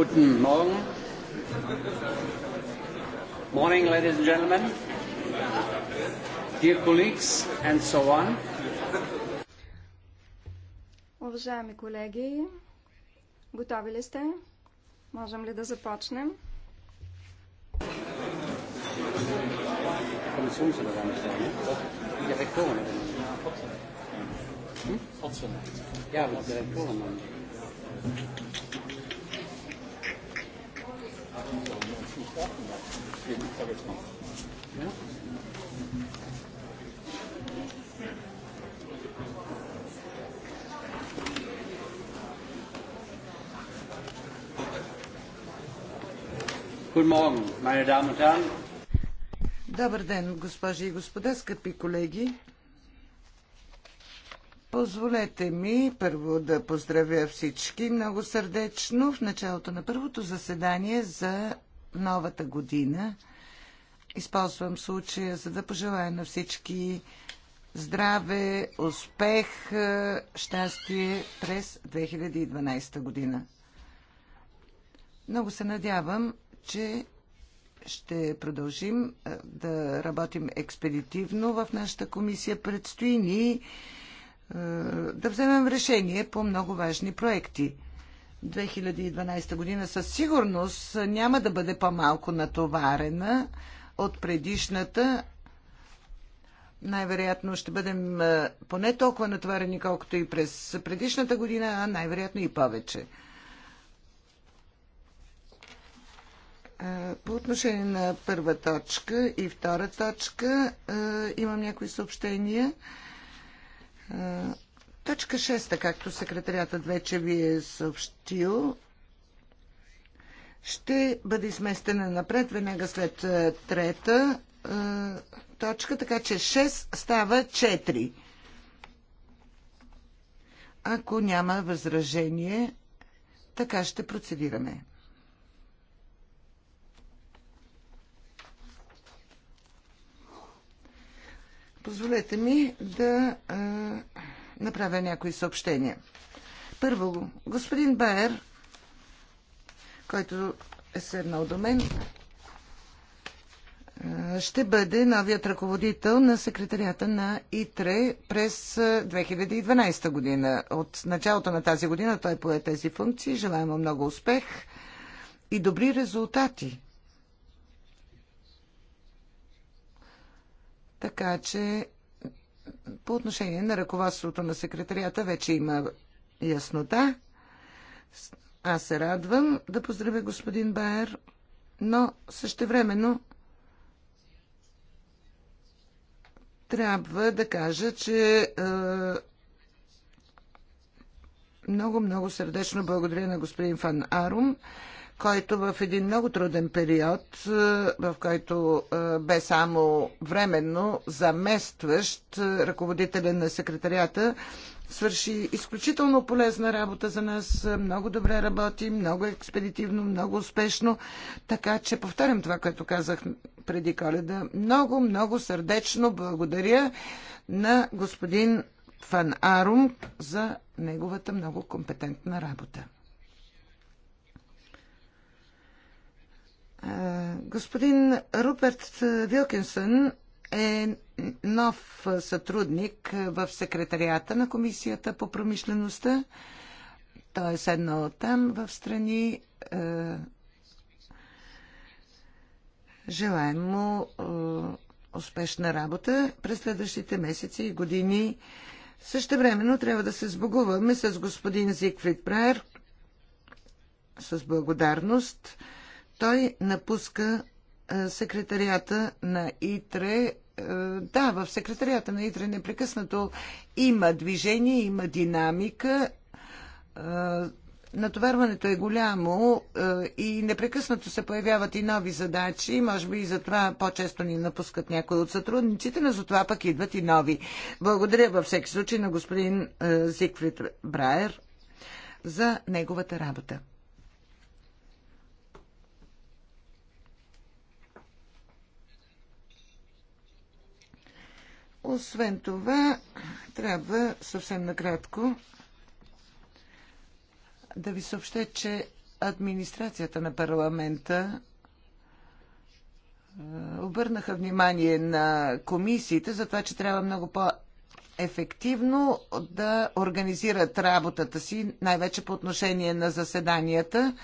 Guten Morgen. Morning, ladies and gentlemen. Dear colleagues and so on. Уважаеми колеги, готови ли сте? Можем ли да започнем? Ja, wir sind Добър ден, госпожи и господа, скъпи колеги. Позволете ми първо да поздравя всички много сърдечно в началото на първото заседание за новата година. Използвам случая, за да пожелая на всички здраве, успех, щастие през 2012 година. Много се надявам, че ще продължим да работим експедитивно в нашата комисия. Предстои ни да вземем решение по много важни проекти. 2012 година със сигурност няма да бъде по-малко натоварена от предишната. Най-вероятно ще бъдем поне толкова натоварени, колкото и през предишната година, а най-вероятно и повече. По отношение на първа точка и втора точка имам някои съобщения. Точка 6, както секретариатът вече ви е съобщил, ще бъде изместена напред веднага след е, трета е, точка, така че 6 става 4. Ако няма възражение, така ще процедираме. Позволете ми да а, направя някои съобщения. Първо, господин Баер, който е седнал до мен, ще бъде новият ръководител на секретарията на ИТРЕ през 2012 година. От началото на тази година той пое тези функции. Желаем му много успех и добри резултати Така че по отношение на ръководството на секретарията вече има яснота. Аз се радвам да поздравя господин Байер, но същевременно трябва да кажа, че много е, много, много сърдечно благодаря на господин Фан Арум който в един много труден период, е, в който е, бе само временно заместващ е, ръководителя на секретарията, свърши изключително полезна работа за нас. Много добре работи, много експедитивно, много успешно. Така че повтарям това, което казах преди коледа. Много, много сърдечно благодаря на господин Фан Арум за неговата много компетентна работа. Господин Руперт Вилкинсън е нов сътрудник в секретарията на Комисията по промишлеността. Той е седнал там в страни. Е, желаем му е, успешна работа през следващите месеци и години. Също времено трябва да се сбогуваме с господин Зигфрид Прайер с благодарност той напуска е, секретарията на ИТРЕ. Е, да, в секретарията на ИТРЕ непрекъснато има движение, има динамика. Е, натоварването е голямо и непрекъснато се появяват и нови задачи. Може би и затова по-често ни напускат някои от сътрудниците, но затова пък идват и нови. Благодаря във всеки случай на господин Зигфрид Браер за неговата работа. Освен това, трябва съвсем накратко да ви съобща, че администрацията на парламента обърнаха внимание на комисиите за това, че трябва много по- ефективно да организират работата си, най-вече по отношение на заседанията,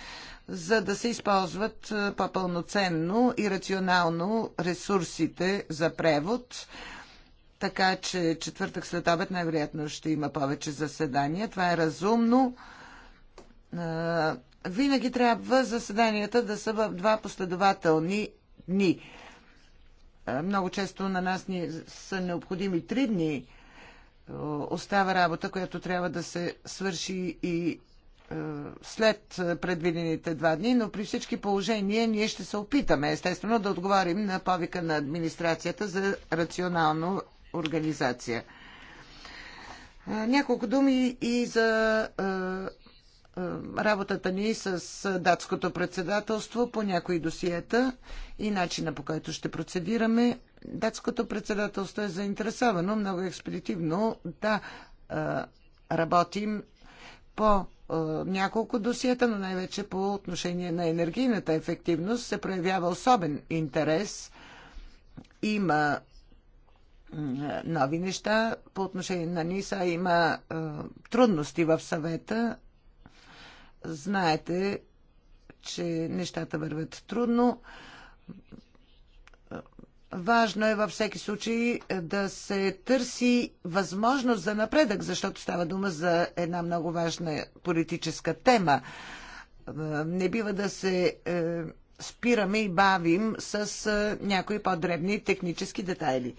за да се използват по-пълноценно и рационално ресурсите за превод така че четвъртък след обед най-вероятно ще има повече заседания. Това е разумно. Винаги трябва заседанията да са в два последователни дни. Много често на нас ни са необходими три дни. Остава работа, която трябва да се свърши и е, след предвидените два дни, но при всички положения ние ще се опитаме, естествено, да отговорим на повика на администрацията за рационално организация. Няколко думи и за работата ни с датското председателство по някои досиета и начина по който ще процедираме. Датското председателство е заинтересовано много експедитивно да работим по няколко досиета, но най-вече по отношение на енергийната ефективност се проявява особен интерес. Има нови неща. По отношение на НИСА има е, трудности в съвета. Знаете, че нещата върват трудно. Важно е във всеки случай е, да се търси възможност за напредък, защото става дума за една много важна политическа тема. Е, не бива да се спираме и бавим с някои по-дребни технически детайли.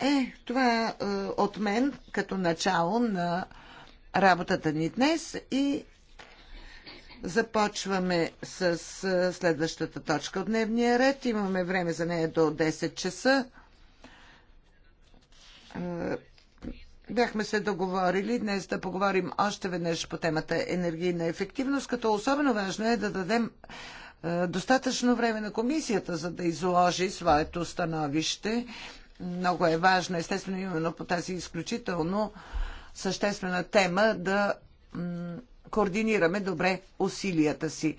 Е, това е, от мен като начало на работата ни днес и започваме с е, следващата точка от дневния ред. Имаме време за нея до 10 часа. Е, бяхме се договорили днес да поговорим още веднъж по темата енергийна ефективност, като особено важно е да дадем е, достатъчно време на комисията, за да изложи своето становище много е важно, естествено, именно по тази изключително съществена тема да координираме добре усилията си.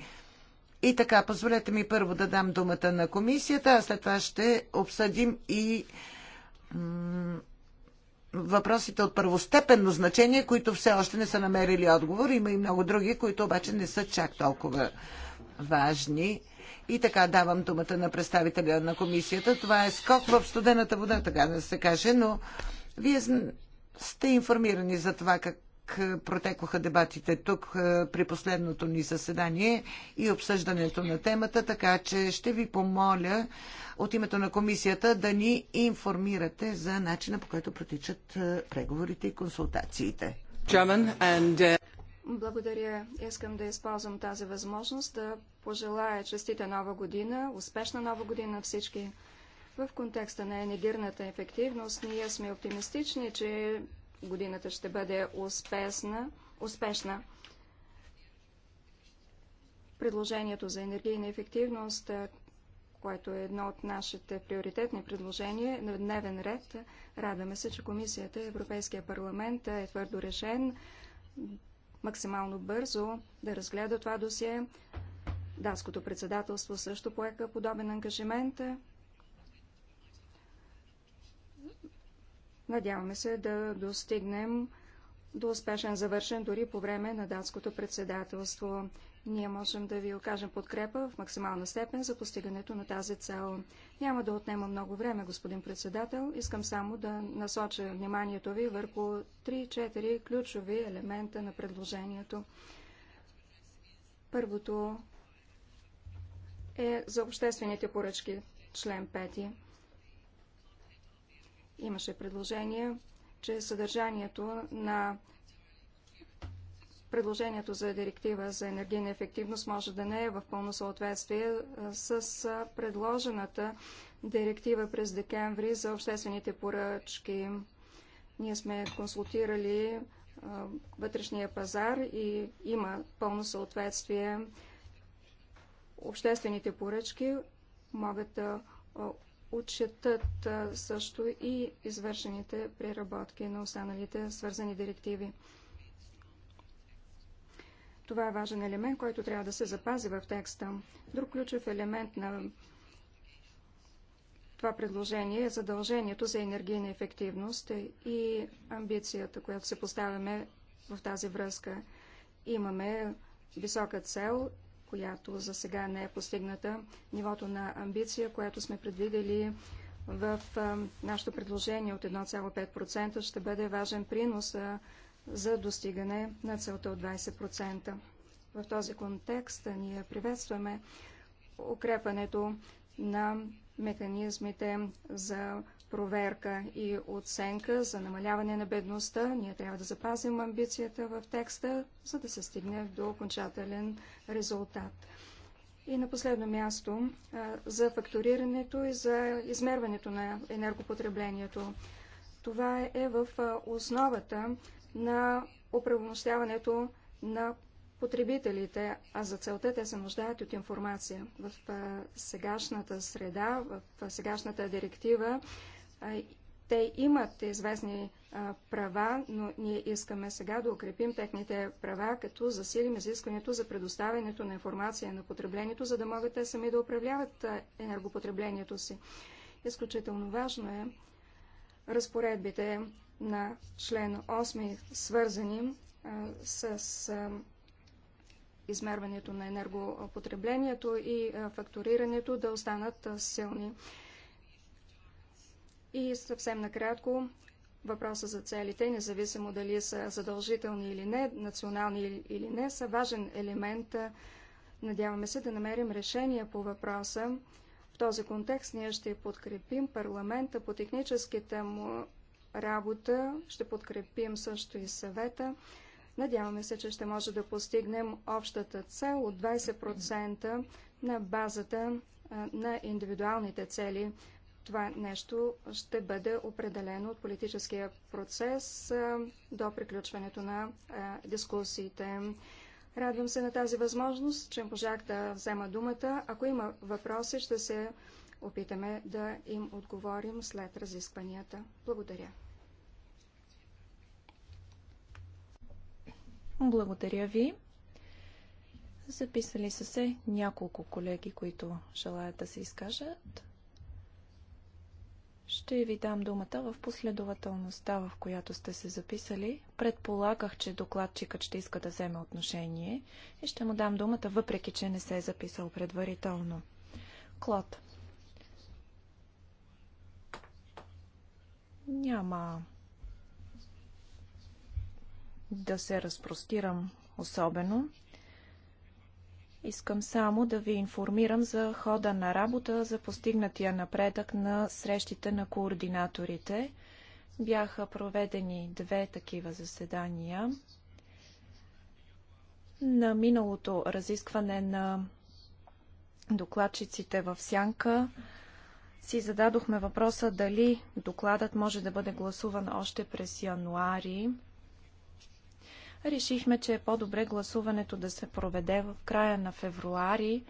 И така, позволете ми първо да дам думата на комисията, а след това ще обсъдим и въпросите от първостепенно значение, които все още не са намерили отговор. Има и много други, които обаче не са чак толкова важни. И така давам думата на представителя на комисията. Това е скок в студената вода, така да се каже, но вие сте информирани за това как е, протекоха дебатите тук е, при последното ни заседание и обсъждането на темата, така че ще ви помоля от името на комисията да ни информирате за начина по който протичат е, преговорите и консултациите. Благодаря. Искам да използвам тази възможност да пожелая честита нова година, успешна нова година на всички. В контекста на енергийната ефективност ние сме оптимистични, че годината ще бъде успешна. успешна. Предложението за енергийна ефективност, което е едно от нашите приоритетни предложения е на дневен ред, радваме се, че Комисията Европейския парламент е твърдо решен максимално бързо да разгледа това досие. Датското председателство също поека подобен ангажимент. Надяваме се да достигнем до успешен завършен дори по време на датското председателство. Ние можем да ви окажем подкрепа в максимална степен за постигането на тази цел. Няма да отнема много време, господин председател. Искам само да насоча вниманието ви върху 3-4 ключови елемента на предложението. Първото е за обществените поръчки, член 5. Имаше предложение, че съдържанието на предложението за директива за енергийна ефективност може да не е в пълно съответствие с предложената директива през декември за обществените поръчки. Ние сме консултирали вътрешния пазар и има пълно съответствие. Обществените поръчки могат да отчетат също и извършените преработки на останалите свързани директиви. Това е важен елемент, който трябва да се запази в текста. Друг ключов елемент на това предложение е задължението за енергийна ефективност и амбицията, която се поставяме в тази връзка. Имаме висока цел, която за сега не е постигната, нивото на амбиция, което сме предвидели в нашето предложение от 1,5% ще бъде важен принос за достигане на целта от 20%. В този контекст ние приветстваме укрепването на механизмите за проверка и оценка за намаляване на бедността. Ние трябва да запазим амбицията в текста, за да се стигне до окончателен резултат. И на последно място за факторирането и за измерването на енергопотреблението. Това е в основата на оправомощаването на потребителите, а за целта те се нуждаят от информация. В сегашната среда, в сегашната директива, те имат известни права, но ние искаме сега да укрепим техните права, като засилим изискването за предоставянето на информация на потреблението, за да могат те сами да управляват енергопотреблението си. Изключително важно е разпоредбите на член 8, свързани с измерването на енергопотреблението и фактурирането, да останат силни. И съвсем накратко, въпроса за целите, независимо дали са задължителни или не, национални или не, са важен елемент. Надяваме се да намерим решение по въпроса. В този контекст ние ще подкрепим парламента по техническите му работа. Ще подкрепим също и съвета. Надяваме се, че ще може да постигнем общата цел от 20% на базата на индивидуалните цели. Това нещо ще бъде определено от политическия процес до приключването на дискусиите. Радвам се на тази възможност, че можах да взема думата. Ако има въпроси, ще се опитаме да им отговорим след разискванията. Благодаря. Благодаря ви. Записали са се няколко колеги, които желаят да се изкажат. Ще ви дам думата в последователността, в която сте се записали. Предполагах, че докладчикът ще иска да вземе отношение и ще му дам думата, въпреки че не се е записал предварително. Клод. Няма да се разпростирам особено. Искам само да ви информирам за хода на работа, за постигнатия напредък на срещите на координаторите. Бяха проведени две такива заседания. На миналото разискване на докладчиците в Сянка си зададохме въпроса дали докладът може да бъде гласуван още през януари. Решихме, че е по-добре гласуването да се проведе в края на февруари.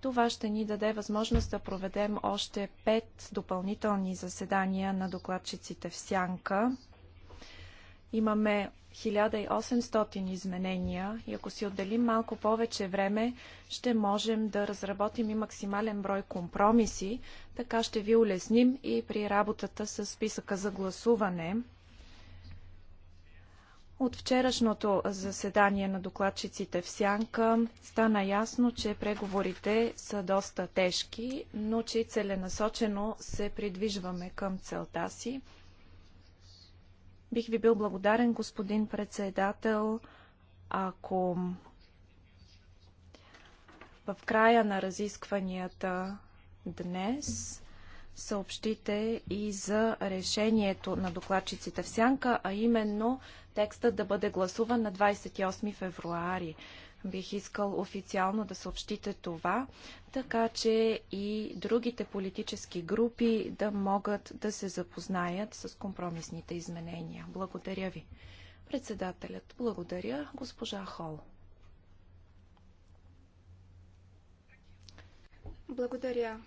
Това ще ни даде възможност да проведем още пет допълнителни заседания на докладчиците в Сянка. Имаме 1800 изменения и ако си отделим малко повече време, ще можем да разработим и максимален брой компромиси. Така ще ви улесним и при работата с списъка за гласуване. От вчерашното заседание на докладчиците в Сянка стана ясно, че преговорите са доста тежки, но че целенасочено се придвижваме към целта си. Бих ви бил благодарен, господин председател, ако в края на разискванията днес съобщите и за решението на докладчиците в Сянка, а именно текстът да бъде гласуван на 28 февруари. Бих искал официално да съобщите това, така че и другите политически групи да могат да се запознаят с компромисните изменения. Благодаря ви. Председателят, благодаря. Госпожа Хол. Благодаря.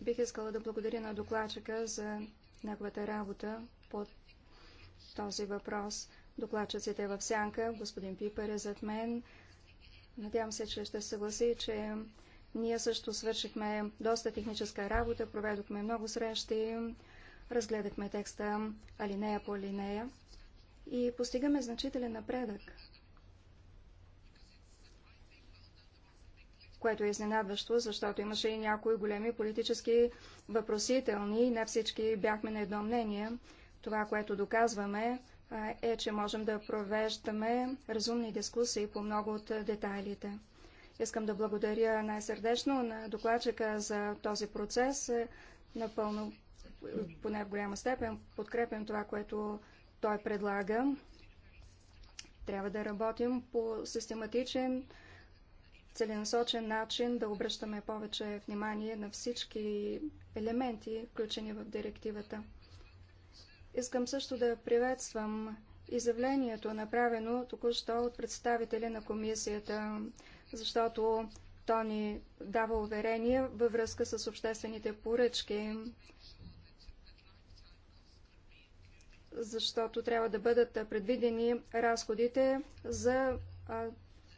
Бих искала да благодаря на докладчика за неговата работа по този въпрос докладчиците в сянка. Господин Пипер е зад мен. Надявам се, че ще се съгласи, че ние също свършихме доста техническа работа, проведохме много срещи, разгледахме текста алинея по алинея и постигаме значителен напредък. което е изненадващо, защото имаше и някои големи политически въпросителни и не всички бяхме на едно мнение. Това, което доказваме, е, че можем да провеждаме разумни дискусии по много от детайлите. Искам да благодаря най-сърдечно на докладчика за този процес. Напълно, поне в голяма степен, подкрепям това, което той предлага. Трябва да работим по систематичен, целенасочен начин, да обръщаме повече внимание на всички елементи, включени в директивата. Искам също да приветствам изявлението, направено току-що от представители на комисията, защото то ни дава уверение във връзка с обществените поръчки, защото трябва да бъдат предвидени разходите за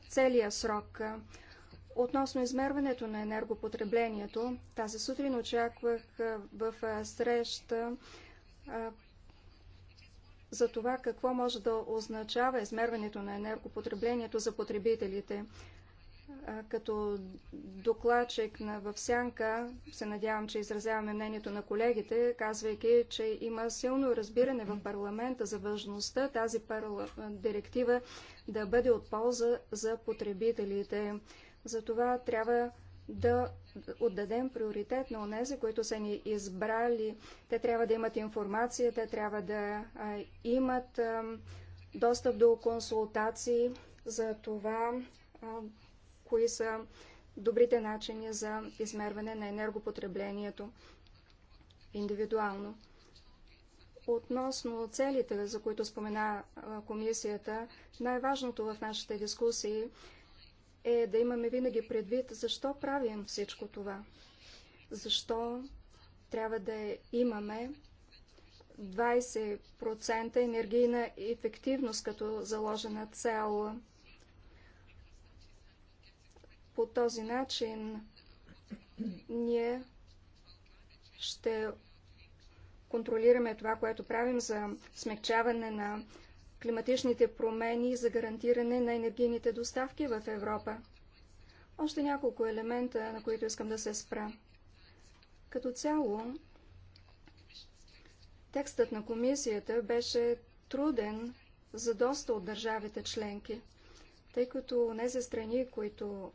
целия срок. Относно измерването на енергопотреблението, тази сутрин очаквах в среща за това какво може да означава измерването на енергопотреблението за потребителите. Като докладчик на Въвсянка, се надявам, че изразяваме мнението на колегите, казвайки, че има силно разбиране в парламента за важността тази директива да бъде от полза за потребителите. За това трябва да отдадем приоритет на онези, които са ни избрали. Те трябва да имат информация, те трябва да а, имат а, достъп до консултации за това, а, кои са добрите начини за измерване на енергопотреблението индивидуално. Относно целите, за които спомена комисията, най-важното в нашите дискусии е е да имаме винаги предвид защо правим всичко това. Защо трябва да имаме 20% енергийна ефективност като заложена цел. По този начин ние ще контролираме това, което правим за смягчаване на климатичните промени и за гарантиране на енергийните доставки в Европа. Още няколко елемента, на които искам да се спра. Като цяло, текстът на комисията беше труден за доста от държавите членки, тъй като тези страни, които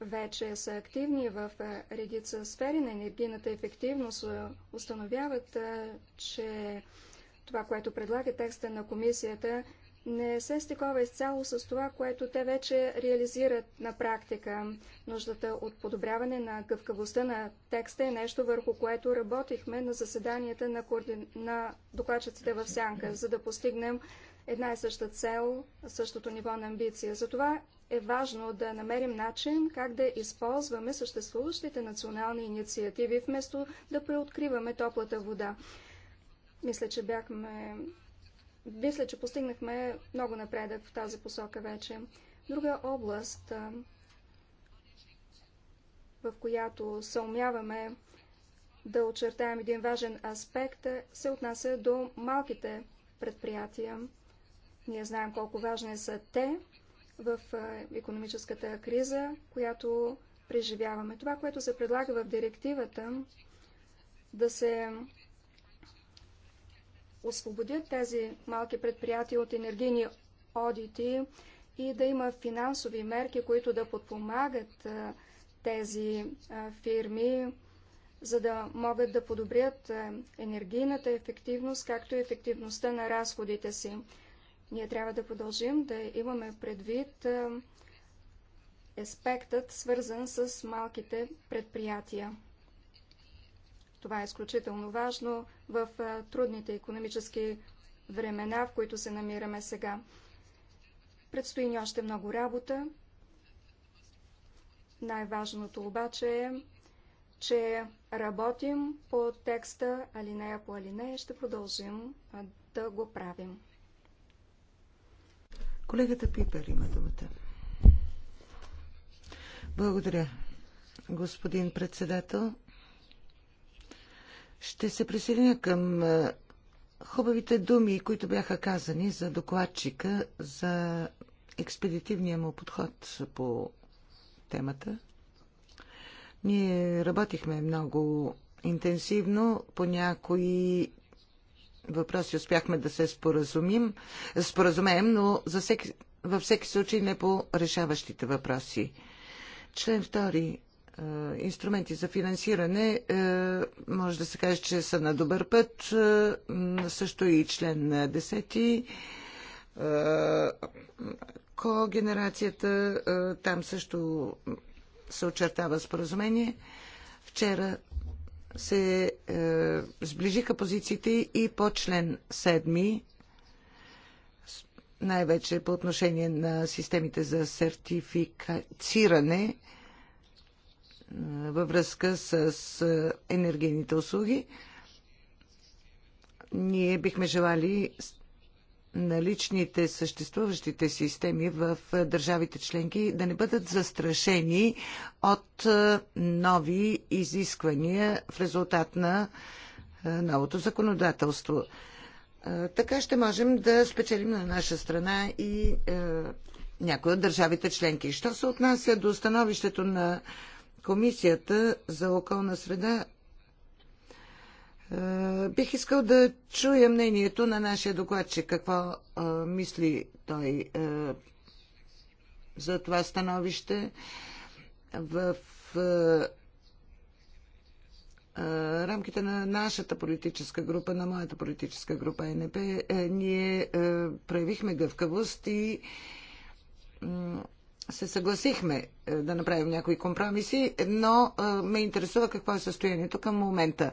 вече са активни в редица сфери на енергийната ефективност, установяват, че това, което предлага текста на комисията, не се стикова изцяло с това, което те вече реализират на практика. Нуждата от подобряване на гъвкавостта на текста е нещо, върху което работихме на заседанията на, координ... на докладчиците в Сянка, за да постигнем една и съща цел, същото ниво на амбиция. Затова е важно да намерим начин как да използваме съществуващите национални инициативи, вместо да преоткриваме топлата вода. Мисля, че бяхме... Мисля, че постигнахме много напредък в тази посока вече. Друга област, в която умяваме да очертаем един важен аспект, е, се отнася до малките предприятия. Ние знаем колко важни са те в економическата криза, която преживяваме. Това, което се предлага в директивата, да се освободят тези малки предприятия от енергийни одити и да има финансови мерки, които да подпомагат тези фирми, за да могат да подобрят енергийната ефективност, както и ефективността на разходите си. Ние трябва да продължим да имаме предвид аспектът, свързан с малките предприятия. Това е изключително важно в трудните економически времена, в които се намираме сега. Предстои ни още много работа. Най-важното обаче е, че работим по текста алинея по алинея и ще продължим да го правим. Колегата Пипер има думата. Благодаря, господин председател. Ще се присъединя към е, хубавите думи, които бяха казани за докладчика, за експедитивния му подход по темата. Ние работихме много интенсивно по някои въпроси успяхме да се споразумим, споразумеем, но за всеки, във всеки случай не по решаващите въпроси. Член 2 е, инструменти за финансиране е, може да се каже, че са на добър път. Е, също и член 10 когенерацията, там също се очертава споразумение. Вчера се сближиха позициите и по член 7, най-вече по отношение на системите за сертификациране във връзка с енергийните услуги. Ние бихме желали наличните съществуващите системи в държавите членки да не бъдат застрашени от нови изисквания в резултат на новото законодателство. Така ще можем да спечелим на наша страна и някои от държавите членки. Що се отнася до становището на Комисията за околна среда е, Бих искал да чуя мнението на нашия докладчик, какво е, мисли той е, за това становище. В рамките на нашата политическа група, на моята политическа група НП, ние проявихме гъвкавост и се съгласихме е, да направим някои компромиси, но е, ме интересува какво е състоянието към момента.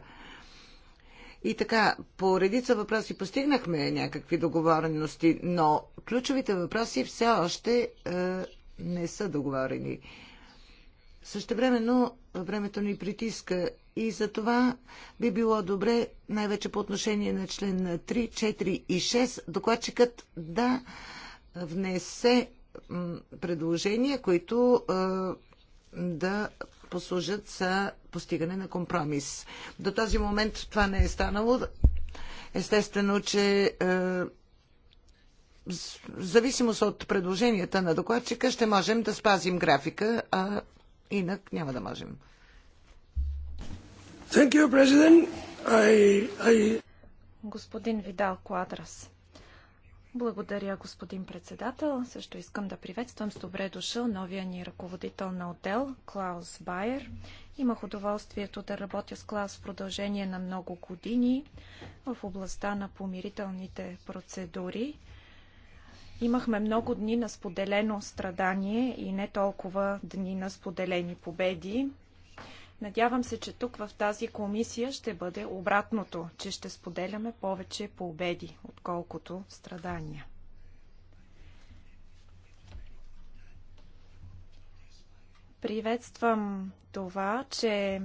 И така, по редица въпроси постигнахме някакви договорености, но ключовите въпроси все още е, не са договорени. Същевременно времето ни притиска и за това би било добре, най-вече по отношение на член 3, 4 и 6, докладчикът да внесе предложения, които да послужат за постигане на компромис. До този момент това не е станало. Естествено, че в зависимост от предложенията на докладчика ще можем да спазим графика, а инак няма да можем. Thank you, President. I, I... Господин Видал Квадрас. Благодаря, господин председател. Също искам да приветствам с добре дошъл новия ни ръководител на отдел, Клаус Байер. Имах удоволствието да работя с Клаус в продължение на много години в областта на помирителните процедури. Имахме много дни на споделено страдание и не толкова дни на споделени победи. Надявам се, че тук в тази комисия ще бъде обратното, че ще споделяме повече победи, отколкото страдания. Приветствам това, че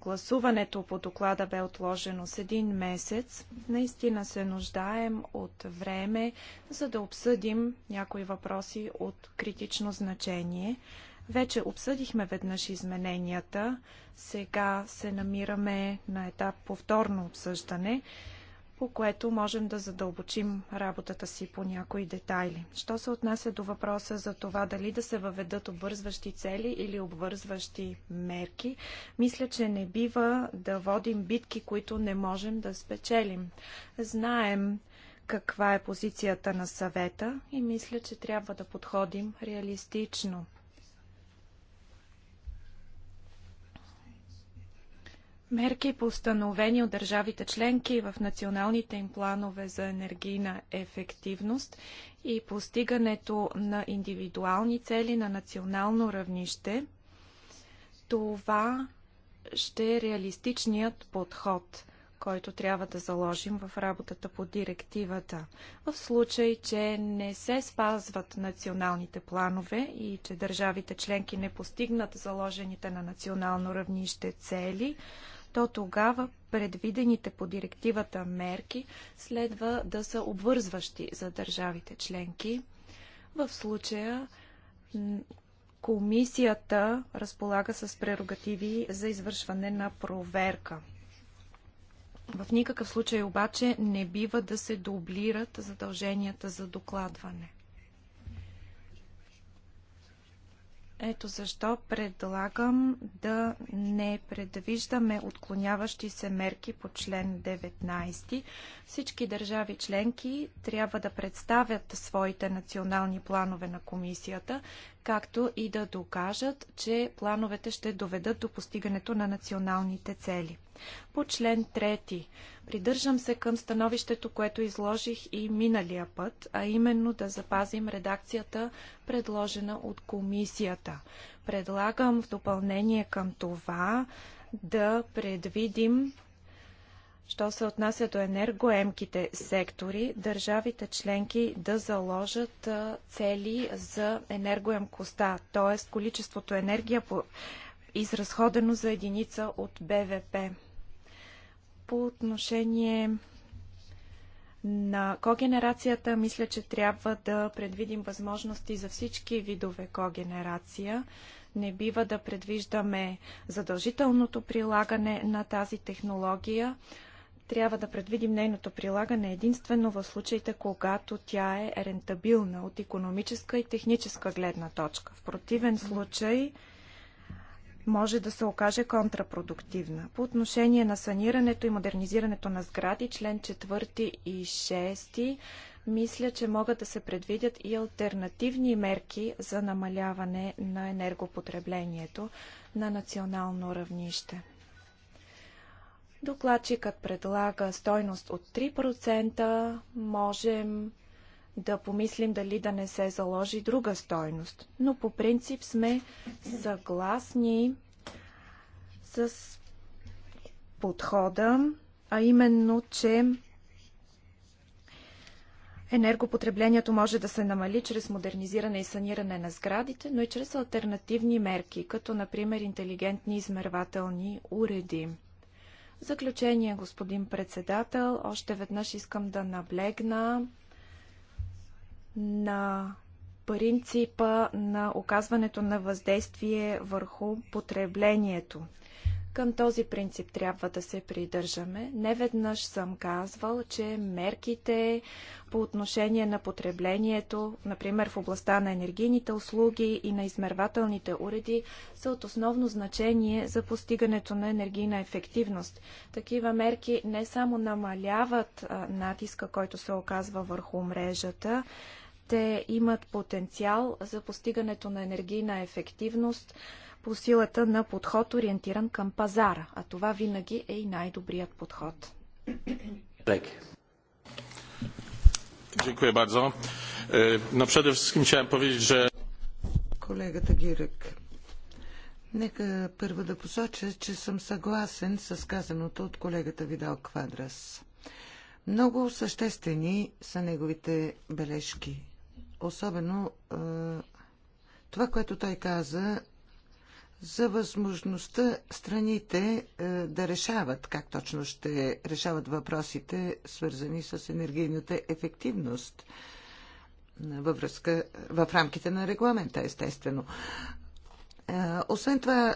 гласуването по доклада бе отложено с един месец. Наистина се нуждаем от време, за да обсъдим някои въпроси от критично значение. Вече обсъдихме веднъж измененията. Сега се намираме на етап повторно обсъждане, по което можем да задълбочим работата си по някои детайли. Що се отнася до въпроса за това дали да се въведат обвързващи цели или обвързващи мерки, мисля, че не бива да водим битки, които не можем да спечелим. Знаем, каква е позицията на съвета и мисля, че трябва да подходим реалистично. Мерки постановени от държавите членки в националните им планове за енергийна ефективност и постигането на индивидуални цели на национално равнище, това ще е реалистичният подход, който трябва да заложим в работата по директивата. В случай, че не се спазват националните планове и че държавите членки не постигнат заложените на национално равнище цели, то тогава предвидените по директивата мерки следва да са обвързващи за държавите членки. В случая комисията разполага с прерогативи за извършване на проверка. В никакъв случай обаче не бива да се дублират задълженията за докладване. Ето защо предлагам да не предвиждаме отклоняващи се мерки по член 19. Всички държави членки трябва да представят своите национални планове на комисията, както и да докажат, че плановете ще доведат до постигането на националните цели. По член 3 придържам се към становището, което изложих и миналия път, а именно да запазим редакцията, предложена от комисията. Предлагам в допълнение към това да предвидим Що се отнася до енергоемките сектори, държавите членки да заложат цели за енергоемкостта, т.е. количеството енергия изразходено за единица от БВП по отношение на когенерацията, мисля, че трябва да предвидим възможности за всички видове когенерация. Не бива да предвиждаме задължителното прилагане на тази технология. Трябва да предвидим нейното прилагане единствено в случаите, когато тя е рентабилна от економическа и техническа гледна точка. В противен случай, може да се окаже контрапродуктивна. По отношение на санирането и модернизирането на сгради, член 4 и 6, мисля, че могат да се предвидят и альтернативни мерки за намаляване на енергопотреблението на национално равнище. Докладчикът предлага стойност от 3%. Можем да помислим дали да не се заложи друга стойност. Но по принцип сме съгласни с подхода, а именно, че енергопотреблението може да се намали чрез модернизиране и саниране на сградите, но и чрез альтернативни мерки, като например интелигентни измервателни уреди. В заключение, господин председател, още веднъж искам да наблегна на принципа на оказването на въздействие върху потреблението. Към този принцип трябва да се придържаме. Неведнъж съм казвал, че мерките по отношение на потреблението, например в областта на енергийните услуги и на измервателните уреди, са от основно значение за постигането на енергийна ефективност. Такива мерки не само намаляват натиска, който се оказва върху мрежата, те имат потенциал за постигането на енергийна ефективност по силата на подход ориентиран към пазара, а това винаги е и най-добрият подход. Колегата Гирек, e, нека първо да посоча, че съм съгласен с казаното от колегата Видал Квадрас. Много съществени са неговите бележки особено това, което той каза за възможността страните да решават как точно ще решават въпросите, свързани с енергийната ефективност във връзка, в рамките на регламента, естествено. Освен това,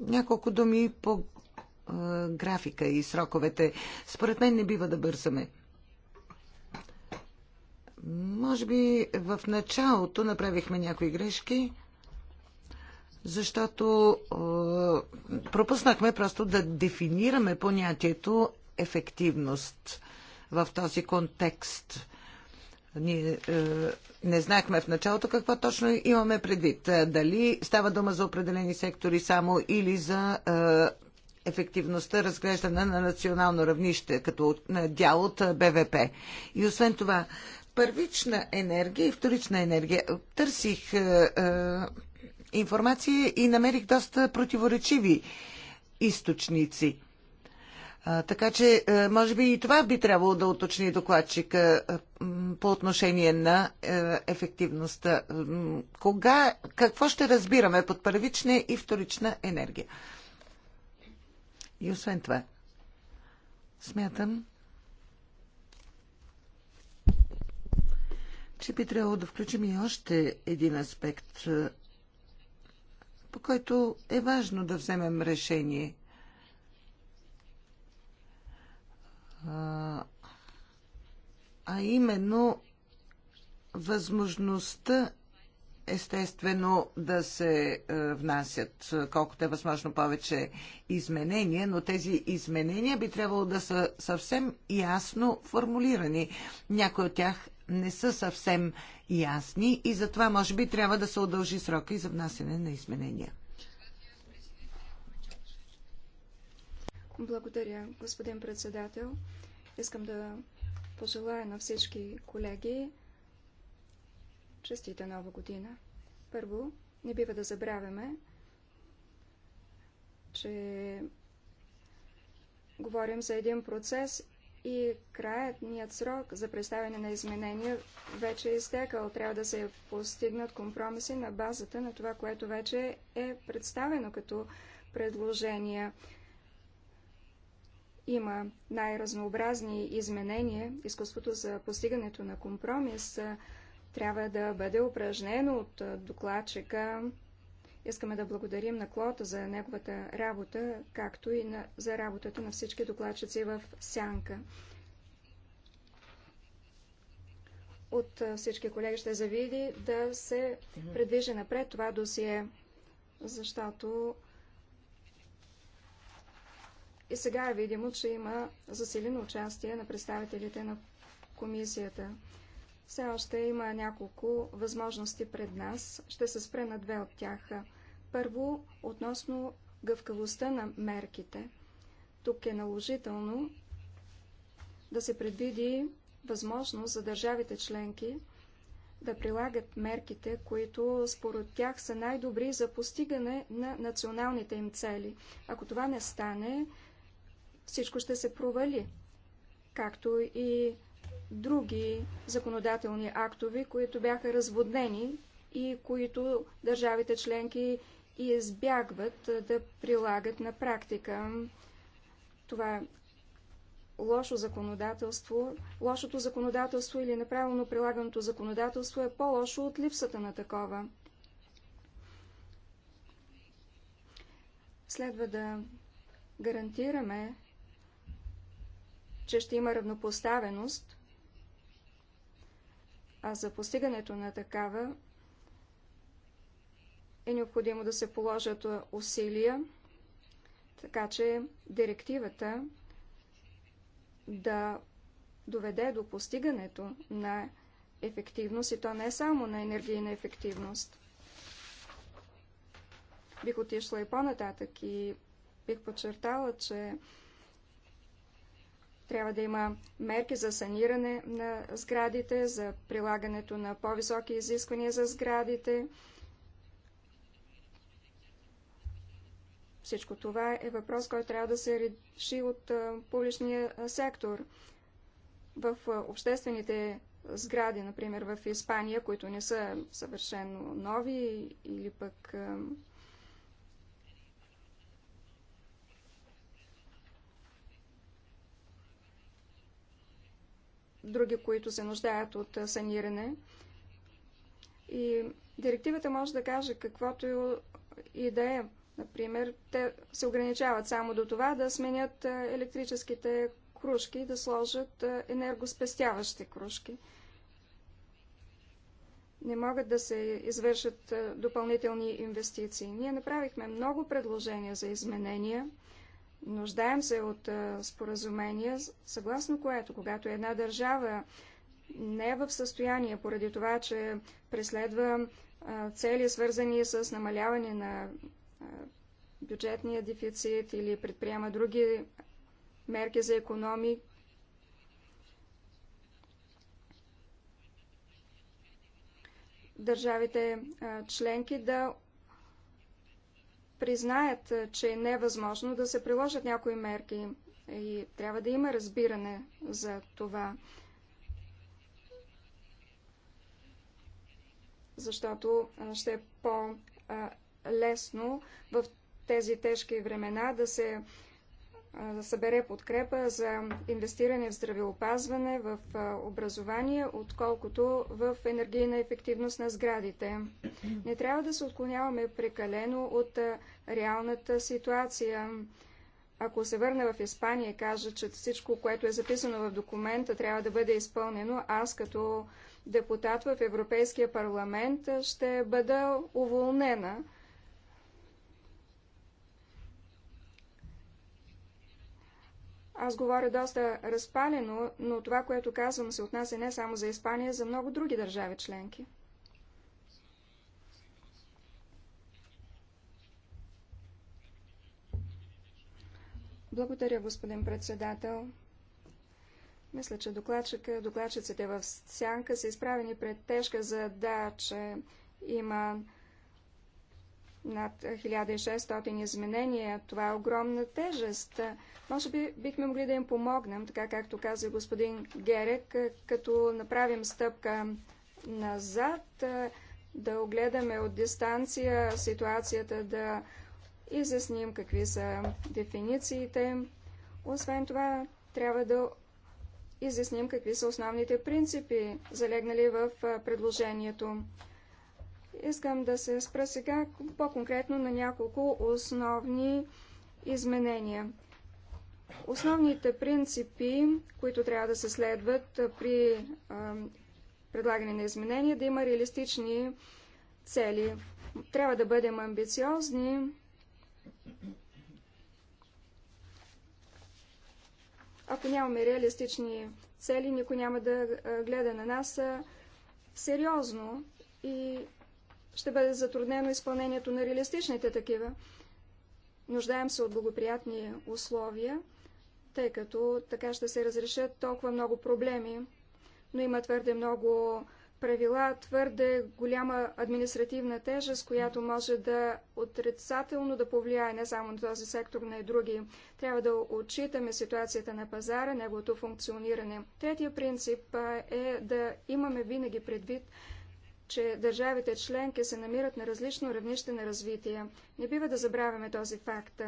няколко думи по графика и сроковете. Според мен не бива да бързаме. Може би в началото направихме някои грешки, защото е, пропуснахме просто да дефинираме понятието ефективност в този контекст. Ние е, не знаехме в началото какво точно имаме предвид. Е, дали става дума за определени сектори само или за е, ефективността разглеждана на национално равнище като дял от е, БВП. И освен това, първична енергия и вторична енергия. Търсих е, е, информация и намерих доста противоречиви източници. А, така че, е, може би и това би трябвало да уточни докладчика е, по отношение на е, ефективността. Кога, какво ще разбираме под първична и вторична енергия? И освен това, смятам, че би трябвало да включим и още един аспект, е, по който е важно да вземем решение. Е, а именно възможността естествено да се е, внасят колкото е възможно повече изменения, но тези изменения би трябвало да са съвсем ясно формулирани. Някои от тях не са съвсем ясни и затова може би трябва да се удължи срока и за внасяне на изменения. Благодаря, господин председател. Искам да пожелая на всички колеги честита нова година. Първо, не бива да забравяме, че говорим за един процес и краятният срок за представяне на изменения вече е изтекал. Трябва да се постигнат компромиси на базата на това, което вече е представено като предложения. Има най-разнообразни изменения. Изкуството за постигането на компромис трябва да бъде упражнено от докладчика Искаме да благодарим на Клод за неговата работа, както и на, за работата на всички докладчици в Сянка. От всички колеги ще завиди да се предвижи напред това досие, защото и сега е видимо, че има засилено участие на представителите на комисията. Все още има няколко възможности пред нас. Ще се спре на две от тях. Първо, относно гъвкавостта на мерките. Тук е наложително да се предвиди възможност за държавите членки да прилагат мерките, които според тях са най-добри за постигане на националните им цели. Ако това не стане, всичко ще се провали, както и други законодателни актови, които бяха разводнени и които държавите членки и избягват да прилагат на практика това лошо законодателство. Лошото законодателство или неправилно прилаганото законодателство е по-лошо от липсата на такова. Следва да гарантираме, че ще има равнопоставеност, а за постигането на такава е необходимо да се положат усилия, така че директивата да доведе до постигането на ефективност и то не само на енергийна ефективност. Бих отишла и по-нататък и бих подчертала, че трябва да има мерки за саниране на сградите, за прилагането на по-високи изисквания за сградите, Всичко това е въпрос, който трябва да се реши от публичния сектор. В обществените сгради, например в Испания, които не са съвършено нови или пък други, които се нуждаят от саниране. И директивата може да каже каквото и да е Например, те се ограничават само до това да сменят електрическите кружки да сложат енергоспестяващи кружки. Не могат да се извършат допълнителни инвестиции. Ние направихме много предложения за изменения. Нуждаем се от споразумения, съгласно което, когато една държава не е в състояние, поради това, че преследва цели, свързани с намаляване на бюджетния дефицит или предприема други мерки за економи. Държавите членки да признаят, че е невъзможно да се приложат някои мерки и трябва да има разбиране за това. Защото ще е по лесно в тези тежки времена да се да събере подкрепа за инвестиране в здравеопазване, в образование, отколкото в енергийна ефективност на сградите. Не трябва да се отклоняваме прекалено от реалната ситуация. Ако се върна в Испания и кажа, че всичко, което е записано в документа, трябва да бъде изпълнено, аз като депутат в Европейския парламент ще бъда уволнена Аз говоря доста разпалено, но това, което казвам, се отнася не само за Испания, за много други държави членки. Благодаря, господин председател. Мисля, че докладчика, докладчиците в сянка са изправени пред тежка задача. Има над 1600 изменения. Това е огромна тежест. Може би бихме могли да им помогнем, така както каза господин Герек, като направим стъпка назад, да огледаме от дистанция ситуацията, да изясним какви са дефинициите. Освен това, трябва да изясним какви са основните принципи, залегнали в предложението. Искам да се спра сега по-конкретно на няколко основни изменения. Основните принципи, които трябва да се следват при а, предлагане на изменения, да има реалистични цели. Трябва да бъдем амбициозни, ако нямаме реалистични цели, никой няма да гледа на нас сериозно и ще бъде затруднено изпълнението на реалистичните такива. Нуждаем се от благоприятни условия, тъй като така ще се разрешат толкова много проблеми. Но има твърде много правила, твърде голяма административна тежест, която може да отрицателно да повлияе не само на този сектор, но и други. Трябва да отчитаме ситуацията на пазара, неговото функциониране. Третия принцип е да имаме винаги предвид, че държавите членки се намират на различно равнище на развитие. Не бива да забравяме този факт.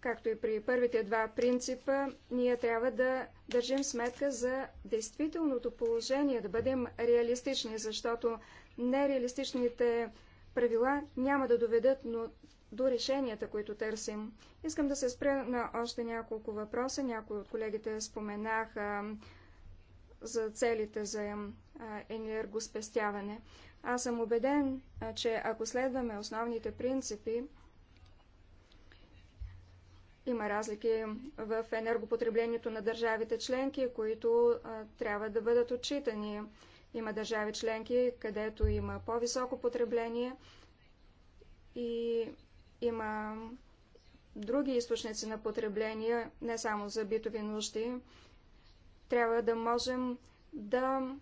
Както и при първите два принципа, ние трябва да държим сметка за действителното положение, да бъдем реалистични, защото нереалистичните правила няма да доведат но до решенията, които търсим. Искам да се спря на още няколко въпроса. Някои от колегите споменаха за целите за енергоспестяване. Аз съм убеден, че ако следваме основните принципи, има разлики в енергопотреблението на държавите членки, които а, трябва да бъдат отчитани. Има държави членки, където има по-високо потребление и има други източници на потребление, не само за битови нужди. Трябва да можем да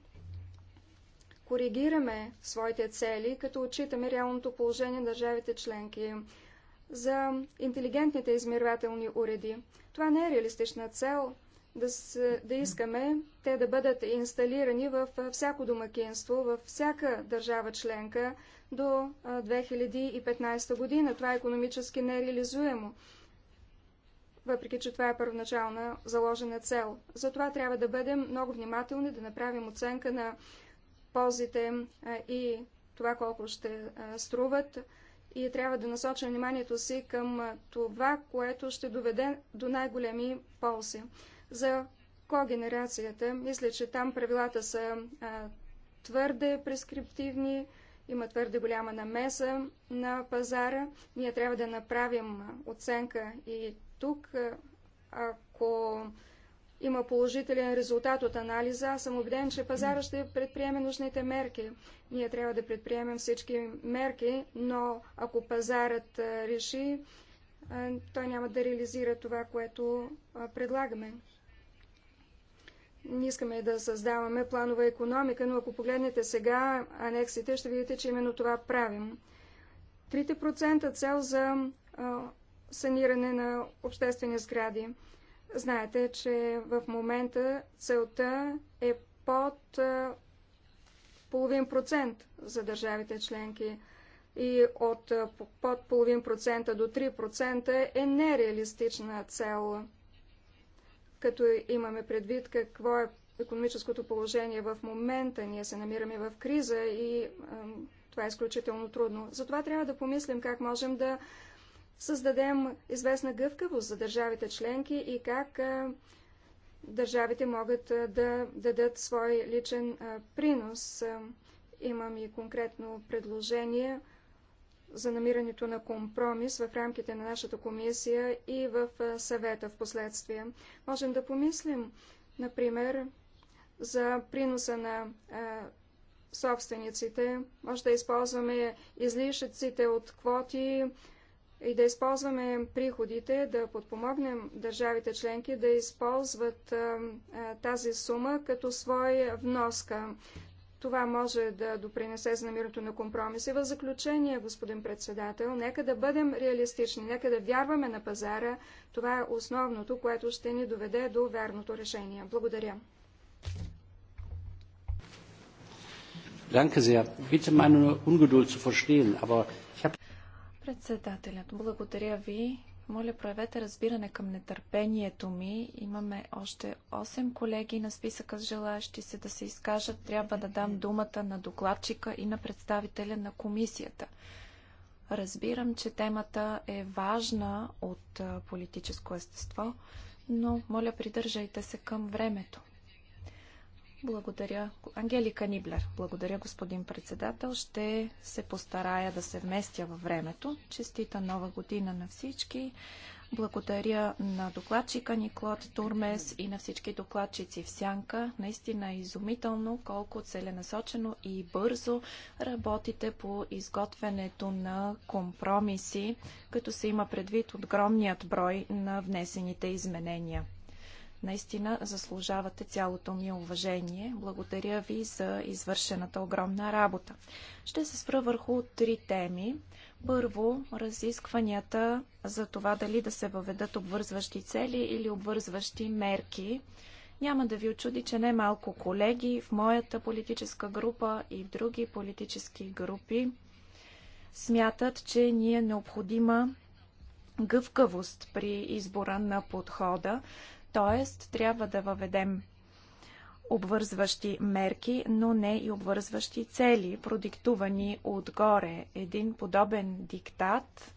коригираме своите цели, като отчитаме реалното положение на държавите членки за интелигентните измервателни уреди. Това не е реалистична цел да, с, да искаме те да бъдат инсталирани в всяко домакинство, във всяка държава членка до 2015 година. Това е економически нереализуемо въпреки че това е първоначална заложена цел. Затова трябва да бъдем много внимателни, да направим оценка на ползите и това колко ще струват и трябва да насочим вниманието си към това, което ще доведе до най-големи ползи. За когенерацията, мисля, че там правилата са твърде прескриптивни, има твърде голяма намеса на пазара. Ние трябва да направим оценка и тук, е, ако има положителен резултат от анализа, съм убеден, че пазара ще предприеме нужните мерки. Ние трябва да предприемем всички мерки, но ако пазарът е, реши, е, той няма да реализира това, което предлагаме. Не искаме да създаваме планова економика, но ако погледнете сега анексите, ще видите, че именно това правим. 3% цел за саниране на обществени сгради. Знаете, че в момента целта е под половин процент за държавите членки и от под половин процента до 3% е нереалистична цел. Като имаме предвид какво е економическото положение в момента, ние се намираме в криза и това е изключително трудно. Затова трябва да помислим как можем да създадем известна гъвкавост за държавите членки и как държавите могат да дадат свой личен принос. Имам и конкретно предложение за намирането на компромис в рамките на нашата комисия и в съвета в последствие. Можем да помислим, например, за приноса на собствениците. Може да използваме излишъците от квоти, и да използваме приходите, да подпомогнем държавите членки да използват а, тази сума като своя вноска. Това може да допринесе за намирането на компромиси. В заключение, господин председател, нека да бъдем реалистични, нека да вярваме на пазара. Това е основното, което ще ни доведе до вярното решение. Благодаря. Danke sehr. Bitte meine Ungeduld zu verstehen, aber Председателят, благодаря ви. Моля, проявете разбиране към нетърпението ми. Имаме още 8 колеги на списъка с желаящи се да се изкажат. Трябва да дам думата на докладчика и на представителя на комисията. Разбирам, че темата е важна от политическо естество, но моля, придържайте се към времето. Благодаря. Ангелика Ниблер. Благодаря, господин председател. Ще се постарая да се вместя във времето. Честита нова година на всички. Благодаря на докладчика ни Клод Турмес и на всички докладчици в Сянка. Наистина е изумително колко целенасочено и бързо работите по изготвянето на компромиси, като се има предвид огромният брой на внесените изменения. Наистина заслужавате цялото ми уважение. Благодаря ви за извършената огромна работа. Ще се спра върху три теми. Първо, разискванията за това дали да се въведат обвързващи цели или обвързващи мерки. Няма да ви очуди, че не малко колеги в моята политическа група и в други политически групи смятат, че ни е необходима гъвкавост при избора на подхода, Тоест, трябва да въведем обвързващи мерки, но не и обвързващи цели, продиктувани отгоре. Един подобен диктат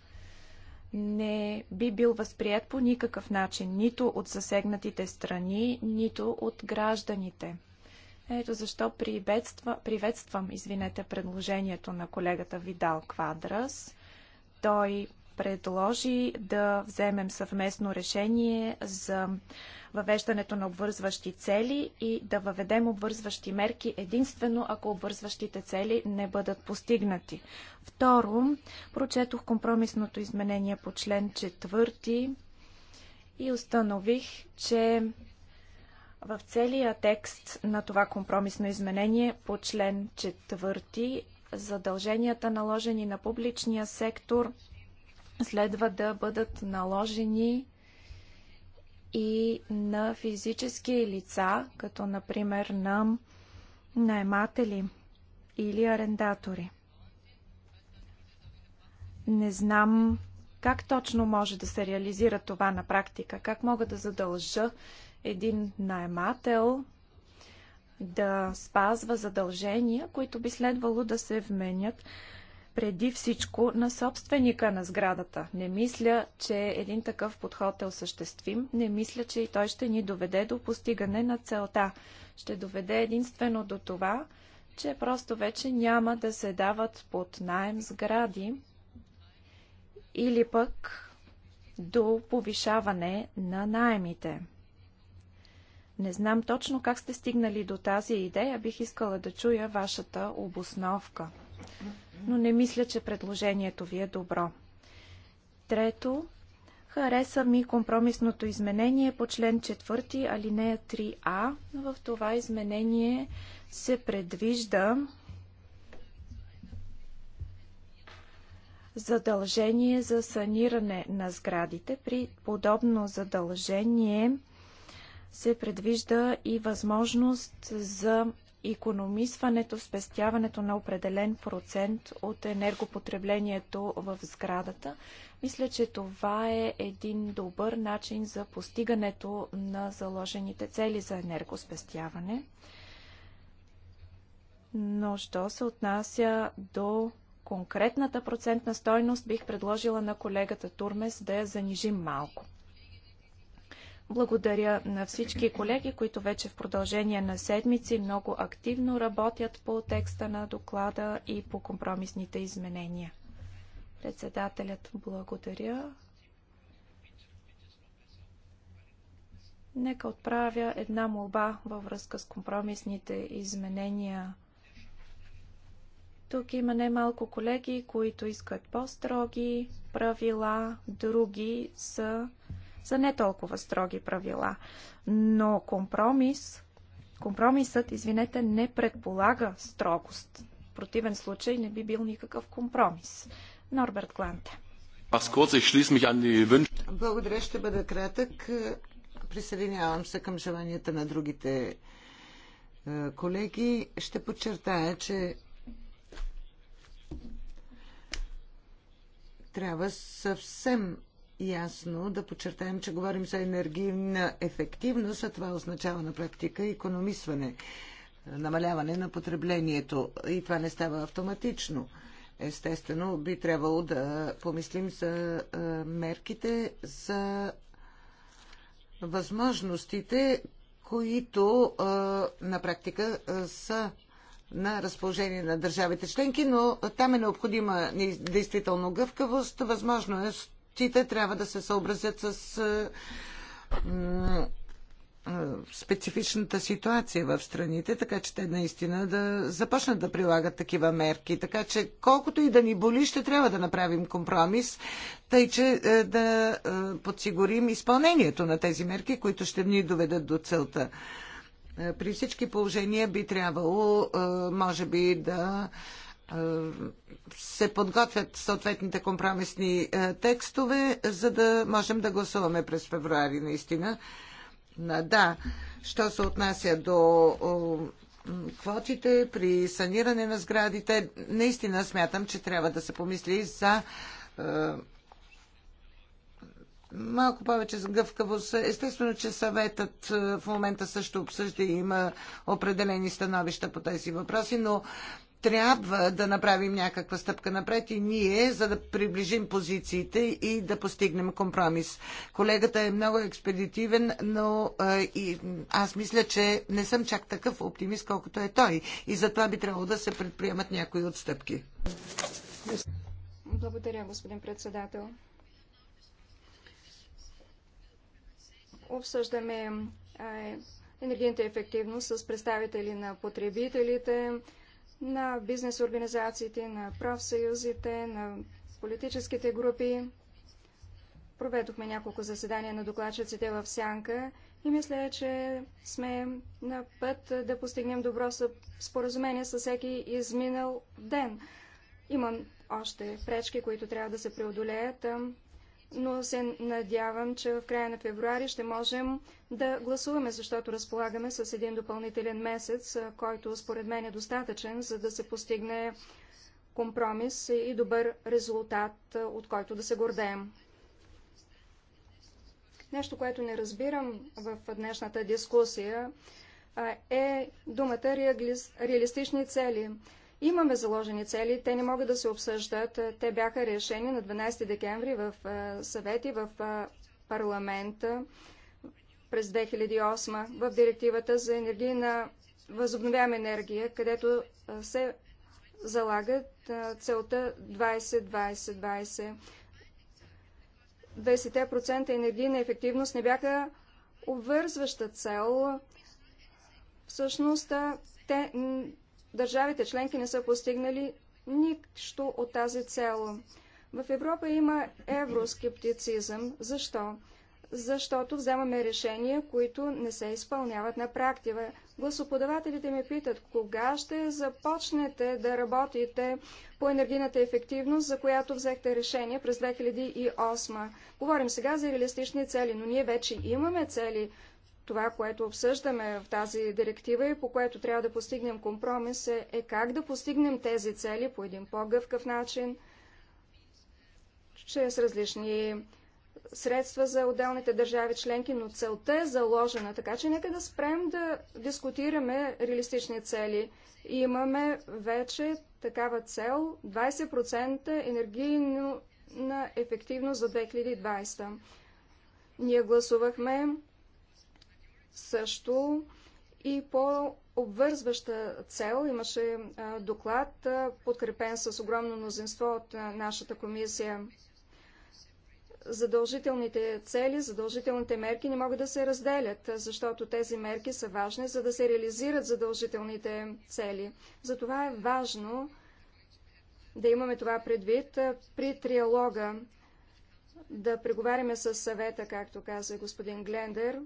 не би бил възприят по никакъв начин, нито от засегнатите страни, нито от гражданите. Ето защо приветства, приветствам извинете, предложението на колегата Видал Квадрас. Той предложи да вземем съвместно решение за въвеждането на обвързващи цели и да въведем обвързващи мерки единствено ако обвързващите цели не бъдат постигнати. Второ, прочетох компромисното изменение по член 4 и установих, че в целия текст на това компромисно изменение по член 4 задълженията наложени на публичния сектор следва да бъдат наложени и на физически лица, като например на наематели или арендатори. Не знам как точно може да се реализира това на практика. Как мога да задължа един наемател да спазва задължения, които би следвало да се вменят преди всичко на собственика на сградата. Не мисля, че един такъв подход е осъществим. Не мисля, че и той ще ни доведе до постигане на целта. Ще доведе единствено до това, че просто вече няма да се дават под найем сгради или пък до повишаване на найемите. Не знам точно как сте стигнали до тази идея, бих искала да чуя вашата обосновка но не мисля, че предложението ви е добро. Трето, хареса ми компромисното изменение по член 4, алинея 3а. В това изменение се предвижда задължение за саниране на сградите. При подобно задължение се предвижда и възможност за економисването, спестяването на определен процент от енергопотреблението в сградата. Мисля, че това е един добър начин за постигането на заложените цели за енергоспестяване. Но що се отнася до конкретната процентна стойност, бих предложила на колегата Турмес да я занижим малко. Благодаря на всички колеги, които вече в продължение на седмици много активно работят по текста на доклада и по компромисните изменения. Председателят благодаря. Нека отправя една молба във връзка с компромисните изменения. Тук има немалко колеги, които искат по-строги правила, други са за не толкова строги правила. Но компромис, компромисът, извинете, не предполага строгост. В противен случай не би бил никакъв компромис. Норберт Гланте. Благодаря, ще бъда кратък. Присъединявам се към желанията на другите е, колеги. Ще подчертая, че трябва съвсем ясно да подчертаем, че говорим за енергийна ефективност, а това означава на практика економисване, намаляване на потреблението. И това не става автоматично. Естествено, би трябвало да помислим за е, мерките, за възможностите, които е, на практика е, са на разположение на държавите членки, но там е необходима действително гъвкавост, възможност продуктите трябва да се съобразят с е, е, специфичната ситуация в страните, така че те наистина да започнат да прилагат такива мерки. Така че колкото и да ни боли, ще трябва да направим компромис, тъй че е, да подсигурим изпълнението на тези мерки, които ще ни доведат до целта. При всички положения би трябвало, може би, да е, се подготвят съответните компромисни е, текстове, за да можем да гласуваме през февруари наистина. Да, що се отнася до квотите при саниране на сградите, наистина смятам, че трябва да се помисли за е, малко повече за гъвкавост. Естествено, че съветът в момента също обсъжда и има определени становища по тези въпроси, но трябва да направим някаква стъпка напред и ние, за да приближим позициите и да постигнем компромис. Колегата е много експедитивен, но а, и, аз мисля, че не съм чак такъв оптимист, колкото е той. И затова би трябвало да се предприемат някои отстъпки. Благодаря, господин председател. Обсъждаме енергийната ефективност с представители на потребителите, на бизнес организациите, на профсъюзите, на политическите групи. Проведохме няколко заседания на докладчиците в Сянка и мисля, че сме на път да постигнем добро споразумение с всеки изминал ден. Имам още пречки, които трябва да се преодолеят, но се надявам, че в края на февруари ще можем да гласуваме, защото разполагаме с един допълнителен месец, който според мен е достатъчен, за да се постигне компромис и добър резултат, от който да се гордеем. Нещо, което не разбирам в днешната дискусия, е думата реалистични цели. Имаме заложени цели, те не могат да се обсъждат. Те бяха решени на 12 декември в съвети, в парламента през 2008 в директивата за енергийна възобновяема енергия, където се залагат целта 20-20-20. 20% енергийна ефективност не бяха обвързваща цел. Всъщност, те държавите членки не са постигнали нищо от тази цел. В Европа има евроскептицизъм. Защо? Защото вземаме решения, които не се изпълняват на практика. Гласоподавателите ми питат, кога ще започнете да работите по енергийната ефективност, за която взехте решение през 2008. Говорим сега за реалистични цели, но ние вече имаме цели. Това, което обсъждаме в тази директива и по което трябва да постигнем компромис е, е как да постигнем тези цели по един по-гъвкав начин, чрез различни средства за отделните държави членки, но целта е заложена. Така че нека да спрем да дискутираме реалистични цели. имаме вече такава цел 20% енергийна ефективност за 2020. Ние гласувахме също и по обвързваща цел. Имаше доклад, подкрепен с огромно мнозинство от нашата комисия. Задължителните цели, задължителните мерки не могат да се разделят, защото тези мерки са важни, за да се реализират задължителните цели. Затова е важно да имаме това предвид при триалога, да преговаряме с съвета, както каза господин Глендер,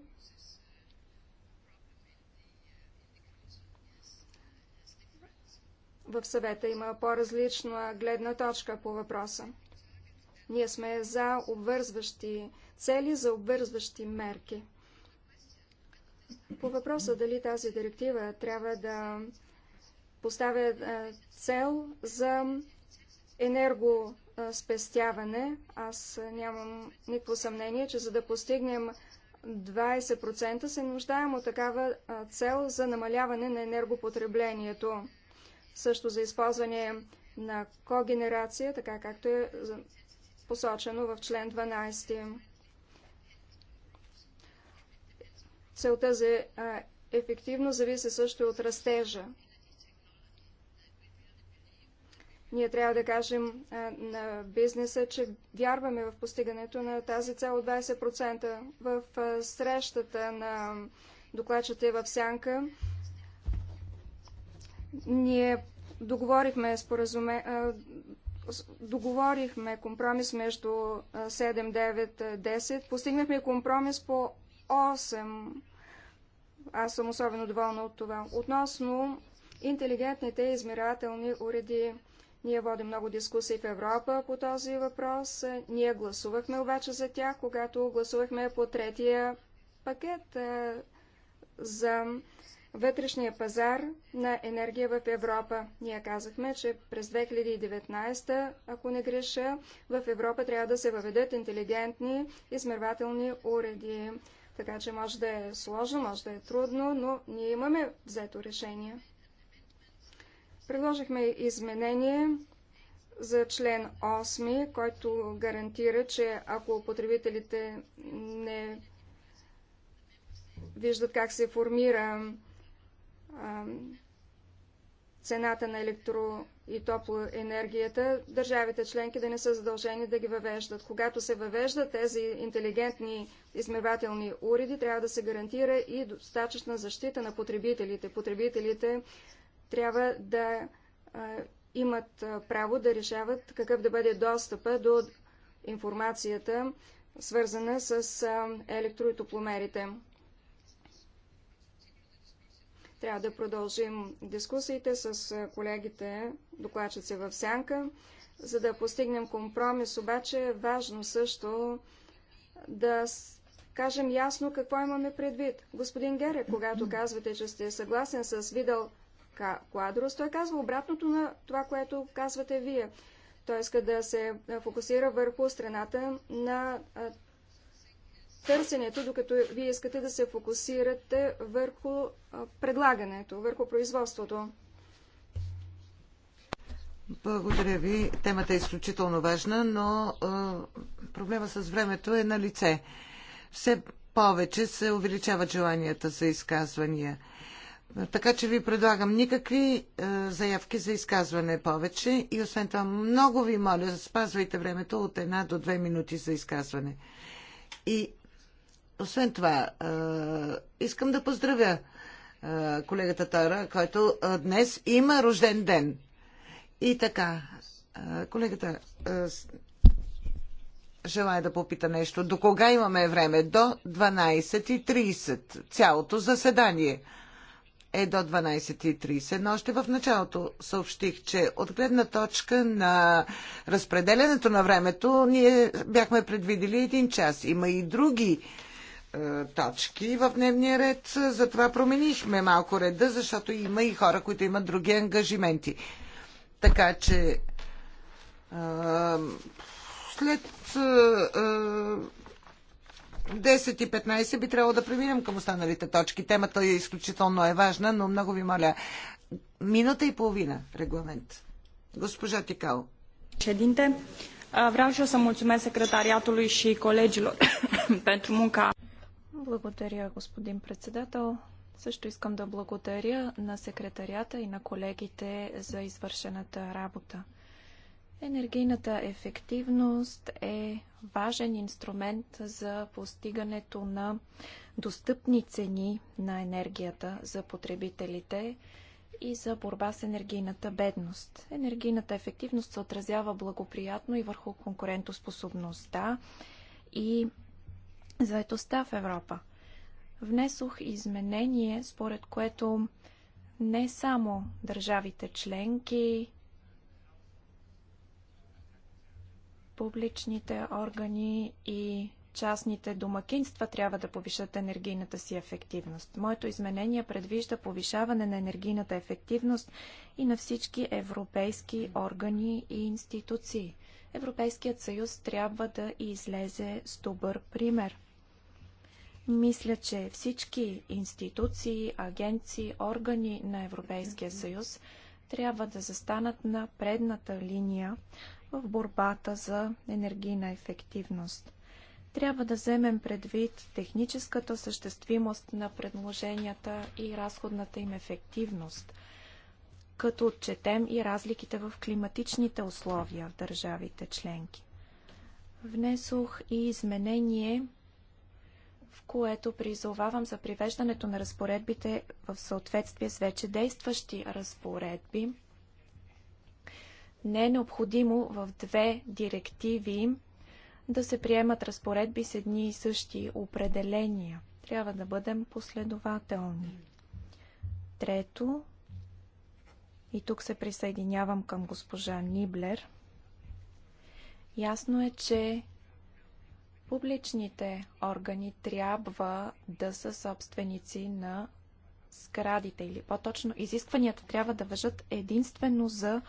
в съвета има по-различна гледна точка по въпроса. Ние сме за обвързващи цели, за обвързващи мерки. По въпроса дали тази директива трябва да поставя е, цел за енергоспестяване, аз нямам никакво съмнение, че за да постигнем 20% се нуждаем от такава е, цел за намаляване на енергопотреблението също за използване на когенерация, така както е посочено в член 12. Целта за ефективно зависи също от растежа. Ние трябва да кажем на бизнеса, че вярваме в постигането на тази цел от 20%. В срещата на докладчите в Сянка ние договорихме, споразуме... договорихме компромис между 7, 9, 10. Постигнахме компромис по 8. Аз съм особено доволна от това. Относно интелигентните измирателни уреди. Ние водим много дискусии в Европа по този въпрос. Ние гласувахме обаче за тях, когато гласувахме по третия пакет за вътрешния пазар на енергия в Европа. Ние казахме, че през 2019, ако не греша, в Европа трябва да се въведат интелигентни измервателни уреди. Така че може да е сложно, може да е трудно, но ние имаме взето решение. Предложихме изменение за член 8, който гарантира, че ако потребителите не виждат как се формира цената на електро- и топлоенергията, държавите членки да не са задължени да ги въвеждат. Когато се въвеждат тези интелигентни измевателни уреди, трябва да се гарантира и достатъчна защита на потребителите. Потребителите трябва да а, имат право да решават какъв да бъде достъпа до информацията, свързана с а, електро- и топломерите. Трябва да продължим дискусиите с колегите, докладчици в сянка. За да постигнем компромис, обаче е важно също да кажем ясно какво имаме предвид. Господин Гере, когато казвате, че сте съгласен с Видал Квадрос, той казва обратното на това, което казвате вие. Той иска да се фокусира върху страната на търсенето, докато вие искате да се фокусирате върху предлагането, върху производството. Благодаря ви. Темата е изключително важна, но проблема с времето е на лице. Все повече се увеличават желанията за изказвания. Така че ви предлагам никакви а, заявки за изказване повече и освен това много ви моля, спазвайте времето от една до две минути за изказване. И освен това, искам да поздравя колегата Тара, който днес има рожден ден. И така, колегата желая да попита нещо. До кога имаме време? До 12.30. Цялото заседание е до 12.30, но още в началото съобщих, че от гледна точка на разпределенето на времето ние бяхме предвидели един час. Има и други е, точки в дневния ред, затова променихме малко реда, защото има и хора, които имат други ангажименти. Така че е, след 10 е, и 15 би трябвало да преминем към останалите точки. Темата е изключително е важна, но много ви моля. Минута и половина регламент. Госпожа Тикал. Ședinte, vreau și eu să mulțumesc secretariatului și colegilor pentru munca благодаря, господин председател. Също искам да благодаря на секретарията и на колегите за извършената работа. Енергийната ефективност е важен инструмент за постигането на достъпни цени на енергията за потребителите и за борба с енергийната бедност. Енергийната ефективност се отразява благоприятно и върху конкурентоспособността и заедостта в Европа. Внесох изменение, според което не само държавите членки, публичните органи и частните домакинства трябва да повишат енергийната си ефективност. Моето изменение предвижда повишаване на енергийната ефективност и на всички европейски органи и институции. Европейският съюз трябва да излезе с добър пример – мисля, че всички институции, агенции, органи на Европейския съюз трябва да застанат на предната линия в борбата за енергийна ефективност. Трябва да вземем предвид техническата съществимост на предложенията и разходната им ефективност, като отчетем и разликите в климатичните условия в държавите членки. Внесох и изменение в което призовавам за привеждането на разпоредбите в съответствие с вече действащи разпоредби. Не е необходимо в две директиви да се приемат разпоредби с едни и същи определения. Трябва да бъдем последователни. Трето, и тук се присъединявам към госпожа Ниблер, ясно е, че Публичните органи трябва да са собственици на сградите или по-точно изискванията трябва да въжат единствено за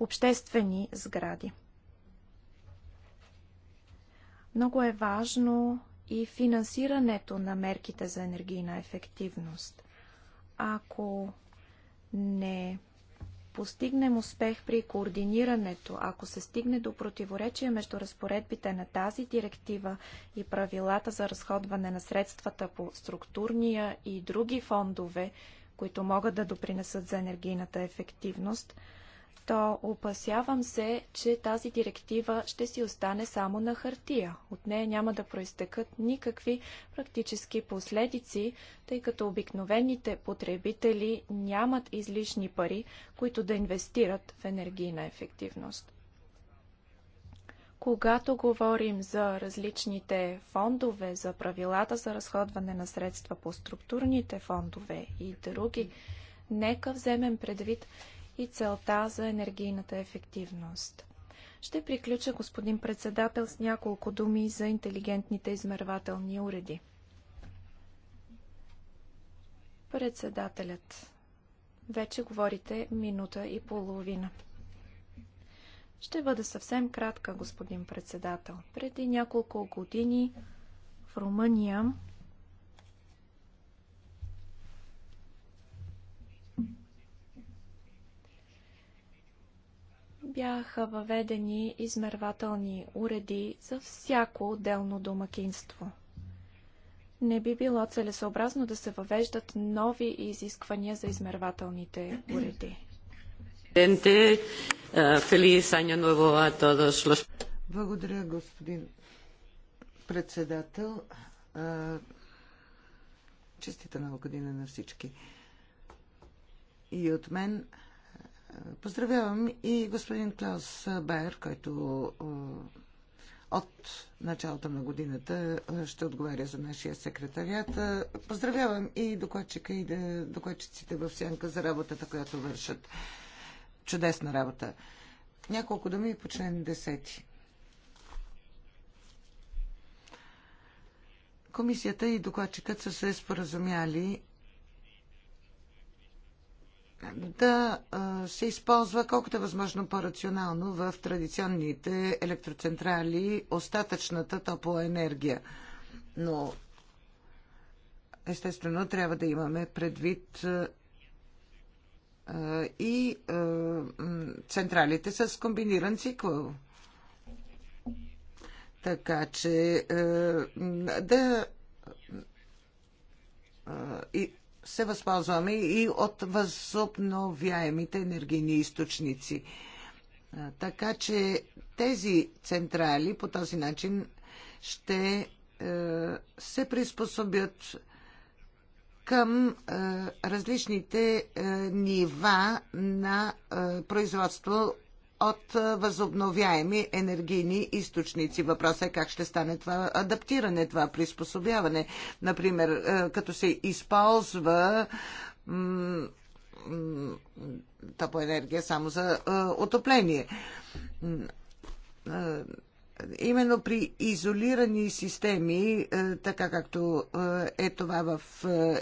обществени сгради. Много е важно и финансирането на мерките за енергийна ефективност. Ако не постигнем успех при координирането, ако се стигне до противоречие между разпоредбите на тази директива и правилата за разходване на средствата по структурния и други фондове, които могат да допринесат за енергийната ефективност, то опасявам се, че тази директива ще си остане само на хартия. От нея няма да проистекат никакви практически последици, тъй като обикновените потребители нямат излишни пари, които да инвестират в енергийна ефективност. Когато говорим за различните фондове, за правилата за разходване на средства по структурните фондове и други, нека вземем предвид и целта за енергийната ефективност. Ще приключа, господин председател, с няколко думи за интелигентните измервателни уреди. Председателят. Вече говорите минута и половина. Ще бъда съвсем кратка, господин председател. Преди няколко години в Румъния бяха въведени измервателни уреди за всяко отделно домакинство. Не би било целесообразно да се въвеждат нови изисквания за измервателните уреди. Благодаря, господин председател. Честита нова година на всички. И от мен Поздравявам и господин Клаус Байер, който от началото на годината ще отговаря за нашия секретариат. Поздравявам и докладчика и докладчиците в Сянка за работата, която вършат. Чудесна работа. Няколко думи по член 10. Комисията и докладчикът са се споразумяли да се използва колкото е възможно по-рационално в традиционните електроцентрали остатъчната топла енергия. Но естествено трябва да имаме предвид и централите с комбиниран цикъл. Така че да и се възползваме и от възобновяемите енергийни източници. Така че тези централи по този начин ще е, се приспособят към е, различните е, нива на производство от е, възобновяеми енергийни източници. Въпросът е как ще стане това адаптиране, това приспособяване. Например, е, като се използва енергия само за е, отопление. Именно при изолирани системи, така както е това в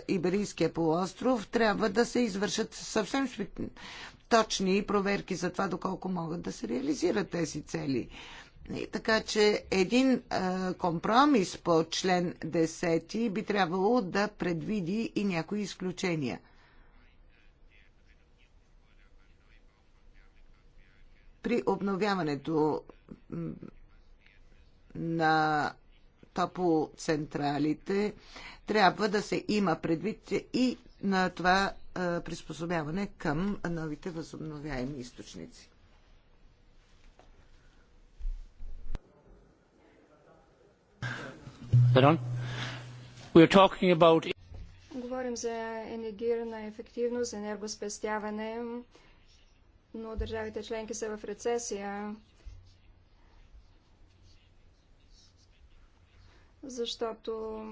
Иберийския полуостров, трябва да се извършат съвсем точни проверки за това доколко могат да се реализират тези цели. И така че един а, е, компромис по член 10 би трябвало да предвиди и някои изключения. При обновяването на топоцентралите трябва да се има предвид и на това приспособяване към новите възобновяеми източници. About... Говорим за енергийна ефективност, за енергоспестяване, но държавите членки са в рецесия. Защото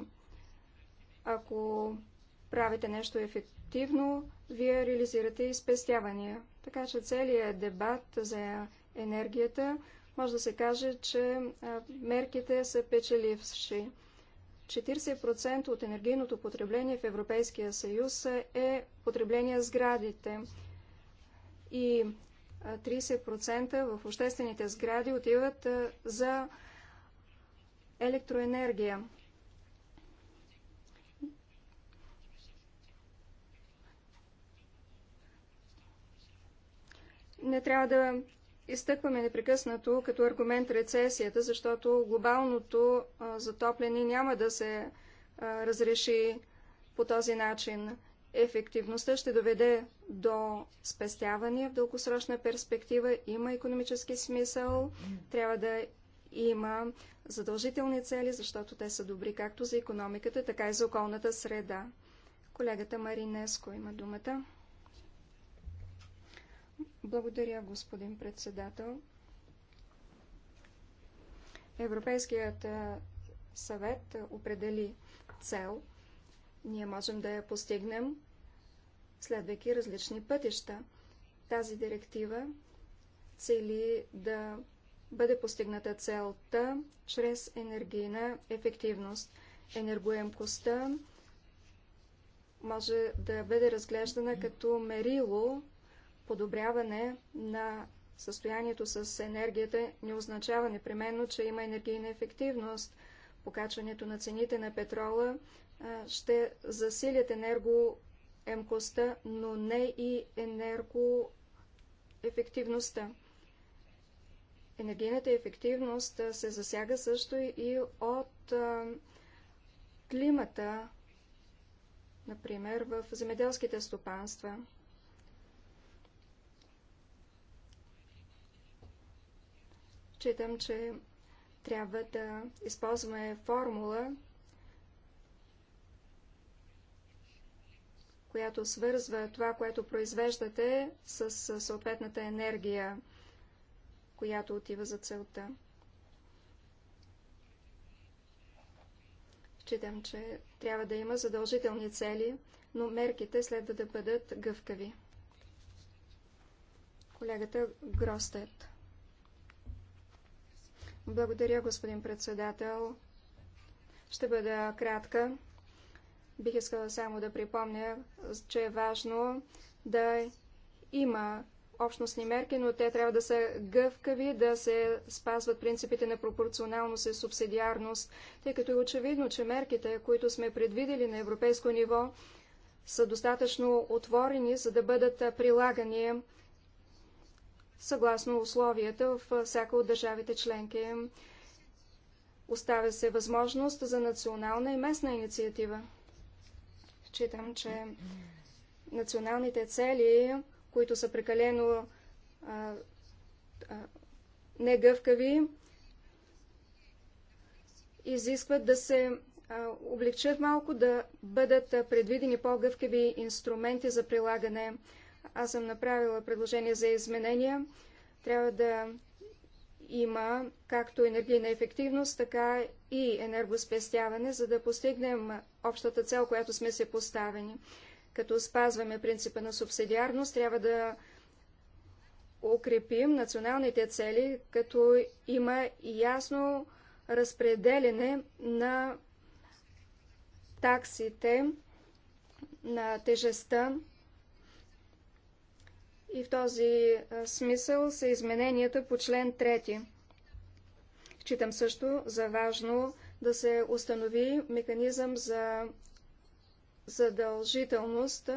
ако правите нещо ефективно, вие реализирате и спестявания. Така че целият дебат за енергията може да се каже, че мерките са печеливши. 40% от енергийното потребление в Европейския съюз е потребление сградите и 30% в обществените сгради отиват за електроенергия. не трябва да изтъкваме непрекъснато като аргумент рецесията, защото глобалното затопляне няма да се разреши по този начин. Ефективността ще доведе до спестявания в дългосрочна перспектива. Има економически смисъл. Трябва да има задължителни цели, защото те са добри както за економиката, така и за околната среда. Колегата Маринеско има думата. Благодаря, господин председател. Европейският е, съвет определи цел. Ние можем да я постигнем, следвайки различни пътища. Тази директива цели да бъде постигната целта чрез енергийна ефективност. Енергоемкостта може да бъде разглеждана като мерило подобряване на състоянието с енергията не означава непременно, че има енергийна ефективност. Покачването на цените на петрола ще засилят енергоемкостта, но не и енергоефективността. Енергийната ефективност се засяга също и от климата, например в земеделските стопанства. Читам, че трябва да използваме формула, която свързва това, което произвеждате с съответната енергия, която отива за целта. Считам, че трябва да има задължителни цели, но мерките следва да бъдат гъвкави. Колегата Гростет. Благодаря, господин председател. Ще бъда кратка. Бих искала само да припомня, че е важно да има общностни мерки, но те трябва да са гъвкави, да се спазват принципите на пропорционалност и субсидиарност, тъй като е очевидно, че мерките, които сме предвидели на европейско ниво, са достатъчно отворени, за да бъдат прилагани съгласно условията в всяка от държавите членки. Оставя се възможност за национална и местна инициатива. Считам, че националните цели, които са прекалено негъвкави, изискват да се облегчат малко, да бъдат предвидени по-гъвкави инструменти за прилагане. Аз съм направила предложение за изменения. Трябва да има както енергийна ефективност, така и енергоспестяване, за да постигнем общата цел, която сме се поставени. Като спазваме принципа на субсидиарност, трябва да укрепим националните цели, като има ясно разпределене на таксите, на тежестта и в този смисъл са измененията по член 3. Читам също за важно да се установи механизъм за задължителност,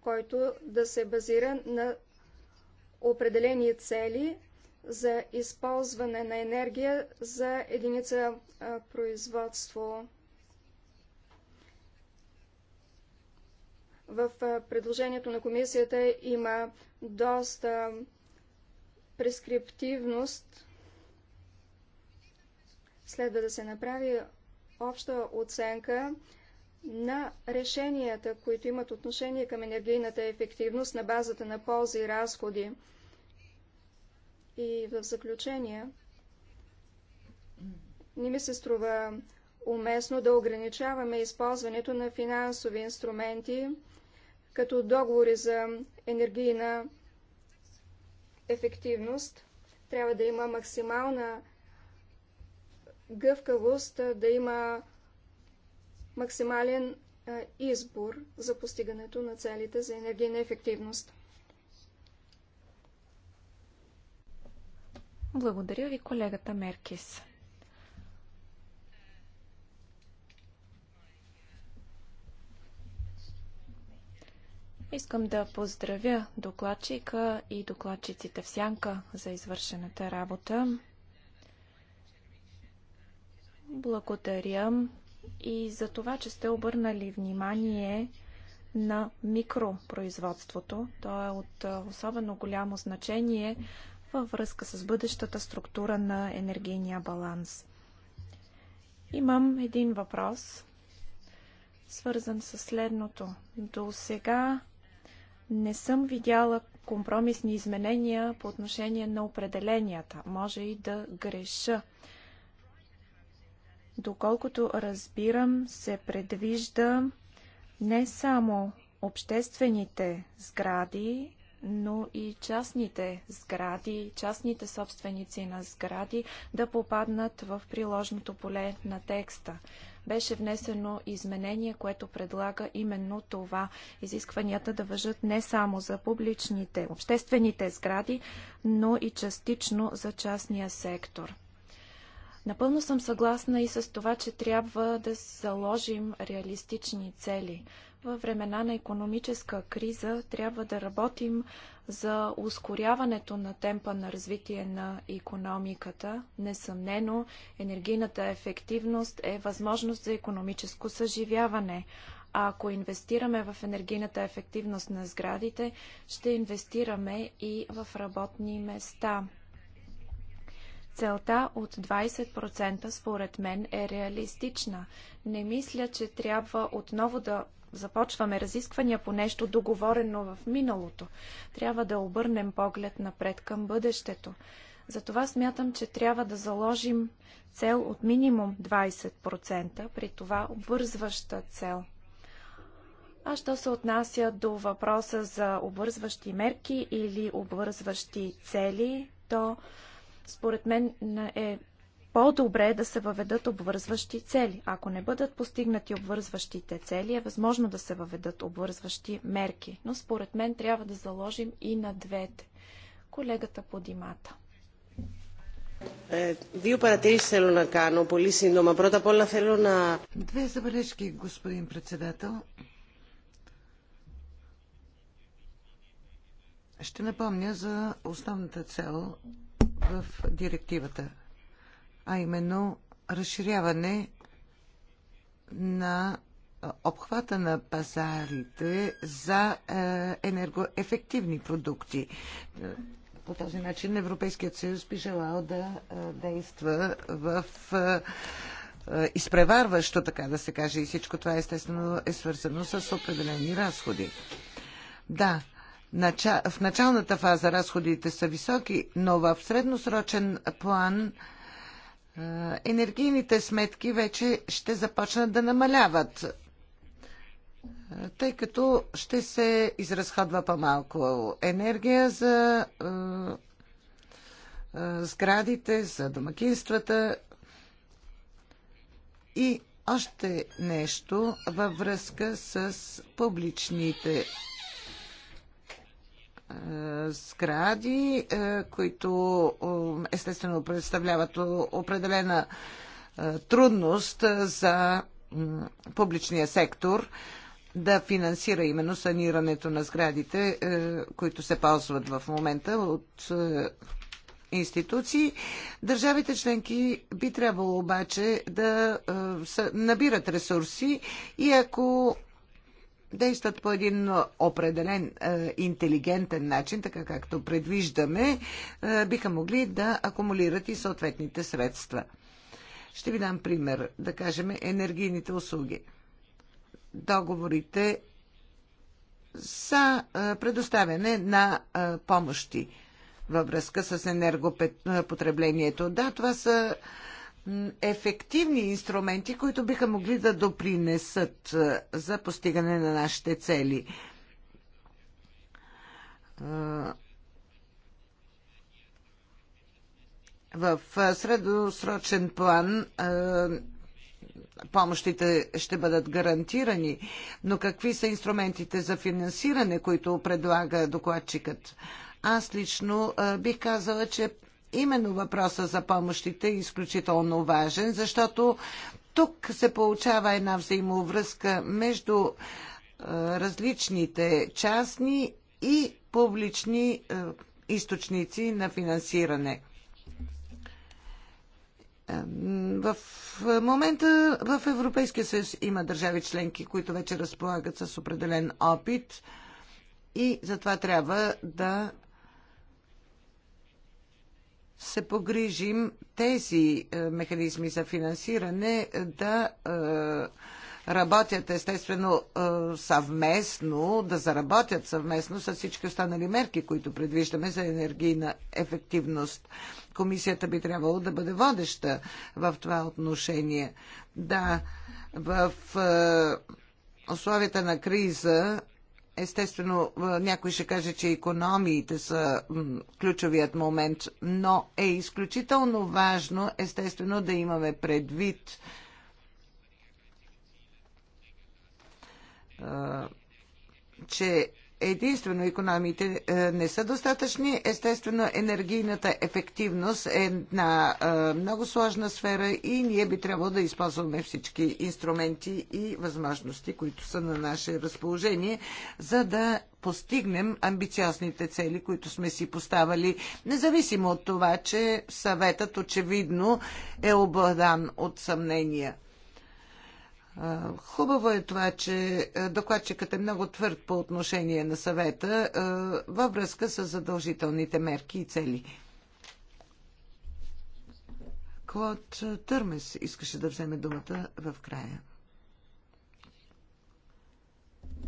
който да се базира на определени цели за използване на енергия за единица производство. В предложението на комисията има доста прескриптивност. Следва да се направи обща оценка на решенията, които имат отношение към енергийната ефективност на базата на ползи и разходи. И в заключение, не ми се струва уместно да ограничаваме използването на финансови инструменти, като договори за енергийна ефективност. Трябва да има максимална гъвкавост, да има максимален избор за постигането на целите за енергийна ефективност. Благодаря ви, колегата Меркис. Искам да поздравя докладчика и докладчиците в сянка за извършената работа. Благодаря и за това, че сте обърнали внимание на микропроизводството. То е от особено голямо значение във връзка с бъдещата структура на енергийния баланс. Имам един въпрос, свързан с следното. До сега не съм видяла компромисни изменения по отношение на определенията. Може и да греша. Доколкото разбирам, се предвижда не само обществените сгради, но и частните сгради, частните собственици на сгради да попаднат в приложното поле на текста беше внесено изменение, което предлага именно това изискванията да въжат не само за публичните, обществените сгради, но и частично за частния сектор. Напълно съм съгласна и с това, че трябва да заложим реалистични цели. Във времена на економическа криза трябва да работим за ускоряването на темпа на развитие на економиката. Несъмнено, енергийната ефективност е възможност за економическо съживяване. А ако инвестираме в енергийната ефективност на сградите, ще инвестираме и в работни места. Целта от 20% според мен е реалистична. Не мисля, че трябва отново да започваме разисквания по нещо договорено в миналото. Трябва да обърнем поглед напред към бъдещето. Затова смятам, че трябва да заложим цел от минимум 20%, при това обвързваща цел. А що се отнася до въпроса за обвързващи мерки или обвързващи цели, то според мен е по-добре е да се въведат обвързващи цели. Ако не бъдат постигнати обвързващите цели, е възможно да се въведат обвързващи мерки. Но според мен трябва да заложим и на двете. Колегата е, По Δύο θέλω να κάνω, πολύ σύντομα. Πρώτα απ' όλα θέλω να... Две забележки, господин председател. Ще напомня за основната цел в директивата – а именно разширяване на обхвата на пазарите за енергоефективни продукти. По този начин Европейският съюз би желал да действа в изпреварващо, така да се каже, и всичко това естествено е свързано с определени разходи. Да, в началната фаза разходите са високи, но в средносрочен план енергийните сметки вече ще започнат да намаляват, тъй като ще се изразходва по-малко енергия за сградите, за домакинствата и още нещо във връзка с публичните е, сгради, е, които е, естествено представляват определена трудност за публичния сектор да финансира именно санирането на сградите, които се ползват в момента от институции. Държавите членки би трябвало обаче да набират ресурси и ако действат по един определен интелигентен начин, така както предвиждаме, биха могли да акумулират и съответните средства. Ще ви дам пример, да кажем, енергийните услуги. Договорите за предоставяне на помощи във връзка с енергопотреблението. Да, това са ефективни инструменти, които биха могли да допринесат е, за постигане на нашите цели. Е, в е, средосрочен план помощите ще бъдат гарантирани, но какви са инструментите за финансиране, които предлага докладчикът? Аз лично бих казала, че именно въпроса за помощите е изключително важен, защото тук се получава една взаимовръзка между е, различните частни и публични е, източници на финансиране. В момента в Европейския съюз има държави членки, които вече разполагат с определен опит и затова трябва да се погрижим тези е, механизми за финансиране да е, работят естествено е, съвместно, да заработят съвместно с всички останали мерки, които предвиждаме за енергийна ефективност. Комисията би трябвало да бъде водеща в това отношение. Да, в условията на криза Естествено, някой ще каже, че економиите са ключовият момент, но е изключително важно, естествено, да имаме предвид че единствено економиите е, не са достатъчни. Естествено, енергийната ефективност е една е, много сложна сфера и ние би трябвало да използваме всички инструменти и възможности, които са на наше разположение, за да постигнем амбициозните цели, които сме си поставали, независимо от това, че съветът очевидно е обладан от съмнения. Хубаво е това, че е, докладчикът е много твърд по отношение на съвета е, във връзка с задължителните мерки и цели. Клод Търмес искаше да вземе думата в края.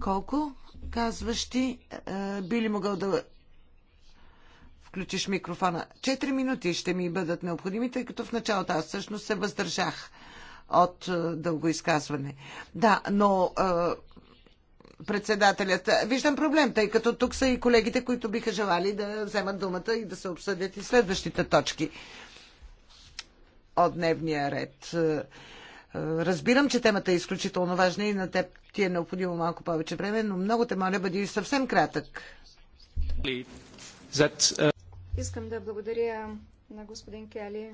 Колко казващи е, би ли могъл да включиш микрофона? Четири минути ще ми бъдат необходими, тъй като в началото аз всъщност се въздържах от е, дълго изказване. Да, но е, председателят. Виждам проблем, тъй като тук са и колегите, които биха желали да вземат думата и да се обсъдят и следващите точки от дневния ред. Е, разбирам, че темата е изключително важна и на теб ти е необходимо малко повече време, но много те моля, бъди съвсем кратък. Искам да благодаря на господин Кели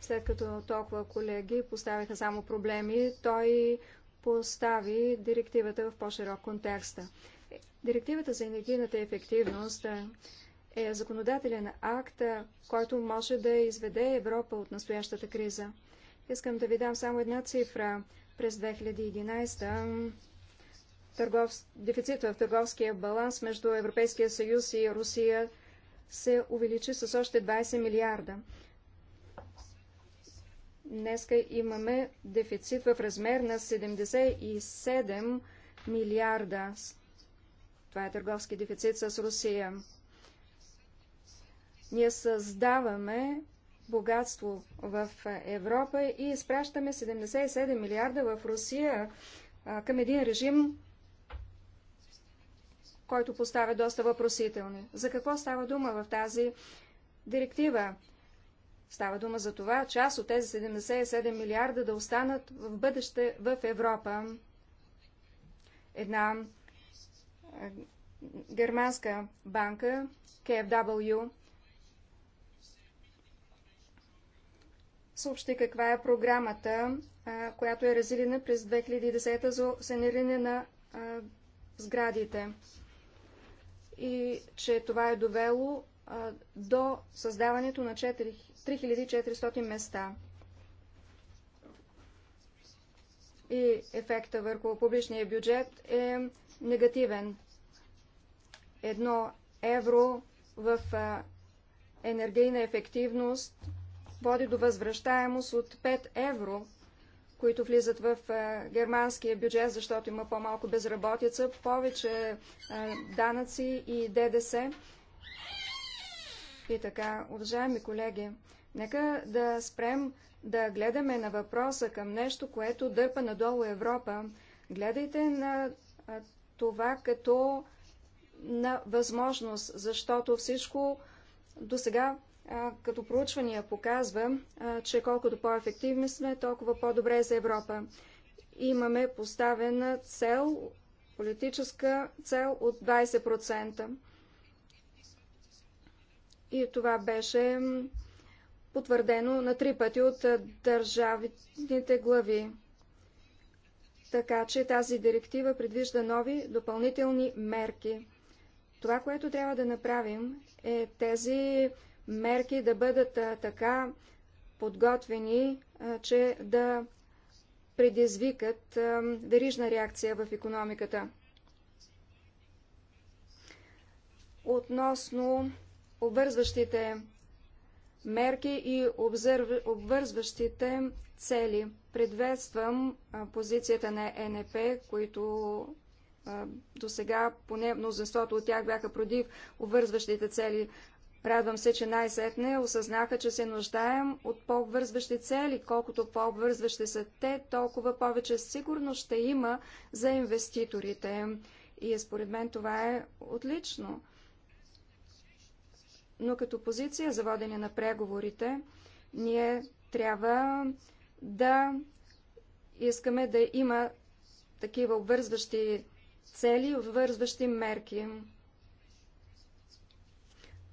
след като толкова колеги поставиха само проблеми, той постави директивата в по-широк контекст. Директивата за енергийната ефективност е законодателен акт, който може да изведе Европа от настоящата криза. Искам да ви дам само една цифра. През 2011 търгов... дефицит в търговския баланс между Европейския съюз и Русия се увеличи с още 20 милиарда. Днеска имаме дефицит в размер на 77 милиарда. Това е търговски дефицит с Русия. Ние създаваме богатство в Европа и изпращаме 77 милиарда в Русия към един режим, който поставя доста въпросителни. За какво става дума в тази директива? Става дума за това, част от тези 77 милиарда да останат в бъдеще в Европа. Една германска банка, KFW, съобщи каква е програмата, която е разилена през 2010 за саниране на сградите. И че това е довело до създаването на 4000 3400 места. И ефекта върху публичния бюджет е негативен. Едно евро в енергийна ефективност води до възвръщаемост от 5 евро, които влизат в германския бюджет, защото има по-малко безработица, повече данъци и ДДС. И така, уважаеми колеги, нека да спрем да гледаме на въпроса към нещо, което дърпа надолу Европа. Гледайте на това като на възможност, защото всичко до сега като проучвания показва, че колкото по-ефективни сме, толкова по-добре е за Европа. Имаме поставена цел, политическа цел от 20%. И това беше потвърдено на три пъти от държавните глави. Така че тази директива предвижда нови допълнителни мерки. Това, което трябва да направим, е тези мерки да бъдат така подготвени, че да предизвикат верижна реакция в економиката. Относно обвързващите мерки и обвързващите цели. Предветствам позицията на е НП, които до сега поне мнозинството от тях бяха против обвързващите цели. Радвам се, че най-сетне осъзнаха, че се нуждаем от по-обвързващи цели. Колкото по-обвързващи са те, толкова повече сигурно ще има за инвеститорите. И е, според мен това е отлично но като позиция за водене на преговорите, ние трябва да искаме да има такива обвързващи цели, обвързващи мерки.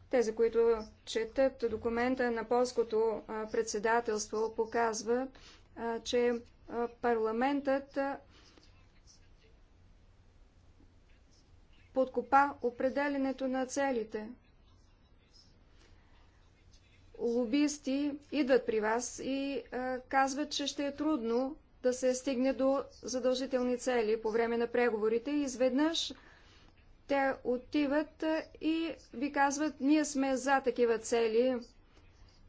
Тези, които четат документа на полското председателство, показват, че парламентът подкопа определенето на целите лобисти идват при вас и а, казват, че ще е трудно да се стигне до задължителни цели по време на преговорите и изведнъж те отиват и ви казват, ние сме за такива цели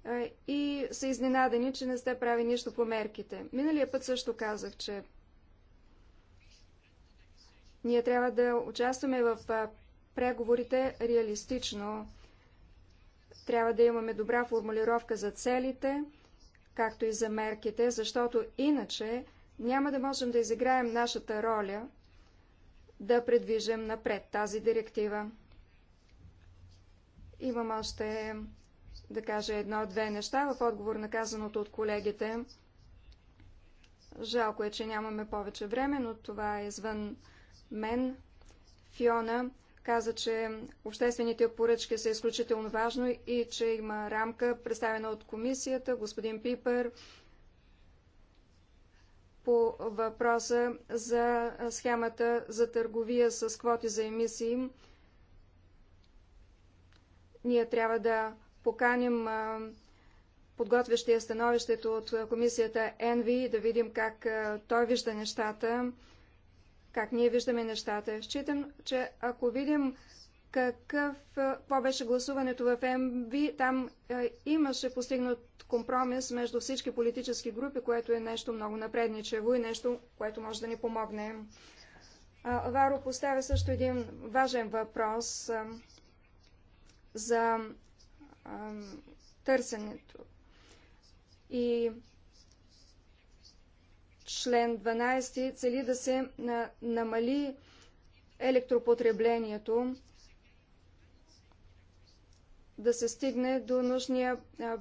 а, и са изненадани, че не сте прави нищо по мерките. Миналия път също казах, че ние трябва да участваме в преговорите реалистично трябва да имаме добра формулировка за целите, както и за мерките, защото иначе няма да можем да изиграем нашата роля да предвижим напред тази директива. Имам още да кажа едно-две неща в отговор на казаното от колегите. Жалко е, че нямаме повече време, но това е извън мен. Фиона, каза, че обществените поръчки са изключително важно и че има рамка, представена от комисията, господин Пипер, по въпроса за схемата за търговия с квоти за емисии. Ние трябва да поканим подготвящия становището от комисията ЕНВИ и да видим как той вижда нещата как ние виждаме нещата. Считам, че ако видим какъв, какво беше гласуването в МВ, там е, имаше постигнат компромис между всички политически групи, което е нещо много напредничево и нещо, което може да ни помогне. А, Варо поставя също един важен въпрос а, за а, търсенето. И Член 12 цели да се намали електропотреблението, да се стигне до нужния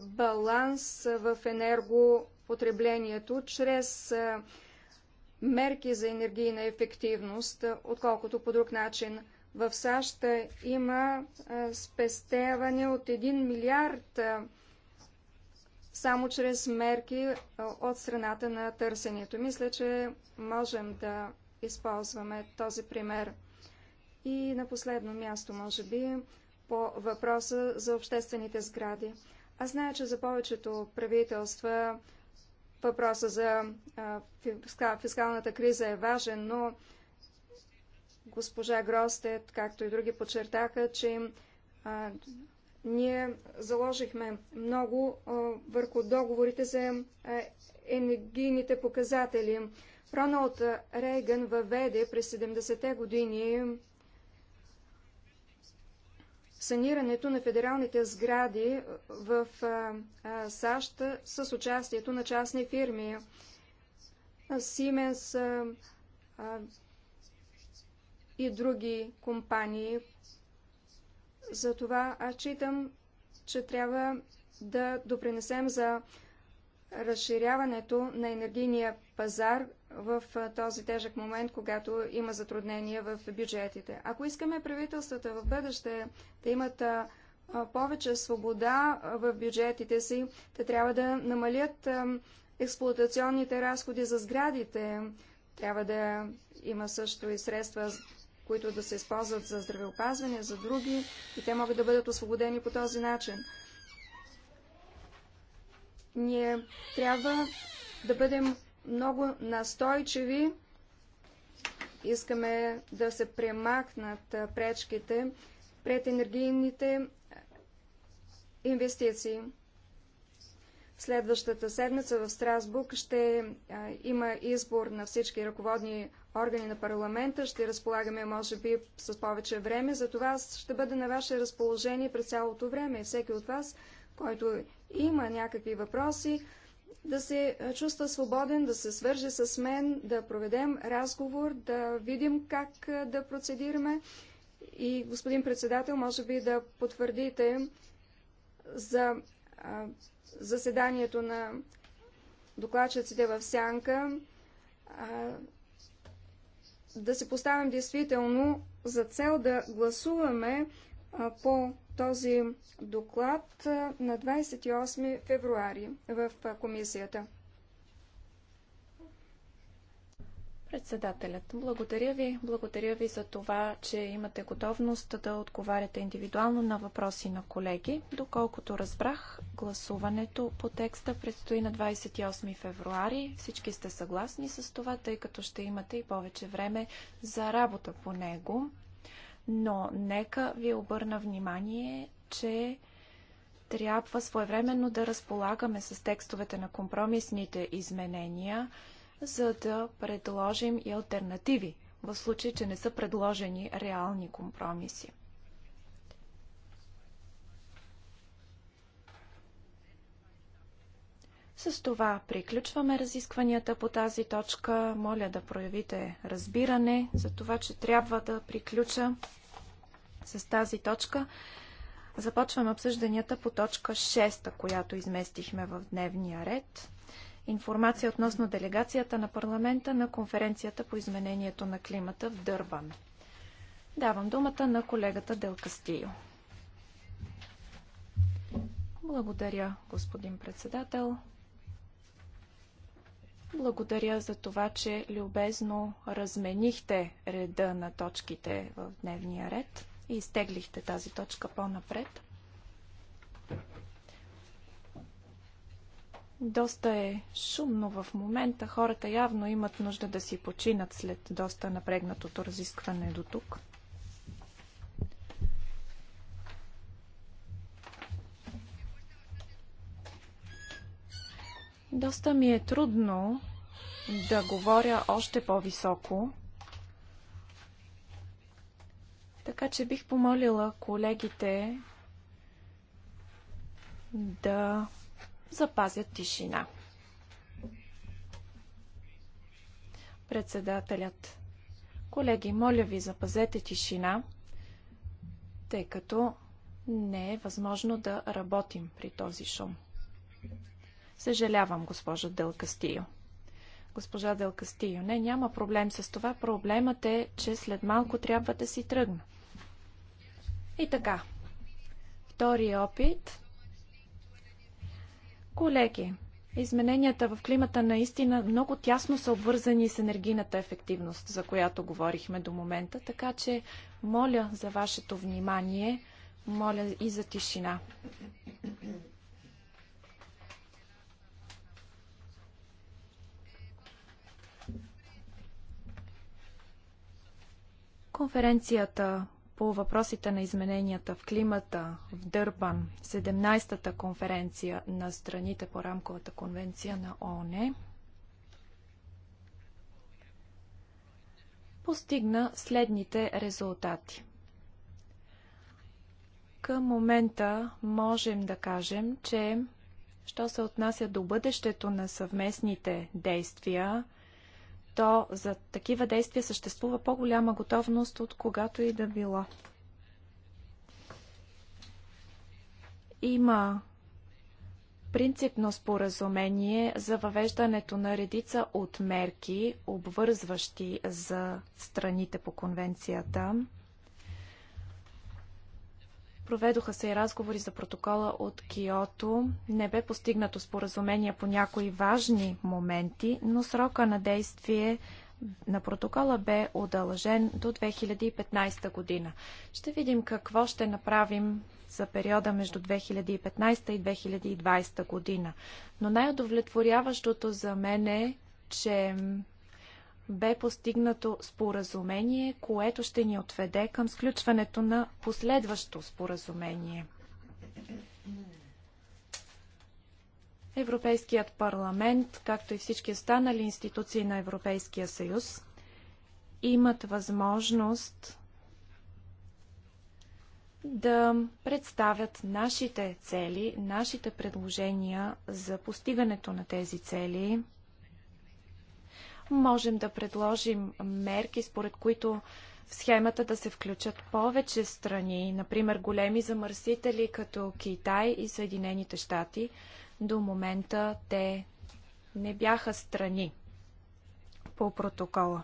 баланс в енергопотреблението чрез мерки за енергийна ефективност, отколкото по друг начин. В САЩ има спестяване от 1 милиард само чрез мерки от страната на търсенето. Мисля, че можем да използваме този пример. И на последно място, може би, по въпроса за обществените сгради. Аз зная, че за повечето правителства въпроса за фискалната криза е важен, но госпожа Гростет, както и други подчертаха, че ние заложихме много върху договорите за енергийните показатели. Роналд Рейган въведе през 70-те години санирането на федералните сгради в САЩ с участието на частни фирми. Сименс и други компании затова аз читам, че трябва да допринесем за разширяването на енергийния пазар в този тежък момент, когато има затруднения в бюджетите. Ако искаме правителствата в бъдеще да имат повече свобода в бюджетите си, те трябва да намалят експлуатационните разходи за сградите. Трябва да има също и средства които да се използват за здравеопазване, за други и те могат да бъдат освободени по този начин. Ние трябва да бъдем много настойчиви. Искаме да се премахнат пречките пред енергийните инвестиции. Следващата седмица в Страсбург ще а, има избор на всички ръководни органи на парламента. Ще разполагаме, може би, с повече време. За това ще бъде на ваше разположение през цялото време. Всеки от вас, който има някакви въпроси, да се чувства свободен, да се свърже с мен, да проведем разговор, да видим как да процедираме. И, господин председател, може би да потвърдите за заседанието на докладчиците в Сянка да си поставим действително за цел да гласуваме по този доклад на 28 февруари в комисията. Председателят, благодаря ви. Благодаря ви за това, че имате готовност да отговаряте индивидуално на въпроси на колеги. Доколкото разбрах, гласуването по текста предстои на 28 февруари. Всички сте съгласни с това, тъй като ще имате и повече време за работа по него. Но нека ви обърна внимание, че трябва своевременно да разполагаме с текстовете на компромисните изменения – за да предложим и альтернативи, в случай, че не са предложени реални компромиси. С това приключваме разискванията по тази точка. Моля да проявите разбиране за това, че трябва да приключа с тази точка. Започваме обсъжданията по точка 6, която изместихме в дневния ред информация относно делегацията на парламента на конференцията по изменението на климата в Дърбан. Давам думата на колегата Дел Кастио. Благодаря, господин председател. Благодаря за това, че любезно разменихте реда на точките в дневния ред и изтеглихте тази точка по-напред. Доста е шумно в момента. Хората явно имат нужда да си починат след доста напрегнатото разискване до тук. Доста ми е трудно да говоря още по-високо. Така че бих помолила колегите да запазят тишина. Председателят. Колеги, моля ви, запазете тишина, тъй като не е възможно да работим при този шум. Съжалявам, госпожо Дел Кастио. Госпожа Дел Кастио, не, няма проблем с това. Проблемът е, че след малко трябва да си тръгна. И така. Втори опит Колеги, измененията в климата наистина много тясно са обвързани с енергийната ефективност, за която говорихме до момента, така че моля за вашето внимание, моля и за тишина. Конференцията по въпросите на измененията в климата в Дърбан, 17-та конференция на страните по рамковата конвенция на ООН, постигна следните резултати. Към момента можем да кажем, че що се отнася до бъдещето на съвместните действия, то за такива действия съществува по-голяма готовност от когато и да било. Има принципно споразумение за въвеждането на редица от мерки, обвързващи за страните по конвенцията. Проведоха се и разговори за протокола от Киото. Не бе постигнато споразумение по някои важни моменти, но срока на действие на протокола бе удължен до 2015 година. Ще видим какво ще направим за периода между 2015 и 2020 година. Но най-удовлетворяващото за мен е, че бе постигнато споразумение, което ще ни отведе към сключването на последващо споразумение. Европейският парламент, както и всички останали институции на Европейския съюз, имат възможност да представят нашите цели, нашите предложения за постигането на тези цели – Можем да предложим мерки, според които в схемата да се включат повече страни, например големи замърсители като Китай и Съединените щати. До момента те не бяха страни по протокола.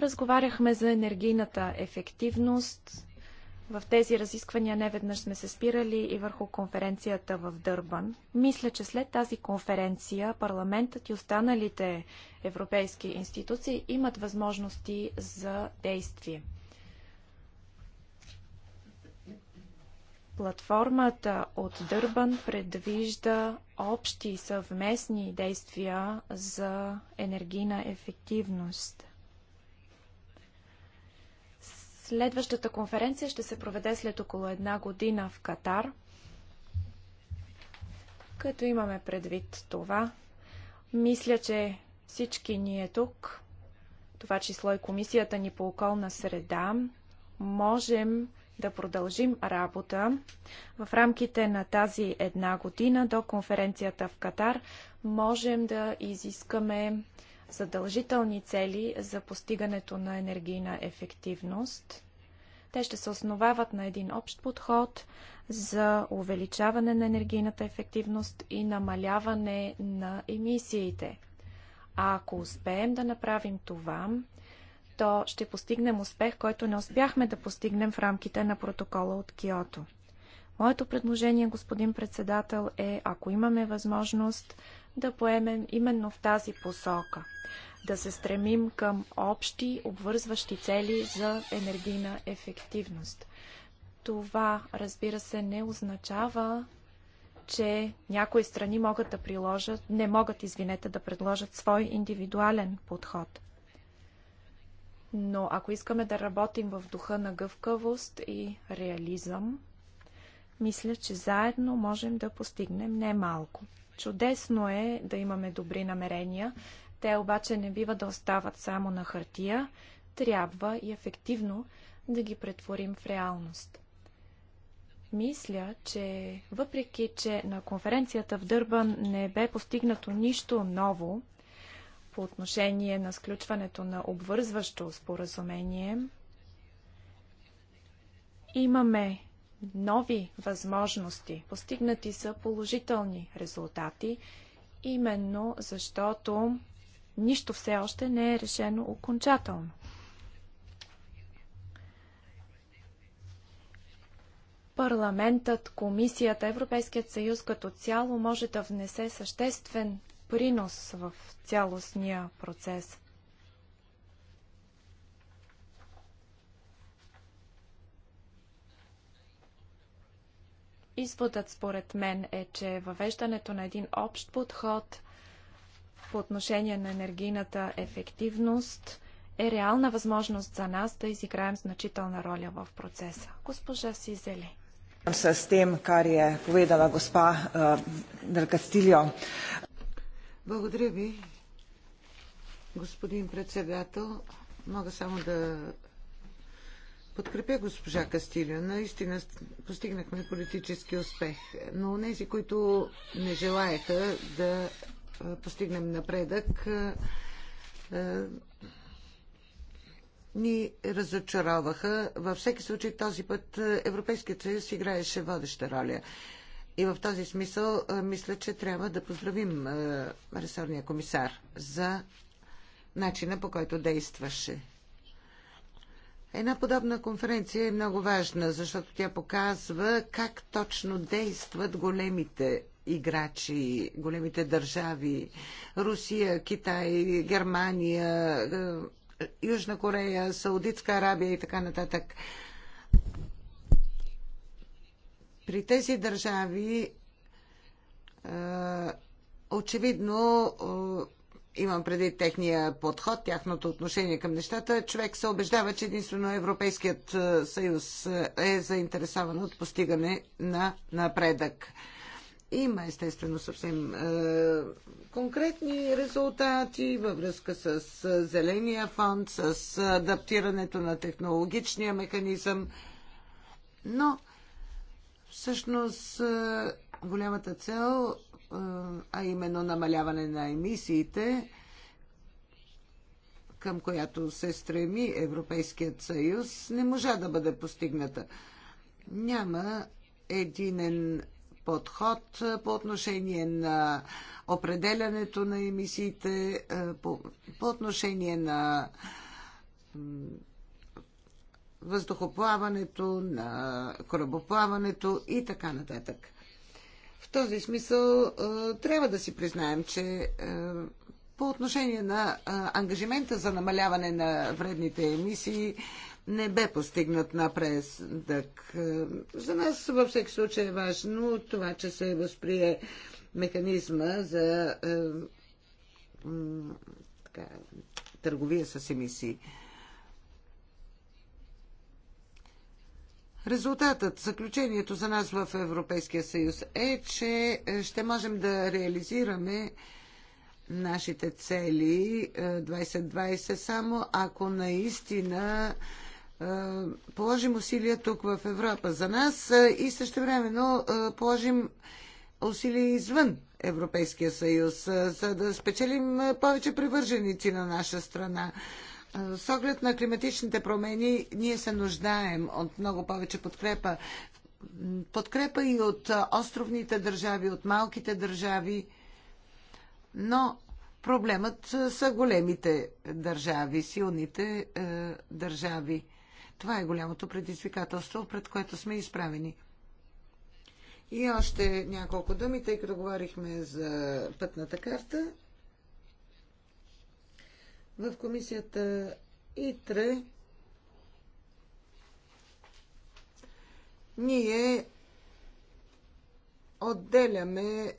Разговаряхме за енергийната ефективност, в тези разисквания неведнъж сме се спирали и върху конференцията в Дърбан. Мисля, че след тази конференция парламентът и останалите европейски институции имат възможности за действие. Платформата от Дърбан предвижда общи съвместни действия за енергийна ефективност – Следващата конференция ще се проведе след около една година в Катар. Като имаме предвид това, мисля, че всички ние тук, това число и Комисията ни по околна среда, можем да продължим работа в рамките на тази една година до конференцията в Катар. Можем да изискаме задължителни цели за постигането на енергийна ефективност. Те ще се основават на един общ подход за увеличаване на енергийната ефективност и намаляване на емисиите. А ако успеем да направим това, то ще постигнем успех, който не успяхме да постигнем в рамките на протокола от Киото. Моето предложение, господин председател, е ако имаме възможност да поемем именно в тази посока да се стремим към общи обвързващи цели за енергийна ефективност. Това, разбира се, не означава, че някои страни могат да приложат, не могат, извинете, да предложат свой индивидуален подход. Но ако искаме да работим в духа на гъвкавост и реализъм, мисля, че заедно можем да постигнем немалко. малко. Чудесно е да имаме добри намерения, те обаче не бива да остават само на хартия, трябва и ефективно да ги претворим в реалност. Мисля, че въпреки, че на конференцията в Дърбан не бе постигнато нищо ново по отношение на сключването на обвързващо споразумение, имаме нови възможности. Постигнати са положителни резултати, именно защото нищо все още не е решено окончателно. Парламентът, комисията, Европейският съюз като цяло може да внесе съществен принос в цялостния процес – Изводът според мен е, че въвеждането на един общ подход по отношение на енергийната ефективност е реална възможност за нас да изиграем значителна роля в процеса. Госпожа Сизели. с тем, кар е поведала госпа Дел Благодаря ви, господин председател. Мога само да подкрепя госпожа Кастилио. Наистина постигнахме политически успех, но тези, които не желаяха да постигнем напредък, ни разочароваха. Във всеки случай този път Европейският съюз играеше водеща роля. И в този смисъл мисля, че трябва да поздравим ресорния комисар за начина по който действаше Една подобна конференция е много важна, защото тя показва как точно действат големите играчи, големите държави Русия, Китай, Германия, е, Южна Корея, Саудитска Арабия и така нататък. При тези държави е, очевидно е, имам преди техния подход, тяхното отношение към нещата, човек се убеждава, че единствено Европейският е, съюз е заинтересован от постигане на напредък. Има естествено съвсем е, конкретни резултати във връзка с е, зеления фонд, с е, адаптирането на технологичния механизъм, но всъщност голямата цел а именно намаляване на емисиите, към която се стреми Европейският съюз, не можа да бъде постигната. Няма единен подход по отношение на определянето на емисиите, по, по отношение на въздухоплаването, на корабоплаването и така нататък. В този смисъл трябва да си признаем, че по отношение на ангажимента за намаляване на вредните емисии не бе постигнат напредък. За нас във всеки случай е важно това, че се възприе механизма за така, търговия с емисии. Резултатът, заключението за нас в Европейския съюз е, че е, ще можем да реализираме нашите цели 2020 е, само ако наистина е, положим усилия тук в Европа за нас и също времено положим усилия извън Европейския съюз, за да спечелим повече привърженици на наша страна. С оглед на климатичните промени, ние се нуждаем от много повече подкрепа. Подкрепа и от островните държави, от малките държави, но проблемът са големите държави, силните е, държави. Това е голямото предизвикателство, пред което сме изправени. И още няколко думи, тъй като говорихме за пътната карта в комисията ИТРЕ ние отделяме е,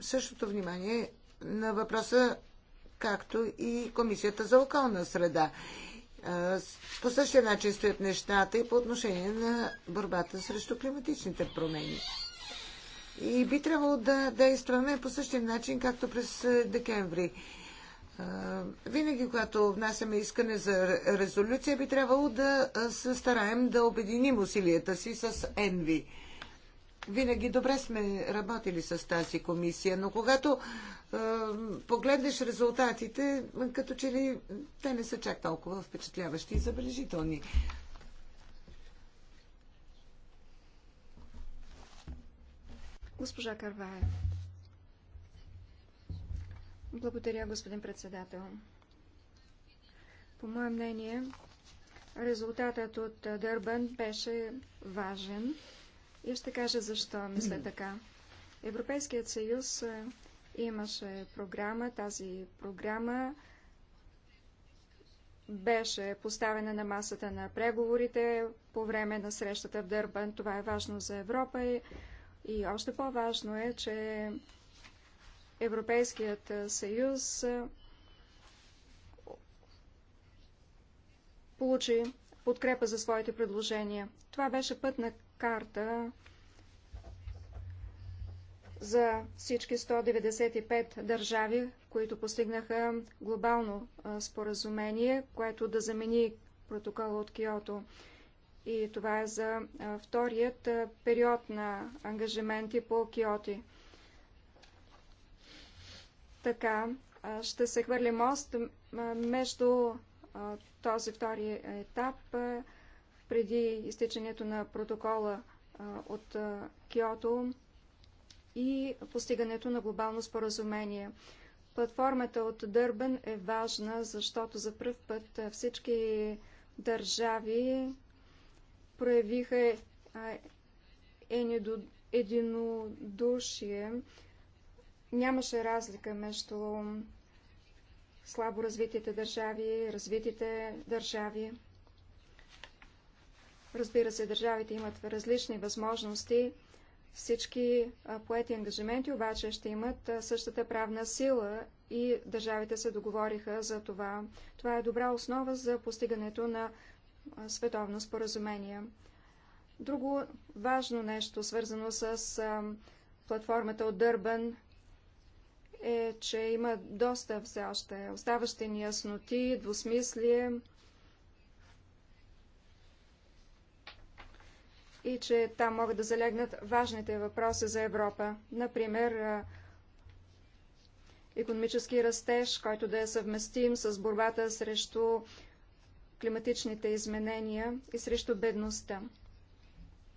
същото внимание на въпроса, както и Комисията за околна среда. Е, по същия начин стоят нещата и по отношение на борбата срещу климатичните промени. И би трябвало да действаме по същия начин, както през декември винаги, когато внасяме искане за резолюция, би трябвало да се стараем да обединим усилията си с ЕНВИ. Винаги добре сме работили с тази комисия, но когато е, погледнеш резултатите, като че ли те не са чак толкова впечатляващи и забележителни. Госпожа Карваев. Благодаря, господин председател. По мое мнение, резултатът от Дърбан беше важен и ще кажа защо мисля така. Европейският съюз имаше програма, тази програма беше поставена на масата на преговорите по време на срещата в Дърбан. Това е важно за Европа и, и още по-важно е, че Европейският съюз получи подкрепа за своите предложения. Това беше пътна карта за всички 195 държави, които постигнаха глобално споразумение, което да замени протокола от Киото. И това е за вторият период на ангажименти по Киоти. Така ще се хвърли мост между този втори етап преди изтичането на протокола от Киото и постигането на глобално споразумение. Платформата от Дърбен е важна, защото за първ път всички държави проявиха единодушие нямаше разлика между слабо развитите държави, развитите държави. Разбира се, държавите имат различни възможности. Всички поети ангажименти обаче ще имат същата правна сила и държавите се договориха за това. Това е добра основа за постигането на световно споразумение. Друго важно нещо, свързано с платформата от Дърбан, е, че има доста все още оставащи неясноти, двусмислие и че там могат да залегнат важните въпроси за Европа. Например, економически растеж, който да е съвместим с борбата срещу климатичните изменения и срещу бедността.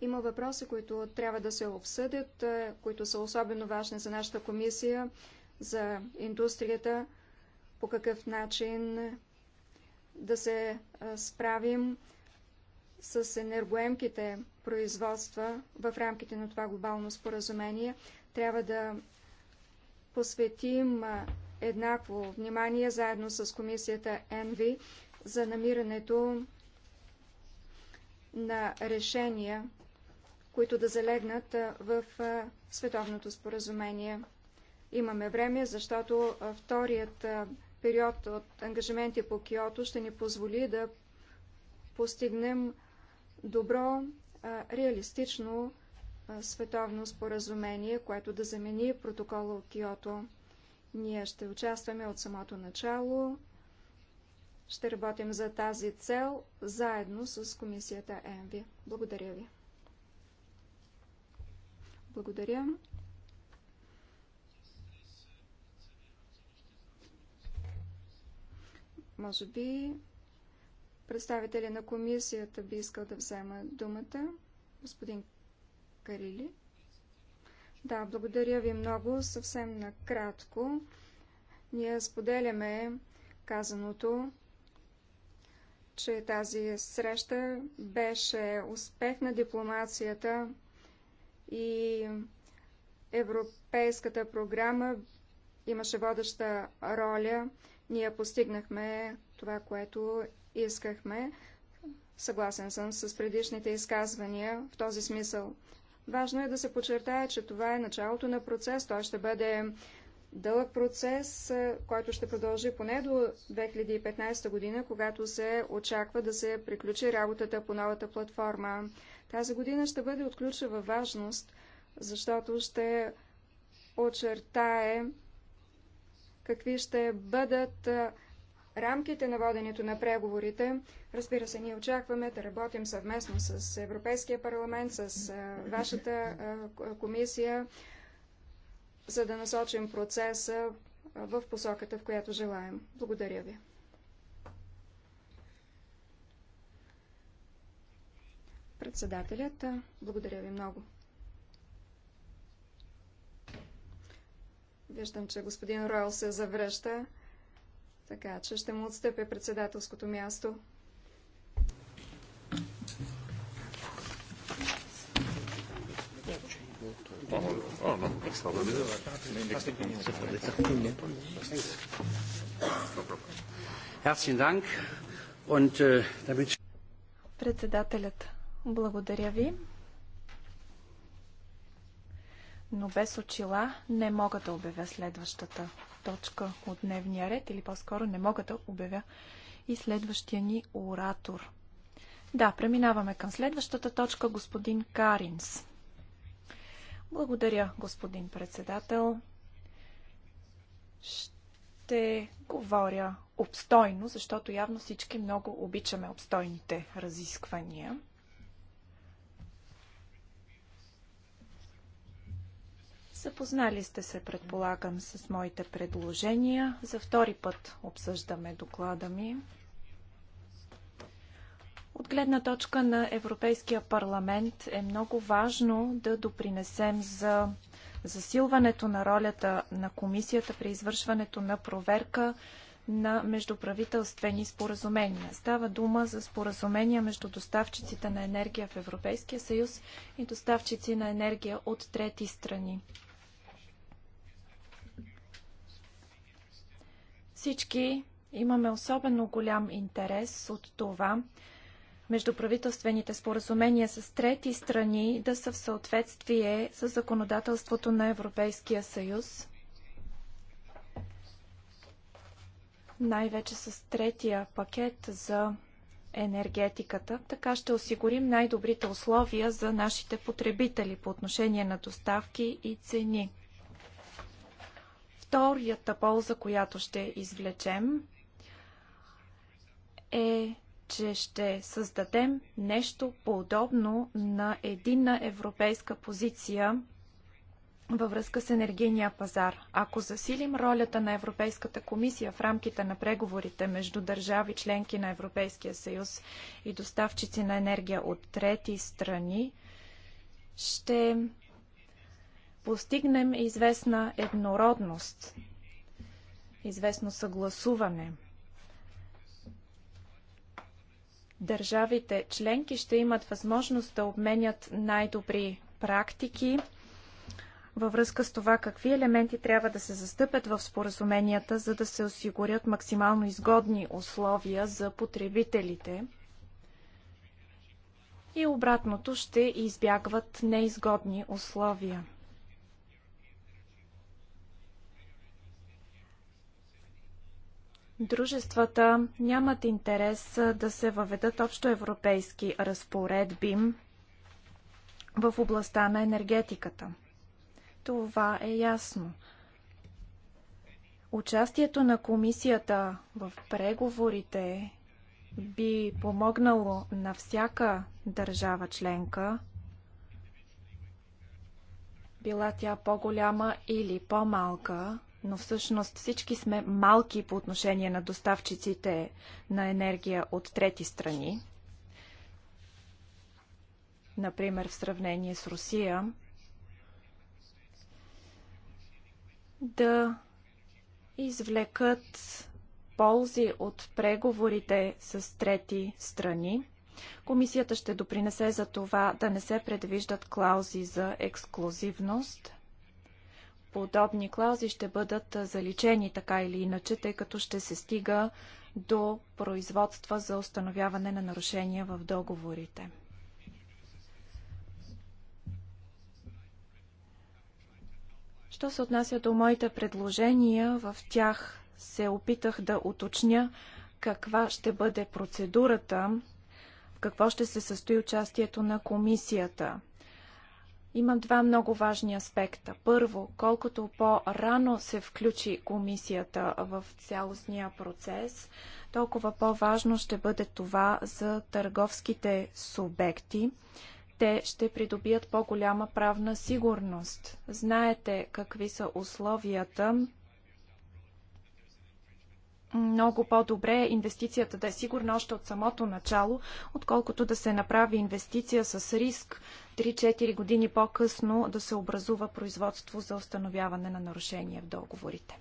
Има въпроси, които трябва да се обсъдят, които са особено важни за нашата комисия за индустрията, по какъв начин да се справим с енергоемките производства в рамките на това глобално споразумение. Трябва да посветим еднакво внимание заедно с комисията ЕНВИ за намирането на решения, които да залегнат в световното споразумение имаме време, защото вторият период от ангажименти по Киото ще ни позволи да постигнем добро, реалистично световно споразумение, което да замени протокола от Киото. Ние ще участваме от самото начало. Ще работим за тази цел заедно с комисията ЕМВИ. Благодаря ви. Благодаря. Може би представителя на комисията би искал да взема думата. Господин Карили. Да, благодаря ви много. Съвсем накратко. Ние споделяме казаното, че тази среща беше успех на дипломацията и Европейската програма имаше водеща роля. Ние постигнахме това, което искахме. Съгласен съм с предишните изказвания в този смисъл. Важно е да се подчертая, че това е началото на процес. Той ще бъде дълъг процес, който ще продължи поне до 2015 година, когато се очаква да се приключи работата по новата платформа. Тази година ще бъде от ключова важност, защото ще очертае какви ще бъдат рамките на воденето на преговорите. Разбира се, ние очакваме да работим съвместно с Европейския парламент, с вашата комисия, за да насочим процеса в посоката, в която желаем. Благодаря ви. Председателят, благодаря ви много. Виждам, че господин Ройл се завръща, така че ще му отстъпя председателското място. Äh, Председателят, благодаря ви но без очила не мога да обявя следващата точка от дневния ред или по-скоро не мога да обявя и следващия ни оратор. Да, преминаваме към следващата точка, господин Каринс. Благодаря, господин председател. Ще говоря обстойно, защото явно всички много обичаме обстойните разисквания. Запознали сте се, предполагам, с моите предложения. За втори път обсъждаме доклада ми. От гледна точка на Европейския парламент е много важно да допринесем за засилването на ролята на комисията при извършването на проверка на междуправителствени споразумения. Става дума за споразумения между доставчиците на енергия в Европейския съюз и доставчици на енергия от трети страни. Всички имаме особено голям интерес от това междуправителствените споразумения с трети страни да са в съответствие с законодателството на Европейския съюз, най-вече с третия пакет за енергетиката. Така ще осигурим най-добрите условия за нашите потребители по отношение на доставки и цени. Вторията полза, която ще извлечем, е, че ще създадем нещо подобно на единна европейска позиция във връзка с енергийния пазар. Ако засилим ролята на Европейската комисия в рамките на преговорите между държави членки на Европейския съюз и доставчици на енергия от трети страни, ще постигнем известна еднородност, известно съгласуване. Държавите членки ще имат възможност да обменят най-добри практики във връзка с това какви елементи трябва да се застъпят в споразуменията, за да се осигурят максимално изгодни условия за потребителите и обратното ще избягват неизгодни условия. Дружествата нямат интерес да се въведат общоевропейски разпоредби в областта на енергетиката. Това е ясно. Участието на комисията в преговорите би помогнало на всяка държава членка, била тя по-голяма или по-малка, но всъщност всички сме малки по отношение на доставчиците на енергия от трети страни. Например, в сравнение с Русия, да извлекат ползи от преговорите с трети страни. Комисията ще допринесе за това да не се предвиждат клаузи за ексклюзивност – подобни клаузи ще бъдат заличени така или иначе, тъй като ще се стига до производства за установяване на нарушения в договорите. Що се отнася до моите предложения, в тях се опитах да уточня каква ще бъде процедурата, в какво ще се състои участието на комисията – Имам два много важни аспекта. Първо, колкото по-рано се включи комисията в цялостния процес, толкова по-важно ще бъде това за търговските субекти. Те ще придобият по-голяма правна сигурност. Знаете какви са условията много по-добре инвестицията да е сигурна още от самото начало, отколкото да се направи инвестиция с риск 3-4 години по-късно да се образува производство за установяване на нарушения в договорите.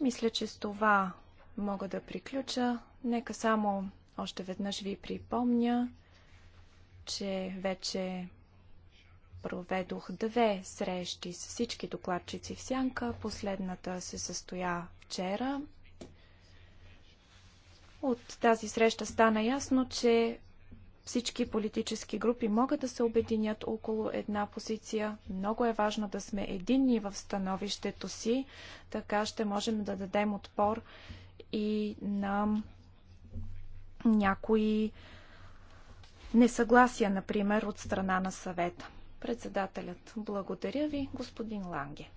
Мисля, че с това мога да приключа. Нека само още веднъж ви припомня, че вече проведох две срещи с всички докладчици в Сянка. Последната се състоя вчера. От тази среща стана ясно, че всички политически групи могат да се обединят около една позиция. Много е важно да сме единни в становището си, така ще можем да дадем отпор и на някои несъгласия, например, от страна на съвета. Председателят, благодаря ви, господин Ланге.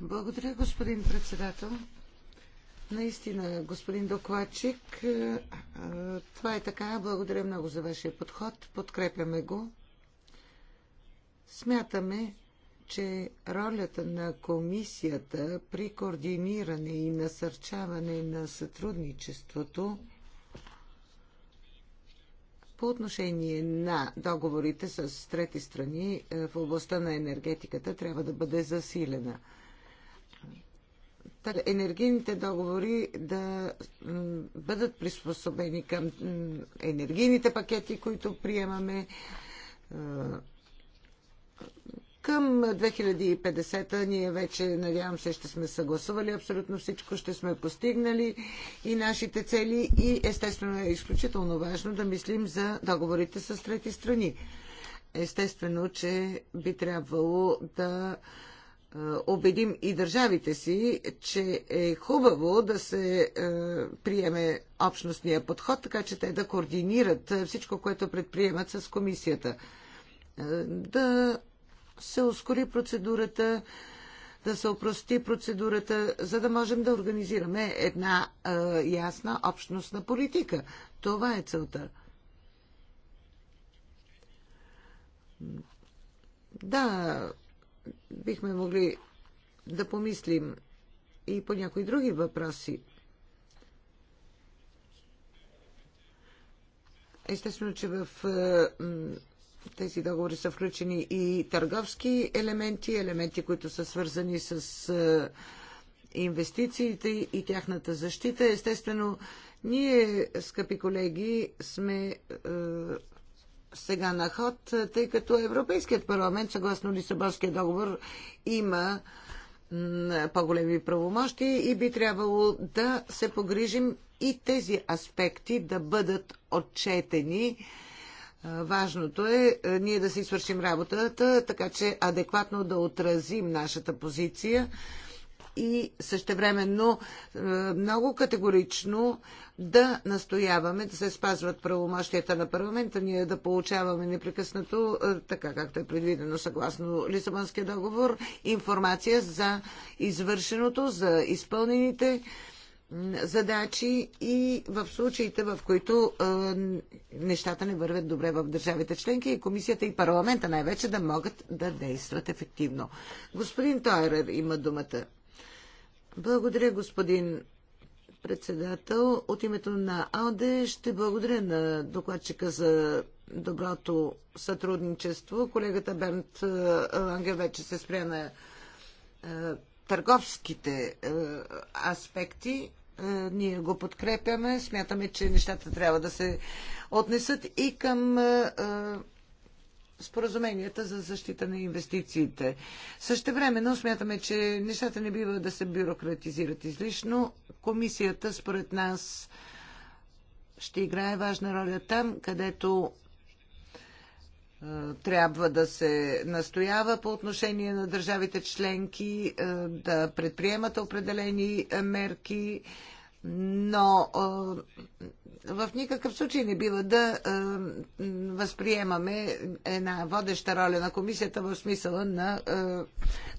Благодаря, господин председател. Наистина, господин докладчик, е, е, това е така. Благодаря много за вашия подход. Подкрепяме го. Смятаме, че ролята на комисията при координиране и насърчаване на сътрудничеството по отношение на договорите с трети страни е, в областта на енергетиката трябва да бъде засилена. Енергийните договори да бъдат приспособени към енергийните пакети, които приемаме е, към 2050 ние вече, надявам се, ще сме съгласували абсолютно всичко, ще сме постигнали и нашите цели и естествено е изключително важно да мислим за договорите с трети страни. Естествено, че би трябвало да е, убедим и държавите си, че е хубаво да се е, приеме общностния подход, така че те да координират всичко, което предприемат с комисията. Е, да се ускори процедурата, да се опрости процедурата, за да можем да организираме една а, ясна общностна политика. Това е целта. Да, бихме могли да помислим и по някои други въпроси. Естествено, че в тези договори са включени и търговски елементи, елементи, които са свързани с е, инвестициите и тяхната защита. Естествено, ние, скъпи колеги, сме е, сега на ход, тъй като Европейският парламент, съгласно Лисабонския договор, има по-големи правомощи и би трябвало да се погрижим и тези аспекти да бъдат отчетени Важното е ние да си свършим работата, така че адекватно да отразим нашата позиция и същевременно много категорично да настояваме да се спазват правомощията на парламента, ние да получаваме непрекъснато, така както е предвидено съгласно Лисабонския договор, информация за извършеното, за изпълнените задачи и в случаите, в които нещата не вървят добре в държавите членки и комисията и парламента най-вече да могат да действат ефективно. Господин Тойрер има думата. Благодаря, господин председател. От името на АОДЕ ще благодаря на докладчика за доброто сътрудничество. Колегата Бернт Ланге вече се спря на търговските аспекти. Е, ние го подкрепяме. Смятаме, че нещата трябва да се отнесат и към е, е, споразуменията за защита на инвестициите. Също но смятаме, че нещата не бива да се бюрократизират излишно. Комисията, според нас, ще играе важна роля там, където е, трябва да се настоява по отношение на държавите членки е, да предприемат определени е, мерки, но в никакъв случай не бива да възприемаме една водеща роля на комисията в смисъла на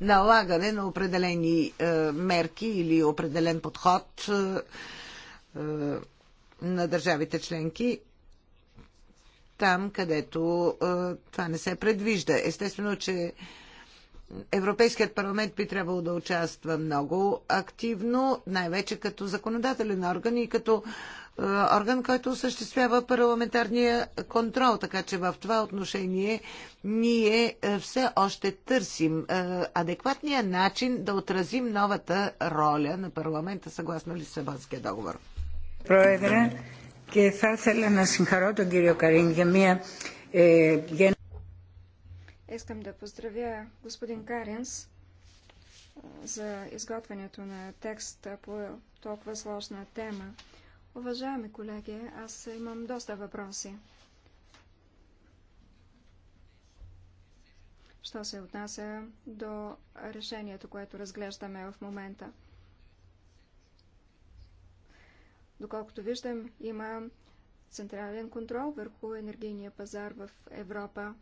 налагане на определени мерки или определен подход на държавите членки там, където това не се предвижда. Естествено, че Европейският парламент би трябвало да участва много активно, най-вече като законодателен орган и като орган, който осъществява парламентарния контрол. Така че в това отношение ние все още търсим адекватния начин да отразим новата роля на парламента съгласно Лисабонския договор. Проедре, και θα ήθελα να συγχαρώ τον κύριο Καρίν για μια... Искам да поздравя господин Каринс за изготвянето на текста по толкова сложна тема. Уважаеми колеги, аз имам доста въпроси. Що се отнася до решението, което разглеждаме в момента? Доколкото виждам, има централен контрол върху енергийния пазар в Европа.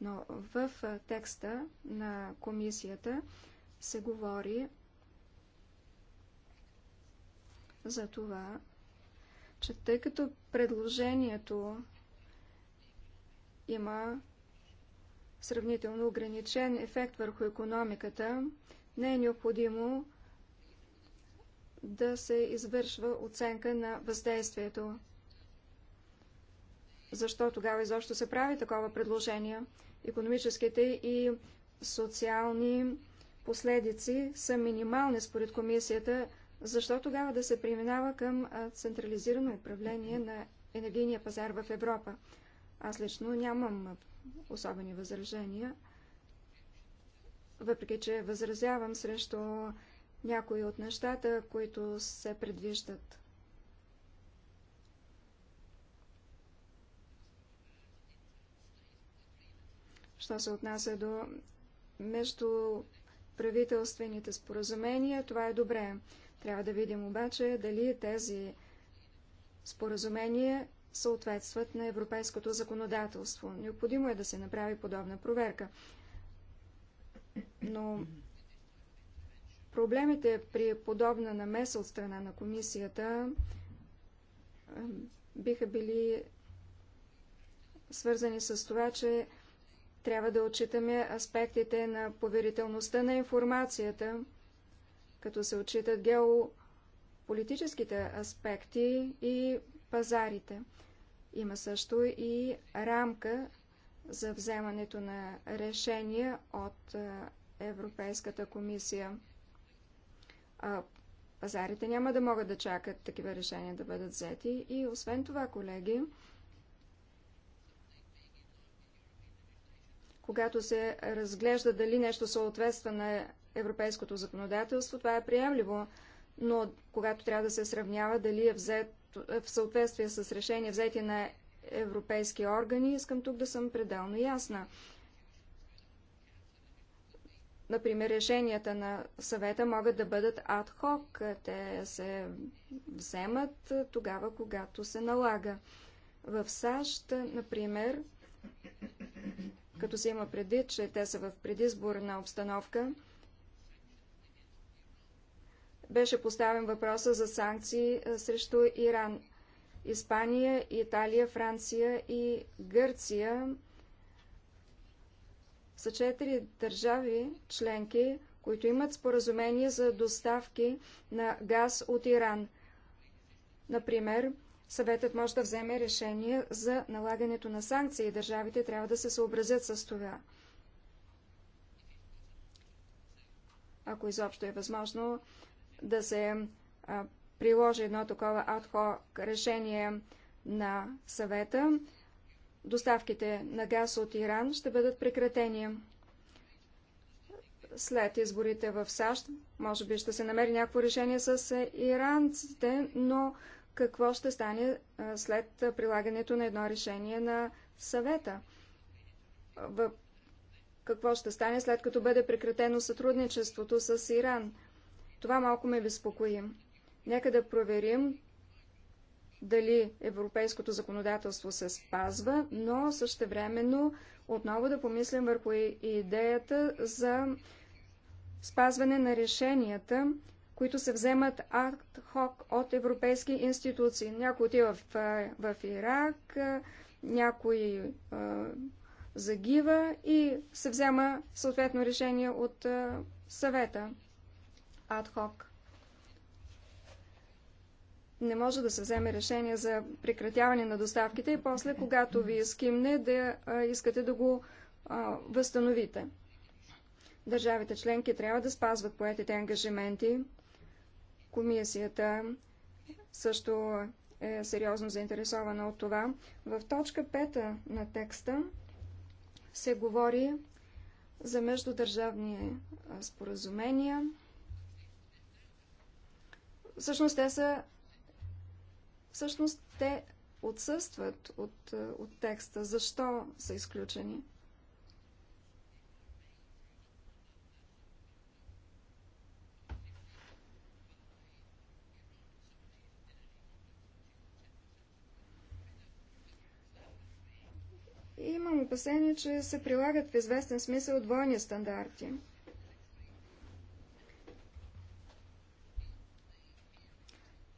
Но в текста на комисията се говори за това, че тъй като предложението има сравнително ограничен ефект върху економиката, не е необходимо да се извършва оценка на въздействието. Защо тогава изобщо се прави такова предложение? Економическите и социални последици са минимални според комисията. Защо тогава да се преминава към централизирано управление на енергийния пазар в Европа? Аз лично нямам особени възражения, въпреки че възразявам срещу някои от нещата, които се предвиждат. Що се отнася до между правителствените споразумения, това е добре. Трябва да видим обаче дали тези споразумения съответстват на европейското законодателство. Необходимо е да се направи подобна проверка. Но Проблемите при подобна намеса от страна на комисията биха били свързани с това, че трябва да отчитаме аспектите на поверителността на информацията, като се отчитат геополитическите аспекти и пазарите. Има също и рамка за вземането на решения от Европейската комисия а пазарите няма да могат да чакат такива решения да бъдат взети. И освен това, колеги, когато се разглежда дали нещо съответства на европейското законодателство, това е приемливо, но когато трябва да се сравнява дали е взет в съответствие с решение взети на европейски органи, искам тук да съм пределно ясна. Например, решенията на съвета могат да бъдат адхок. Те се вземат тогава, когато се налага. В САЩ, например, като се има предвид, че те са в предизборна обстановка, беше поставен въпроса за санкции срещу Иран. Испания, Италия, Франция и Гърция са четири държави членки, които имат споразумение за доставки на газ от Иран. Например, съветът може да вземе решение за налагането на санкции. Държавите трябва да се съобразят с това. Ако изобщо е възможно да се приложи едно такова адхок решение на съвета, доставките на газ от Иран ще бъдат прекратени. След изборите в САЩ, може би ще се намери някакво решение с е, иранците, но какво ще стане е, след прилагането на едно решение на съвета? В... Какво ще стане след като бъде прекратено сътрудничеството с Иран? Това малко ме безпокои. Нека да проверим дали европейското законодателство се спазва, но същевременно отново да помислим върху идеята за спазване на решенията, които се вземат ад-хок от европейски институции. Някой отива в, в Ирак, някой а, загива и се взема съответно решение от а, съвета ад-хок не може да се вземе решение за прекратяване на доставките и после, когато ви скимне, да искате да го възстановите. Държавите членки трябва да спазват поетите ангажименти. Комисията също е сериозно заинтересована от това. В точка 5 на текста се говори за междудържавни споразумения. Всъщност те са всъщност те отсъстват от, е, от текста. Защо са изключени? И имам опасение, че се прилагат в известен смисъл двойни стандарти.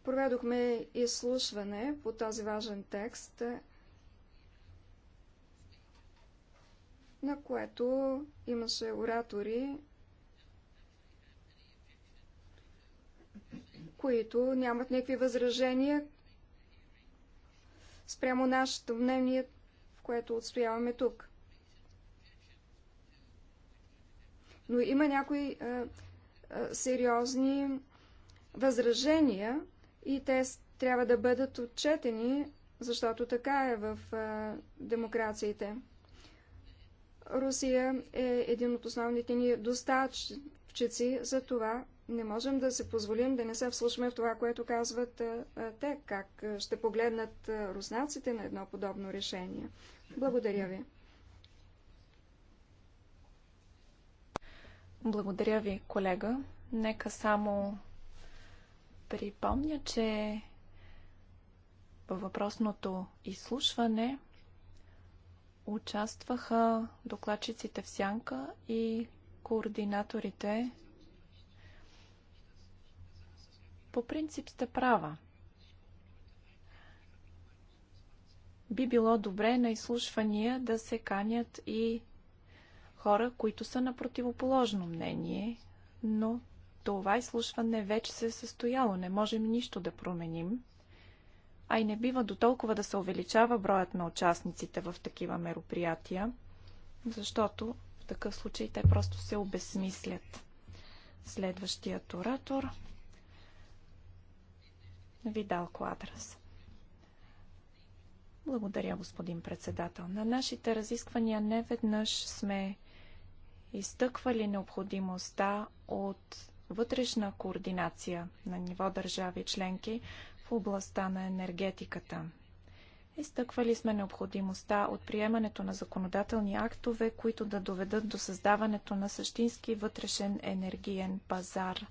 Проведохме изслушване по този важен текст, на което имаше оратори, които нямат никакви възражения спрямо нашето мнение, в което отстояваме тук. Но има някои а, а, сериозни възражения и те трябва да бъдат отчетени, защото така е в демокрациите. Русия е един от основните ни доставчици, за това не можем да се позволим да не се вслушаме в това, което казват те, как ще погледнат руснаците на едно подобно решение. Благодаря ви. Благодаря ви, колега. Нека само припомня, че във въпросното изслушване участваха докладчиците в Сянка и координаторите. По принцип сте права. Би било добре на изслушвания да се канят и хора, които са на противоположно мнение, но това изслушване вече се е състояло. Не можем нищо да променим. А и не бива до толкова да се увеличава броят на участниците в такива мероприятия, защото в такъв случай те просто се обесмислят. Следващият оратор Видал Квадрас. Благодаря, господин председател. На нашите разисквания не веднъж сме изтъквали необходимостта от вътрешна координация на ниво държави членки в областта на енергетиката. Изтъквали сме необходимостта от приемането на законодателни актове, които да доведат до създаването на същински вътрешен енергиен пазар.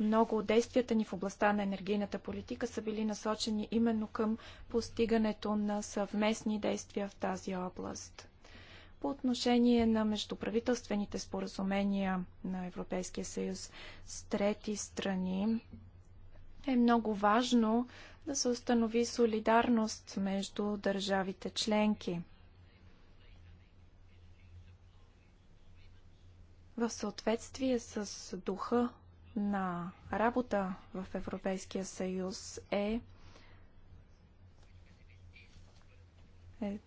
Много от действията ни в областта на енергийната политика са били насочени именно към постигането на съвместни действия в тази област по отношение на междуправителствените споразумения на Европейския съюз с трети страни е много важно да се установи солидарност между държавите членки. В съответствие с духа на работа в Европейския съюз е, е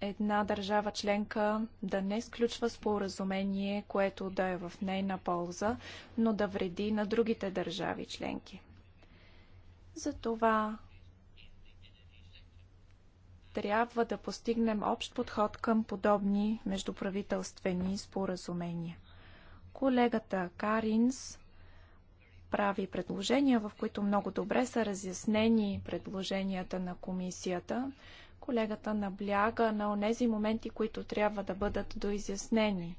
една държава членка да не сключва споразумение, което да е в нейна полза, но да вреди на другите държави членки. Затова трябва да постигнем общ подход към подобни междуправителствени споразумения. Колегата Каринс прави предложения, в които много добре са разяснени предложенията на комисията. Колегата набляга на онези моменти, които трябва да бъдат доизяснени.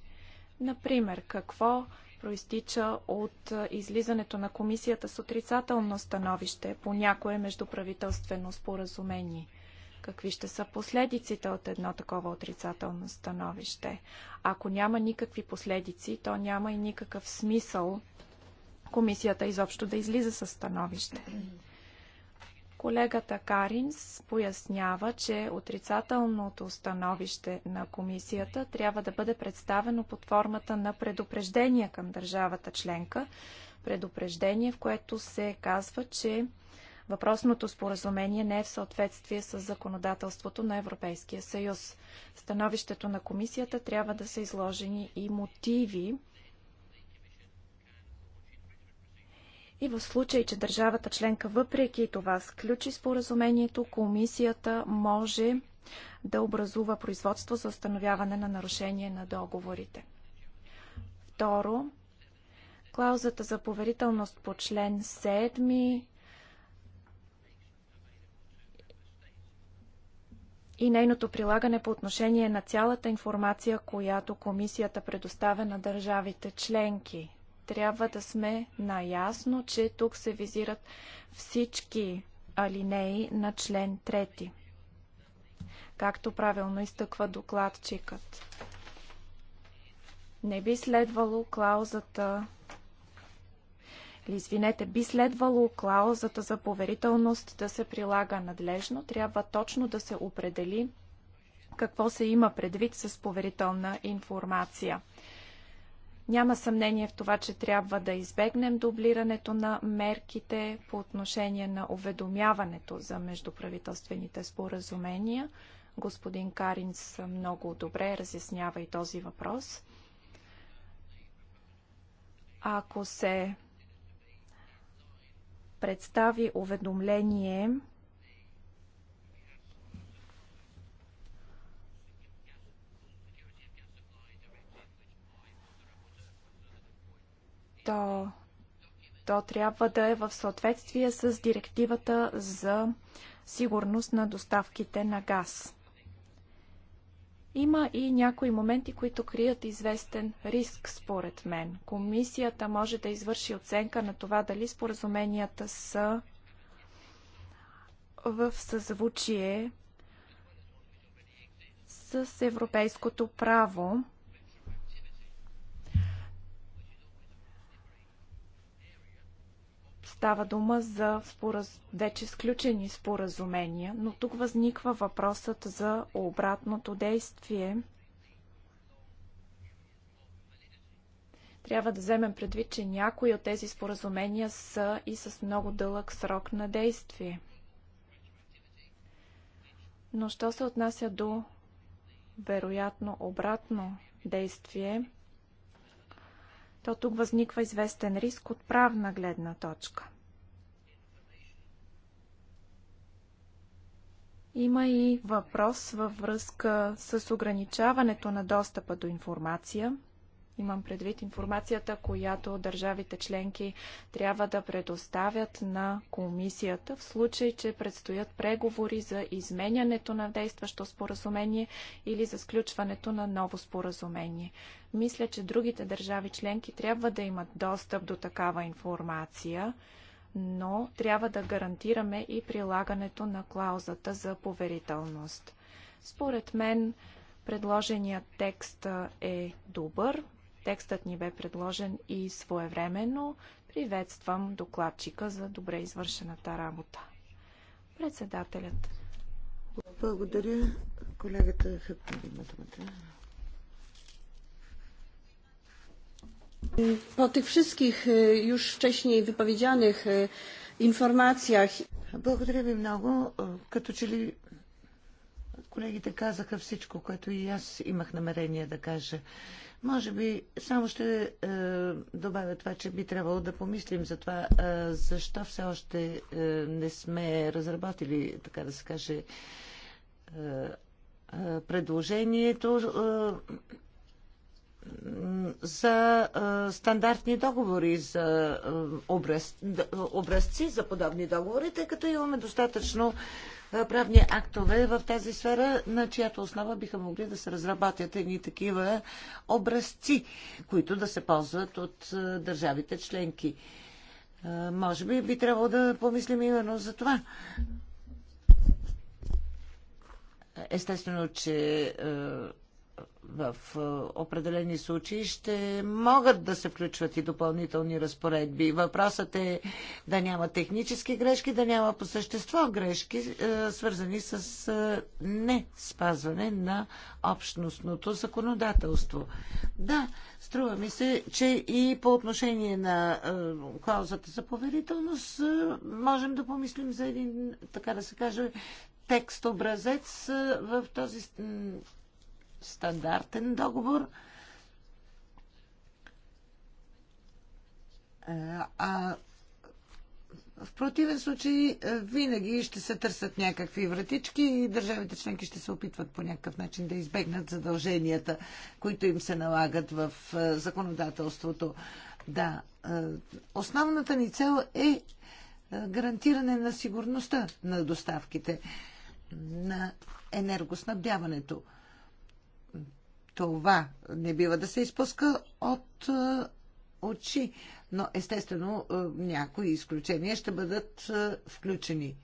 Например, какво проистича от излизането на комисията с отрицателно становище по някое междуправителствено споразумение? Какви ще са последиците от едно такова отрицателно становище? Ако няма никакви последици, то няма и никакъв смисъл комисията изобщо да излиза със становище. Колегата Каринс пояснява, че отрицателното становище на комисията трябва да бъде представено под формата на предупреждение към държавата членка. Предупреждение, в което се казва, че въпросното споразумение не е в съответствие с законодателството на Европейския съюз. В становището на комисията трябва да са изложени и мотиви И в случай, че държавата членка въпреки това сключи споразумението, комисията може да образува производство за установяване на нарушение на договорите. Второ, клаузата за поверителност по член 7 и нейното прилагане по отношение на цялата информация, която комисията предоставя на държавите членки трябва да сме наясно, че тук се визират всички алинеи на член 3, както правилно изтъква докладчикът. Не би следвало клаузата или извинете, би следвало клаузата за поверителност да се прилага надлежно. Трябва точно да се определи какво се има предвид с поверителна информация. Няма съмнение в това, че трябва да избегнем дублирането на мерките по отношение на уведомяването за междуправителствените споразумения. Господин Каринс много добре разяснява и този въпрос. Ако се представи уведомление то, то трябва да е в съответствие с директивата за сигурност на доставките на газ. Има и някои моменти, които крият известен риск, според мен. Комисията може да извърши оценка на това дали споразуменията са в съзвучие с европейското право. Става дума за спораз... вече сключени споразумения, но тук възниква въпросът за обратното действие. Трябва да вземем предвид, че някои от тези споразумения са и с много дълъг срок на действие. Но що се отнася до вероятно обратно действие, то тук възниква известен риск от правна гледна точка. Има и въпрос във връзка с ограничаването на достъпа до информация, Имам предвид информацията, която държавите членки трябва да предоставят на комисията в случай, че предстоят преговори за изменянето на действащо споразумение или за сключването на ново споразумение. Мисля, че другите държави членки трябва да имат достъп до такава информация, но трябва да гарантираме и прилагането на клаузата за поверителност. Според мен, предложеният текст е добър, Текстът ни бе предложен и своевременно. Приветствам докладчика за добре извършената работа. Председателят. Благодаря. Колегата Хъпнер има думата. Po tych wszystkich е, już wcześniej wypowiedzianych информациях. Е, Благодаря ви много. Е, като че ли колегите казаха всичко, което и аз имах намерение да кажа. Може би само ще е, добавя това, че би трябвало да помислим за това, е, защо все още е, не сме разработили, така да се каже, е, е предложението. Е, за а, стандартни договори, за образ, образци за подобни договори, тъй като имаме достатъчно а, правни актове в тази сфера, на чиято основа биха могли да се разработят едни такива образци, които да се ползват от а, държавите членки. А, може би би трябвало да помислим именно за това. Естествено, че а, в е, определени случаи ще могат да се включват и допълнителни разпоредби. Въпросът е да няма технически грешки, да няма по същество грешки, е, свързани с е, не спазване на общностното законодателство. Да, струва ми се, че и по отношение на клаузата за поверителност можем да помислим за един, така да се каже, текст образец в този стандартен договор. Е, а в противен случай е, винаги ще се търсят някакви вратички и държавите членки ще се опитват по някакъв начин да избегнат задълженията, които им се налагат в е, законодателството. Да, основната ни цел е гарантиране на сигурността на доставките, на енергоснабдяването. Това не бива да се изпуска от е, очи, но естествено е, някои изключения ще бъдат е, включени.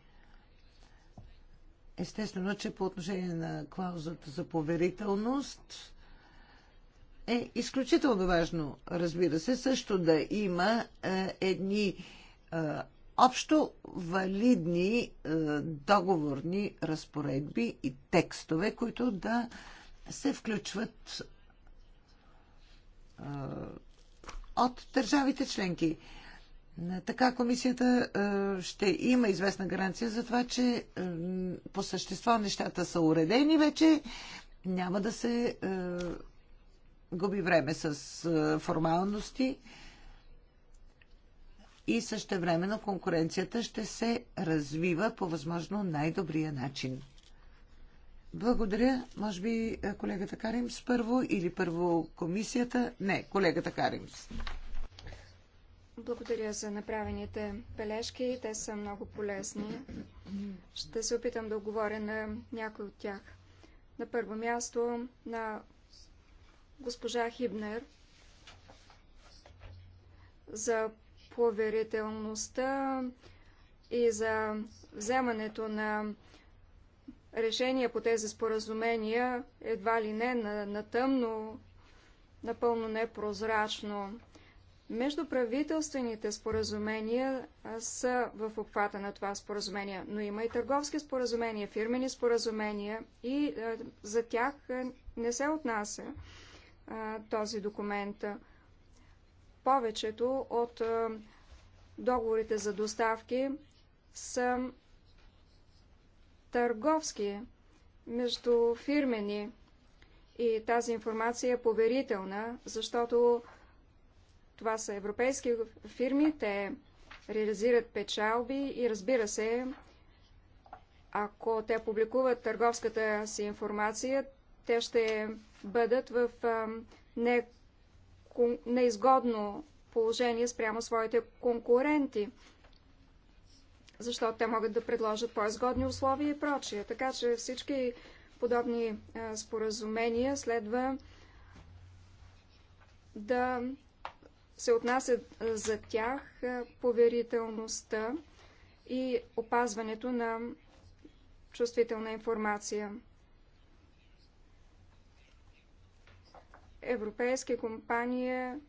Естествено, че по отношение на клаузата за поверителност е изключително важно, разбира се, също да има е, едни е, общо валидни е, договорни разпоредби и текстове, които да е, се включват от държавите членки. Така комисията ще има известна гаранция за това, че по същество нещата са уредени вече, няма да се губи време с формалности и също времено конкуренцията ще се развива по възможно най-добрия начин. Благодаря. Може би е, колегата Каримс първо или първо комисията? Не, колегата Каримс. Благодаря за направените бележки. Те са много полезни. Ще се опитам да отговоря на някой от тях. На първо място на госпожа Хибнер за поверителността и за вземането на решения по тези споразумения едва ли не на, на тъмно, напълно непрозрачно. Междуправителствените споразумения са в обхвата на това споразумение, но има и търговски споразумения, фирмени споразумения и за тях не се отнася този документ. Повечето от договорите за доставки са търговски, между фирмени. И тази информация е поверителна, защото това са европейски фирми, те реализират печалби и разбира се, ако те публикуват търговската си информация, те ще бъдат в не, неизгодно положение спрямо своите конкуренти защото те могат да предложат по-изгодни условия и прочие. Така че всички подобни е, споразумения следва да се отнасят е, за тях е, поверителността и опазването на чувствителна информация. Европейски компания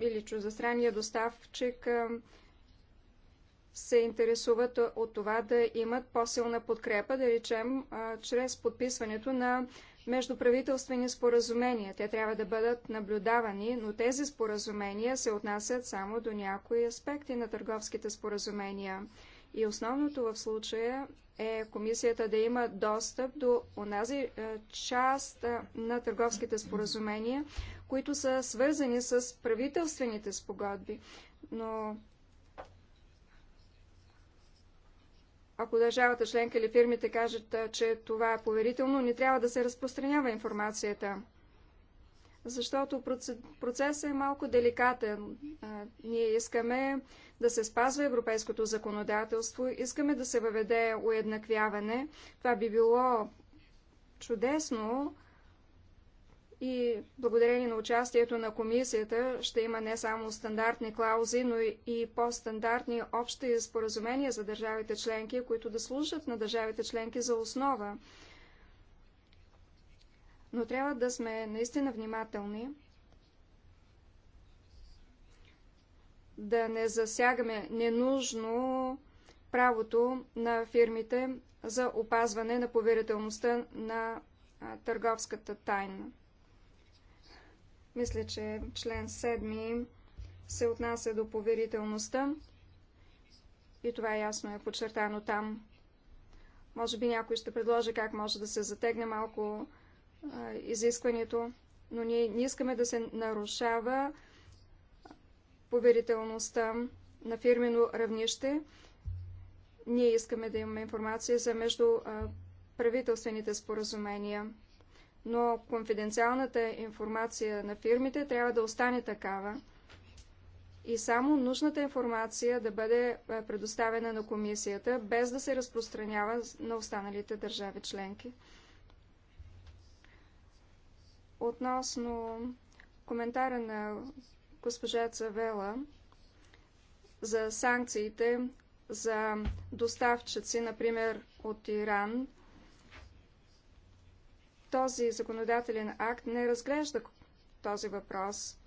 или чуждестранния доставчик се интересуват от това да имат по-силна подкрепа, да речем, чрез подписването на междуправителствени споразумения. Те трябва да бъдат наблюдавани, но тези споразумения се отнасят само до някои аспекти на търговските споразумения. И основното в случая е комисията да има достъп до онази част на търговските споразумения, които са свързани с правителствените спогодби. Но ако държавата членка или фирмите кажат, че това е поверително, не трябва да се разпространява информацията. Защото процесът е малко деликатен. Ние искаме да се спазва европейското законодателство, искаме да се въведе уеднаквяване. Това би било чудесно, и благодарение на участието на комисията ще има не само стандартни клаузи, но и по-стандартни общи споразумения за държавите членки, които да служат на държавите членки за основа. Но трябва да сме наистина внимателни, да не засягаме ненужно правото на фирмите за опазване на поверителността на търговската тайна. Мисля, че член 7 се отнася до поверителността и това ясно е подчертано там. Може би някой ще предложи как може да се затегне малко а, изискването, но ние не искаме да се нарушава поверителността на фирмено равнище. Ние искаме да имаме информация за между правителствените споразумения но конфиденциалната информация на фирмите трябва да остане такава и само нужната информация да бъде е, предоставена на комисията, без да се разпространява на останалите държави членки. Относно коментара на госпожа Цавела за санкциите за доставчици, например от Иран, този законодателен акт не разглежда този въпрос.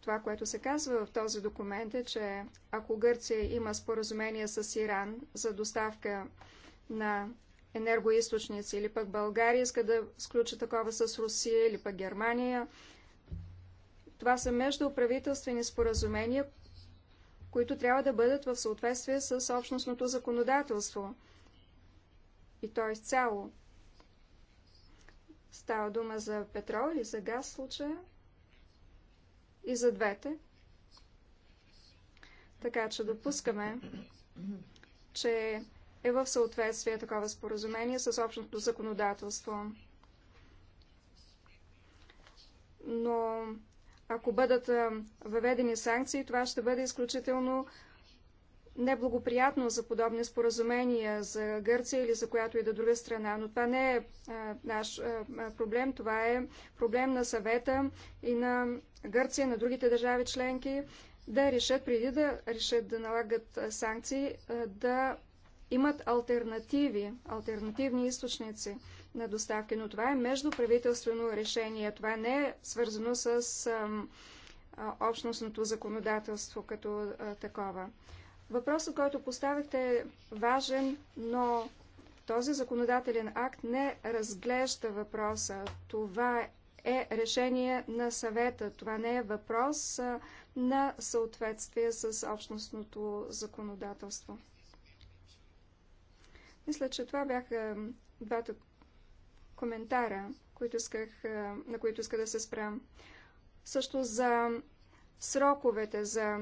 Това, което се казва в този документ е, че ако Гърция има споразумение с Иран за доставка на енергоисточници или пък България иска да сключи такова с Русия или пък Германия, това са междуправителствени споразумения, които трябва да бъдат в съответствие с общностното законодателство и то изцяло. Става дума за петрол или за газ случая и за двете. Така че допускаме, че е в съответствие такова споразумение с общото законодателство. Но ако бъдат въведени санкции, това ще бъде изключително неблагоприятно за подобни споразумения за Гърция или за която и да друга страна. Но това не е а, наш а, проблем, това е проблем на съвета и на Гърция, на другите държави членки да решат, преди да решат да налагат санкции, да имат альтернативи, альтернативни източници на доставки. Но това е междуправителствено решение. Това не е свързано с а, общностното законодателство като такова. Въпросът, който поставихте е важен, но този законодателен акт не разглежда въпроса. Това е решение на съвета. Това не е въпрос на съответствие с общностното законодателство. Мисля, че това бяха двата коментара, които исках, на които иска да се спрям. Също за сроковете за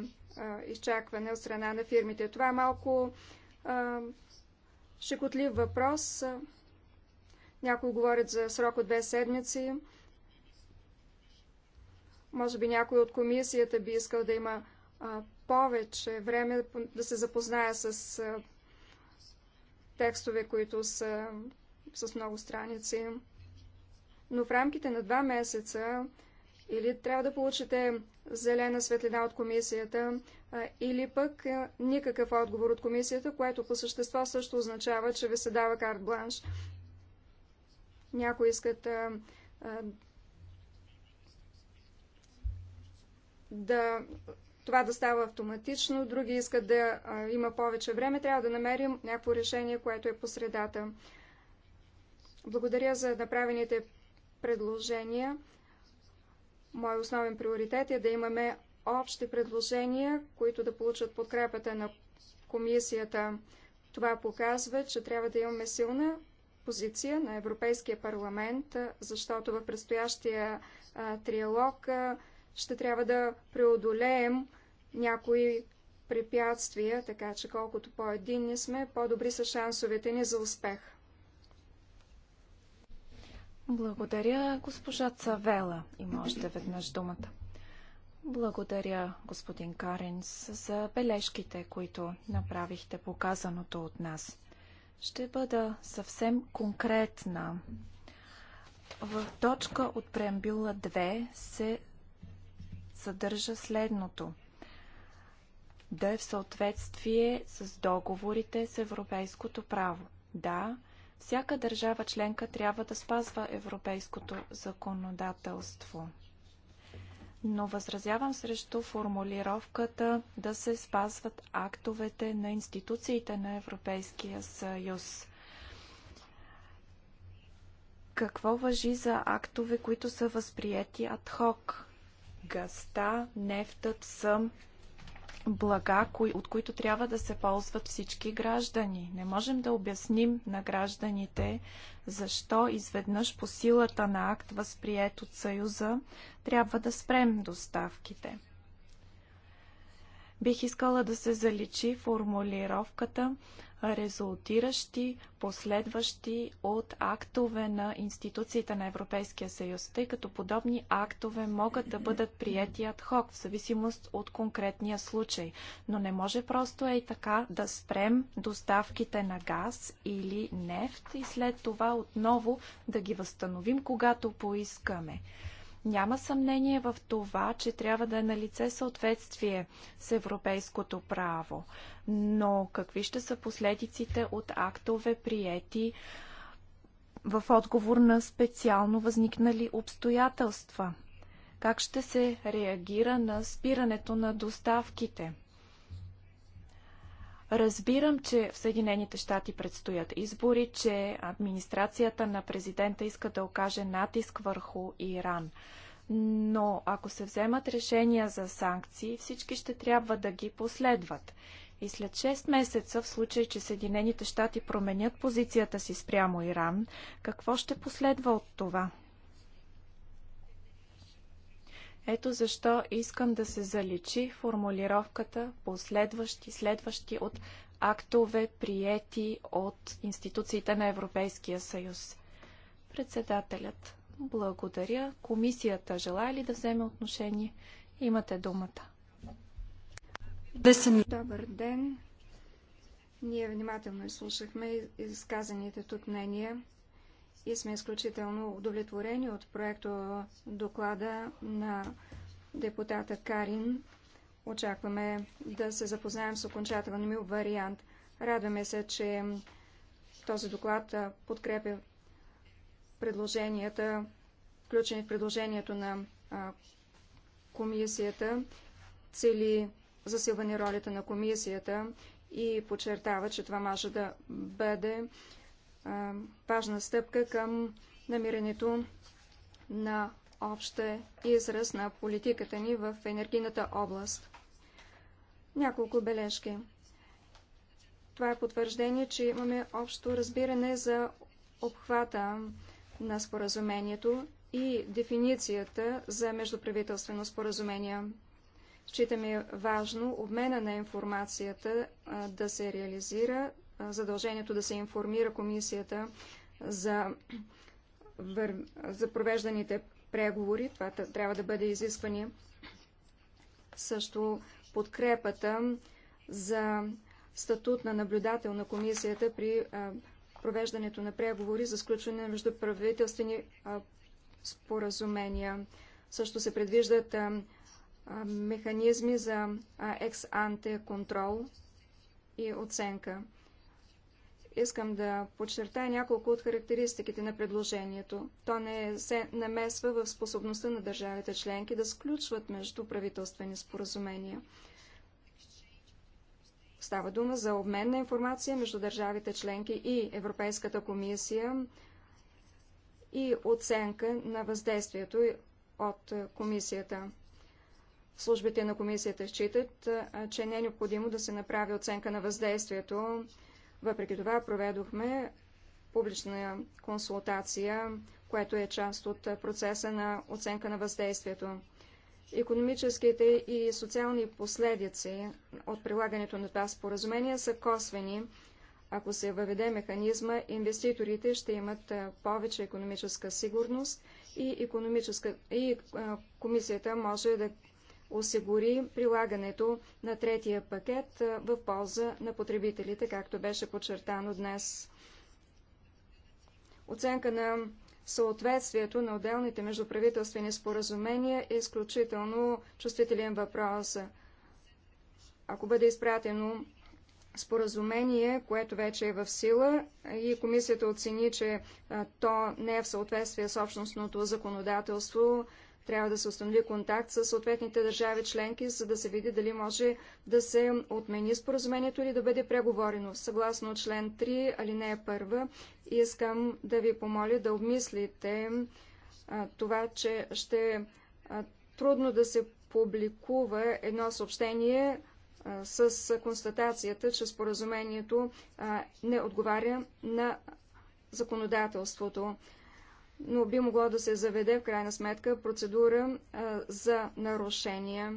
изчакване от страна на фирмите. Това е малко шекотлив въпрос. Някои говорят за срок от две седмици. Може би някой от комисията би искал да има а, повече време да се запознае с а, текстове, които са с много страници. Но в рамките на два месеца или трябва да получите зелена светлина от комисията, или пък никакъв отговор от комисията, което по същество също означава, че ви се дава карт бланш. Някои искат а, а, да това да става автоматично, други искат да а, има повече време, трябва да намерим някакво решение, което е по средата. Благодаря за направените предложения. Мой основен приоритет е да имаме общи предложения, които да получат подкрепата на комисията. Това показва, че трябва да имаме силна позиция на Европейския парламент, защото в предстоящия а, триалог а, ще трябва да преодолеем някои препятствия, така че колкото по-единни сме, по-добри са шансовете ни за успех. Благодаря, госпожа Цавела. Има още веднъж думата. Благодаря, господин Каренс, за бележките, които направихте показаното от нас. Ще бъда съвсем конкретна. В точка от преамбюла 2 се съдържа следното. Да е в съответствие с договорите с европейското право. Да, всяка държава членка трябва да спазва европейското законодателство. Но възразявам срещу формулировката да се спазват актовете на институциите на Европейския съюз. Какво въжи за актове, които са възприяти адхок? Гъста, нефтът, съм, блага, от които трябва да се ползват всички граждани. Не можем да обясним на гражданите защо изведнъж по силата на акт, възприет от Съюза, трябва да спрем доставките. Бих искала да се заличи формулировката резултиращи, последващи от актове на институциите на Европейския съюз, тъй като подобни актове могат да бъдат приети адхок, в зависимост от конкретния случай. Но не може просто е и така да спрем доставките на газ или нефт и след това отново да ги възстановим, когато поискаме. Няма съмнение в това, че трябва да е на лице съответствие с европейското право. Но какви ще са последиците от актове приети в отговор на специално възникнали обстоятелства? Как ще се реагира на спирането на доставките? Разбирам, че в Съединените щати предстоят избори, че администрацията на президента иска да окаже натиск върху Иран. Но ако се вземат решения за санкции, всички ще трябва да ги последват. И след 6 месеца, в случай, че Съединените щати променят позицията си спрямо Иран, какво ще последва от това? Ето защо искам да се заличи формулировката последващи, следващи от актове, приети от институциите на Европейския съюз. Председателят, благодаря. Комисията желая ли да вземе отношение? Имате думата. Добър ден. Ние внимателно изслушахме изказаните тук мнения и сме изключително удовлетворени от проекто доклада на депутата Карин. Очакваме да се запознаем с окончателния вариант. Радваме се, че този доклад подкрепя предложенията, включени в предложението на комисията, цели засилване ролята на комисията и подчертава, че това може да бъде важна стъпка към намирането на обща израз на политиката ни в енергийната област. Няколко бележки. Това е потвърждение, че имаме общо разбиране за обхвата на споразумението и дефиницията за междуправителствено споразумение. Считаме важно обмена на информацията да се реализира задължението да се информира комисията за, за провежданите преговори. Това трябва да бъде изискване. Също подкрепата за статут на наблюдател на комисията при провеждането на преговори за сключване между правителствени споразумения. Също се предвиждат механизми за екс-анте контрол и оценка. Искам да подчертая няколко от характеристиките на предложението. То не се намесва в способността на държавите членки да сключват между правителствени споразумения. Става дума за обмен на информация между държавите членки и Европейската комисия и оценка на въздействието от комисията. Службите на комисията считат, че не е необходимо да се направи оценка на въздействието въпреки това проведохме публична консултация, което е част от процеса на оценка на въздействието. Економическите и социални последици от прилагането на това споразумение са косвени. Ако се въведе механизма, инвеститорите ще имат повече економическа сигурност и, економическа... и комисията може да осигури прилагането на третия пакет в полза на потребителите, както беше подчертано днес. Оценка на съответствието на отделните междуправителствени споразумения е изключително чувствителен въпрос. Ако бъде изпратено споразумение, което вече е в сила и комисията оцени, че то не е в съответствие с общностното законодателство, трябва да се установи контакт с съответните държави членки, за да се види дали може да се отмени споразумението или да бъде преговорено. Съгласно член 3, алинея 1, искам да ви помоля да обмислите а, това, че ще е трудно да се публикува едно съобщение а, с констатацията, че споразумението не отговаря на законодателството но би могло да се заведе в крайна сметка процедура а, за нарушение.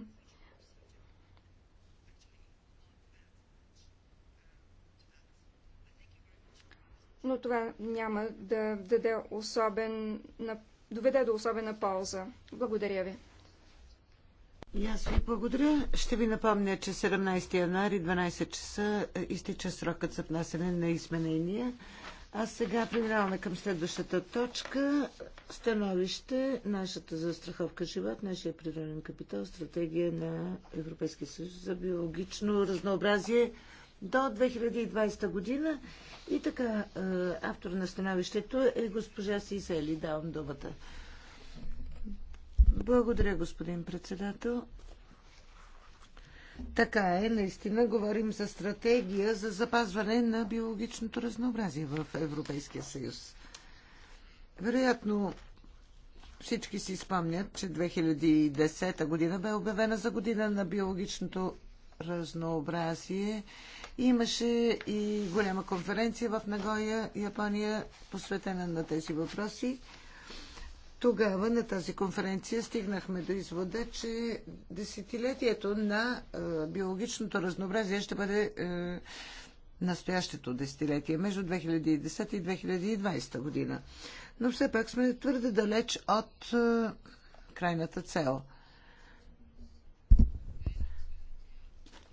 Но това няма да даде особен, доведе до особена полза. Благодаря ви. И аз ви благодаря. Ще ви напомня, че 17 януари 12 часа е, изтича срокът за внасяне на изменения. А сега преминаваме към следващата точка. Становище, нашата застраховка живот, нашия природен капитал, стратегия на Европейския съюз за биологично разнообразие до 2020 година. И така, автор на становището е госпожа Сисели. Давам думата. Благодаря, господин председател. Така е, наистина говорим за стратегия за запазване на биологичното разнообразие в Европейския съюз. Вероятно всички си спомнят, че 2010 година бе обявена за година на биологичното разнообразие. Имаше и голяма конференция в Нагоя, Япония, посветена на тези въпроси. Тогава на тази конференция стигнахме до извода, че десетилетието на е, биологичното разнообразие ще бъде е, настоящето десетилетие, между 2010 и 2020 година. Но все пак сме твърде далеч от е, крайната цел.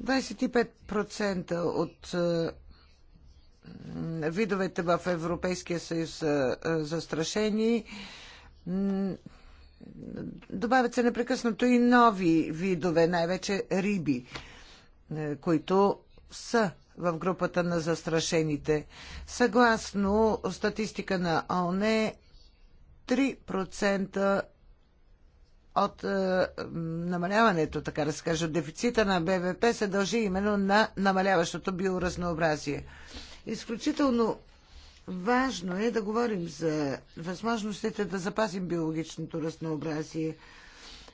25% от видовете в Европейския съюз са застрашени. Добавят се непрекъснато и нови видове, най-вече риби, е, които са в групата на застрашените. Съгласно статистика на ОНЕ, 3% от е, намаляването, така да се каже, от дефицита на БВП се дължи именно на намаляващото биоразнообразие. Изключително Важно е да говорим за възможностите да запазим биологичното разнообразие.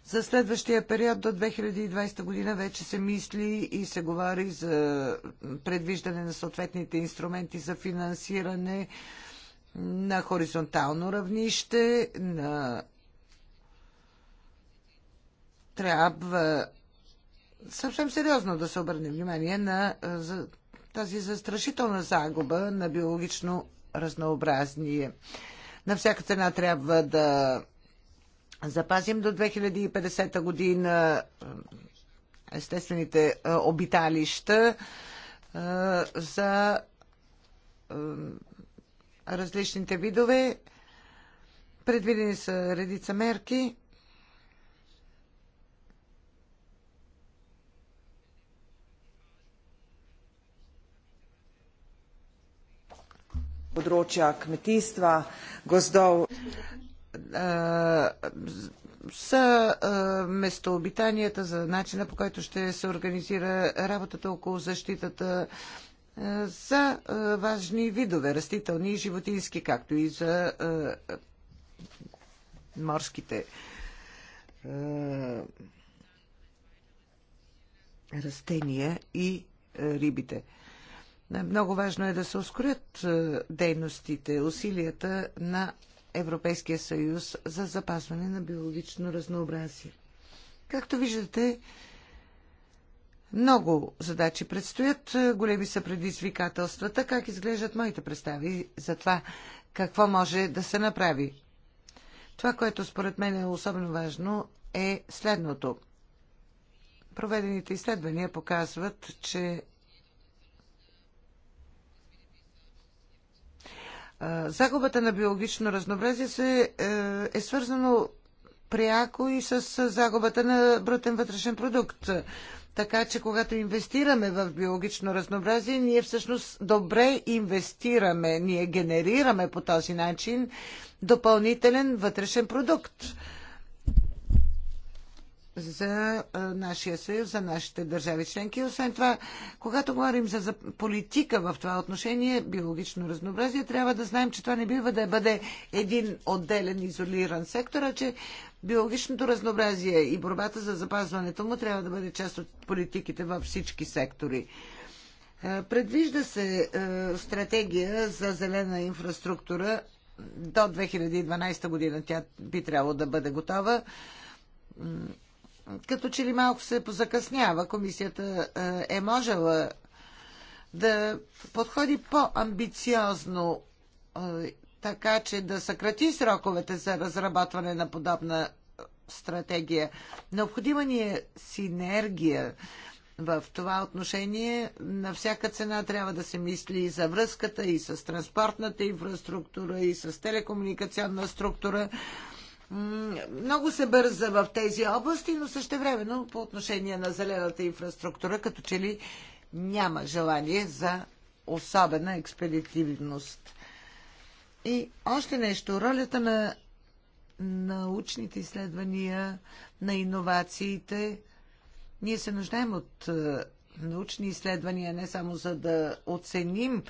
За следващия период до 2020 година вече се мисли и се говори за предвиждане на съответните инструменти за финансиране на хоризонтално равнище, на трябва съвсем сериозно да се обърне внимание на тази застрашителна загуба на биологично разнообразни. На всяка цена трябва да запазим до 2050 година естествените обиталища за различните видове. Предвидени са редица мерки. področja kmetijstva, gozdov. Са местообитанията за начина по който ще се организира работата около защитата eh, за eh, важни видове, растителни и животински, както и за eh, морските э, растения и э, рибите. Много важно е да се ускорят е, дейностите, усилията на Европейския съюз за запазване на биологично разнообразие. Както виждате, много задачи предстоят, е, големи са предизвикателствата. Как изглеждат моите представи за това какво може да се направи? Това, което според мен е особено важно, е следното. Проведените изследвания показват, че Загубата на биологично разнообразие се, е, е свързано пряко и с загубата на брутен вътрешен продукт. Така че, когато инвестираме в биологично разнообразие, ние всъщност добре инвестираме, ние генерираме по този начин допълнителен вътрешен продукт за нашия съюз, за нашите държави членки. Освен това, когато говорим за, за политика в това отношение, биологично разнообразие, трябва да знаем, че това не бива да бъде един отделен, изолиран сектор, а че биологичното разнообразие и борбата за запазването му трябва да бъде част от политиките във всички сектори. Предвижда се стратегия за зелена инфраструктура до 2012 година. Тя би трябвало да бъде готова като че ли малко се позакъснява. Комисията е, е можела да подходи по-амбициозно, е, така че да съкрати сроковете за разработване на подобна е, стратегия. Необходима ни е синергия. В това отношение на всяка цена трябва да се мисли и за връзката, и с транспортната инфраструктура, и с телекомуникационна структура много се бърза в тези области, но също времено по отношение на зелената инфраструктура, като че ли няма желание за особена експедитивност. И още нещо, ролята на научните изследвания, на иновациите. Ние се нуждаем от е, научни изследвания не само за да оценим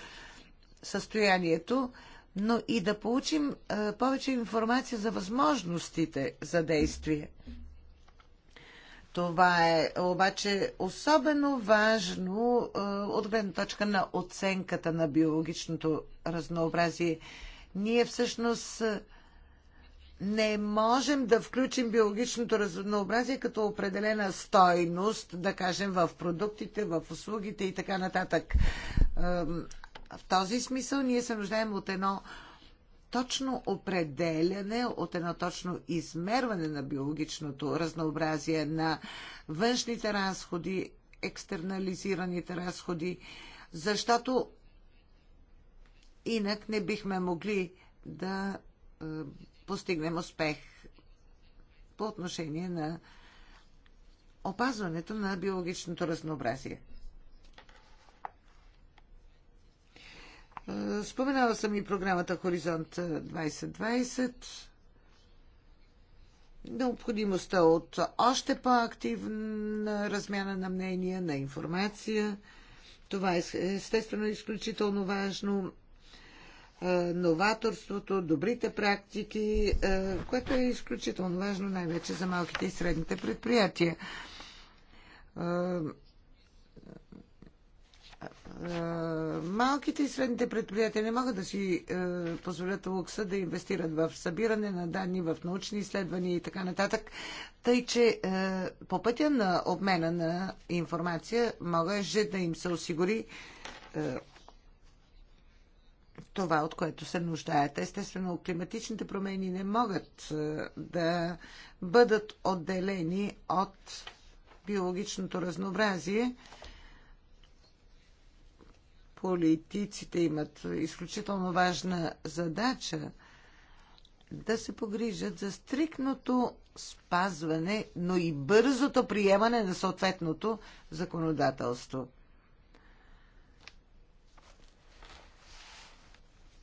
състоянието, но и да получим повече информация за възможностите за действие. Това е обаче особено важно от гледна точка на оценката на биологичното разнообразие. Ние всъщност не можем да включим биологичното разнообразие като определена стойност, да кажем, в продуктите, в услугите и така нататък. В този смисъл ние се нуждаем от едно точно определяне, от едно точно измерване на биологичното разнообразие, на външните разходи, екстернализираните разходи, защото инак не бихме могли да е, постигнем успех по отношение на опазването на биологичното разнообразие. Споменала съм и програмата Хоризонт 2020, необходимостта от още по-активна размяна на мнения, на информация. Това е естествено изключително важно. Е, новаторството, добрите практики, е, което е изключително важно най-вече за малките и средните предприятия е, малките и средните предприятия не могат да си е, позволят лукса да инвестират в събиране на данни, в научни изследвания и така нататък. Тъй, че е, по пътя на обмена на информация може да им се осигури е, това, от което се нуждаят. Естествено, климатичните промени не могат да бъдат отделени от биологичното разнообразие политиците имат изключително важна задача да се погрижат за стрикното спазване, но и бързото приемане на съответното законодателство.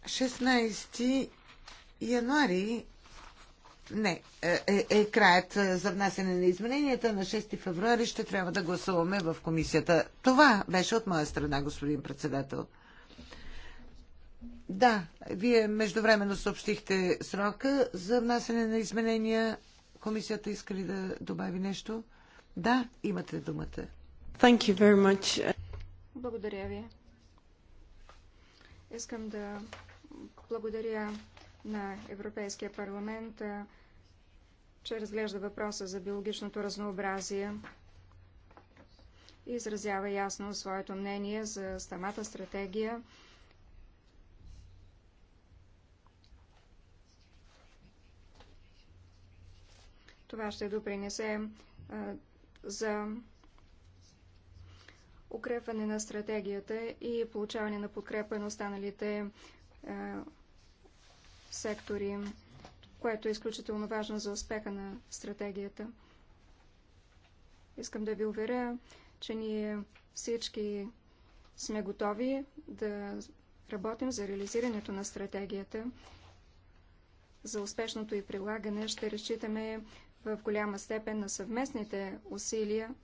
16 януари не, е, е, е краят е, за внасяне на измененията. На 6 февруари ще трябва да гласуваме в комисията. Това беше от моя страна, господин председател. Да, вие междувременно съобщихте срока за внасяне на изменения. Комисията иска ли да добави нещо? Да, имате думата. Thank you very much. Благодаря ви. Искам да благодаря на Европейския парламент че разглежда въпроса за биологичното разнообразие и изразява ясно своето мнение за самата стратегия. Това ще допринесе а, за укрепване на стратегията и получаване на подкрепа на останалите а, сектори което е изключително важно за успеха на стратегията. Искам да ви уверя, че ние всички сме готови да работим за реализирането на стратегията. За успешното и прилагане ще разчитаме в голяма степен на съвместните усилия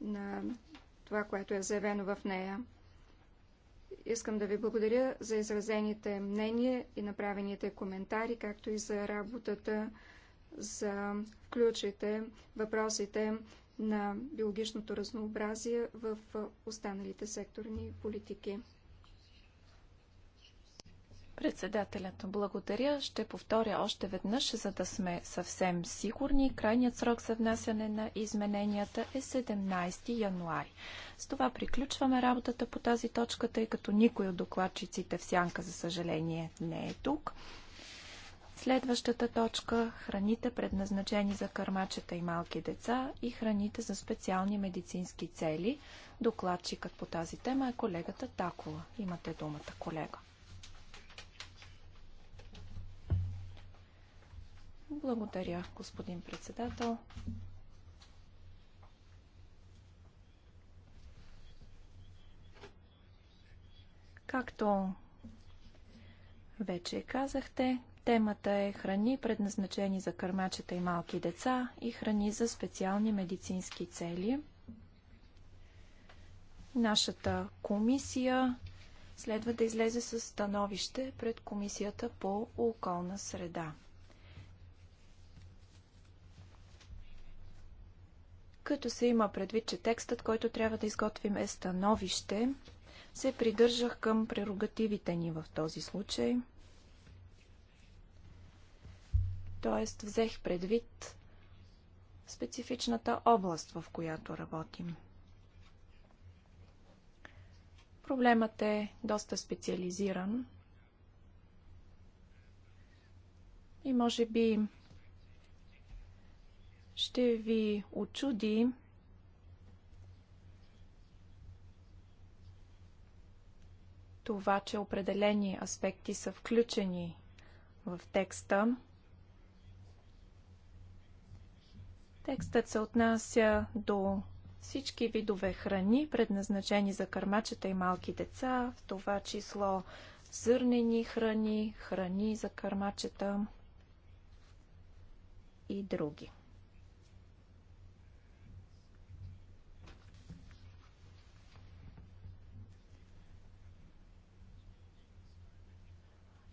на това, което е заявено в нея. Искам да ви благодаря за изразените мнения и направените коментари, както и за работата за включите въпросите на биологичното разнообразие в останалите секторни политики. Председателят, благодаря. Ще повторя още веднъж, за да сме съвсем сигурни. Крайният срок за внасяне на измененията е 17 януари. С това приключваме работата по тази точка, тъй като никой от докладчиците в сянка, за съжаление, не е тук. Следващата точка – храните, предназначени за кърмачета и малки деца и храните за специални медицински цели. Докладчикът по тази тема е колегата Такова. Имате думата, колега. Благодаря, господин председател. Както вече казахте, темата е храни, предназначени за кърмачета и малки деца и храни за специални медицински цели. Нашата комисия следва да излезе с становище пред Комисията по околна среда. Като се има предвид, че текстът, който трябва да изготвим е становище, се придържах към прерогативите ни в този случай. Тоест, взех предвид специфичната област, в която работим. Проблемът е доста специализиран и може би ще ви очуди това, че определени аспекти са включени в текста. Текстът се отнася до всички видове храни, предназначени за кърмачета и малки деца, в това число зърнени храни, храни за кърмачета и други.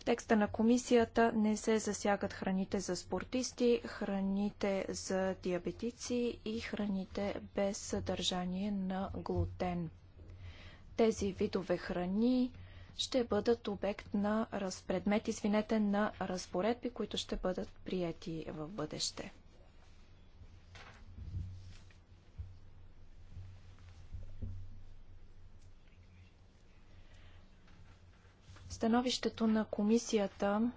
текста на комисията не се засягат храните за спортисти, храните за диабетици и храните без съдържание на глутен. Тези видове храни ще бъдат обект на разпредмет, извинете, на разпоредби, които ще бъдат приети в бъдеще. Становището на комисията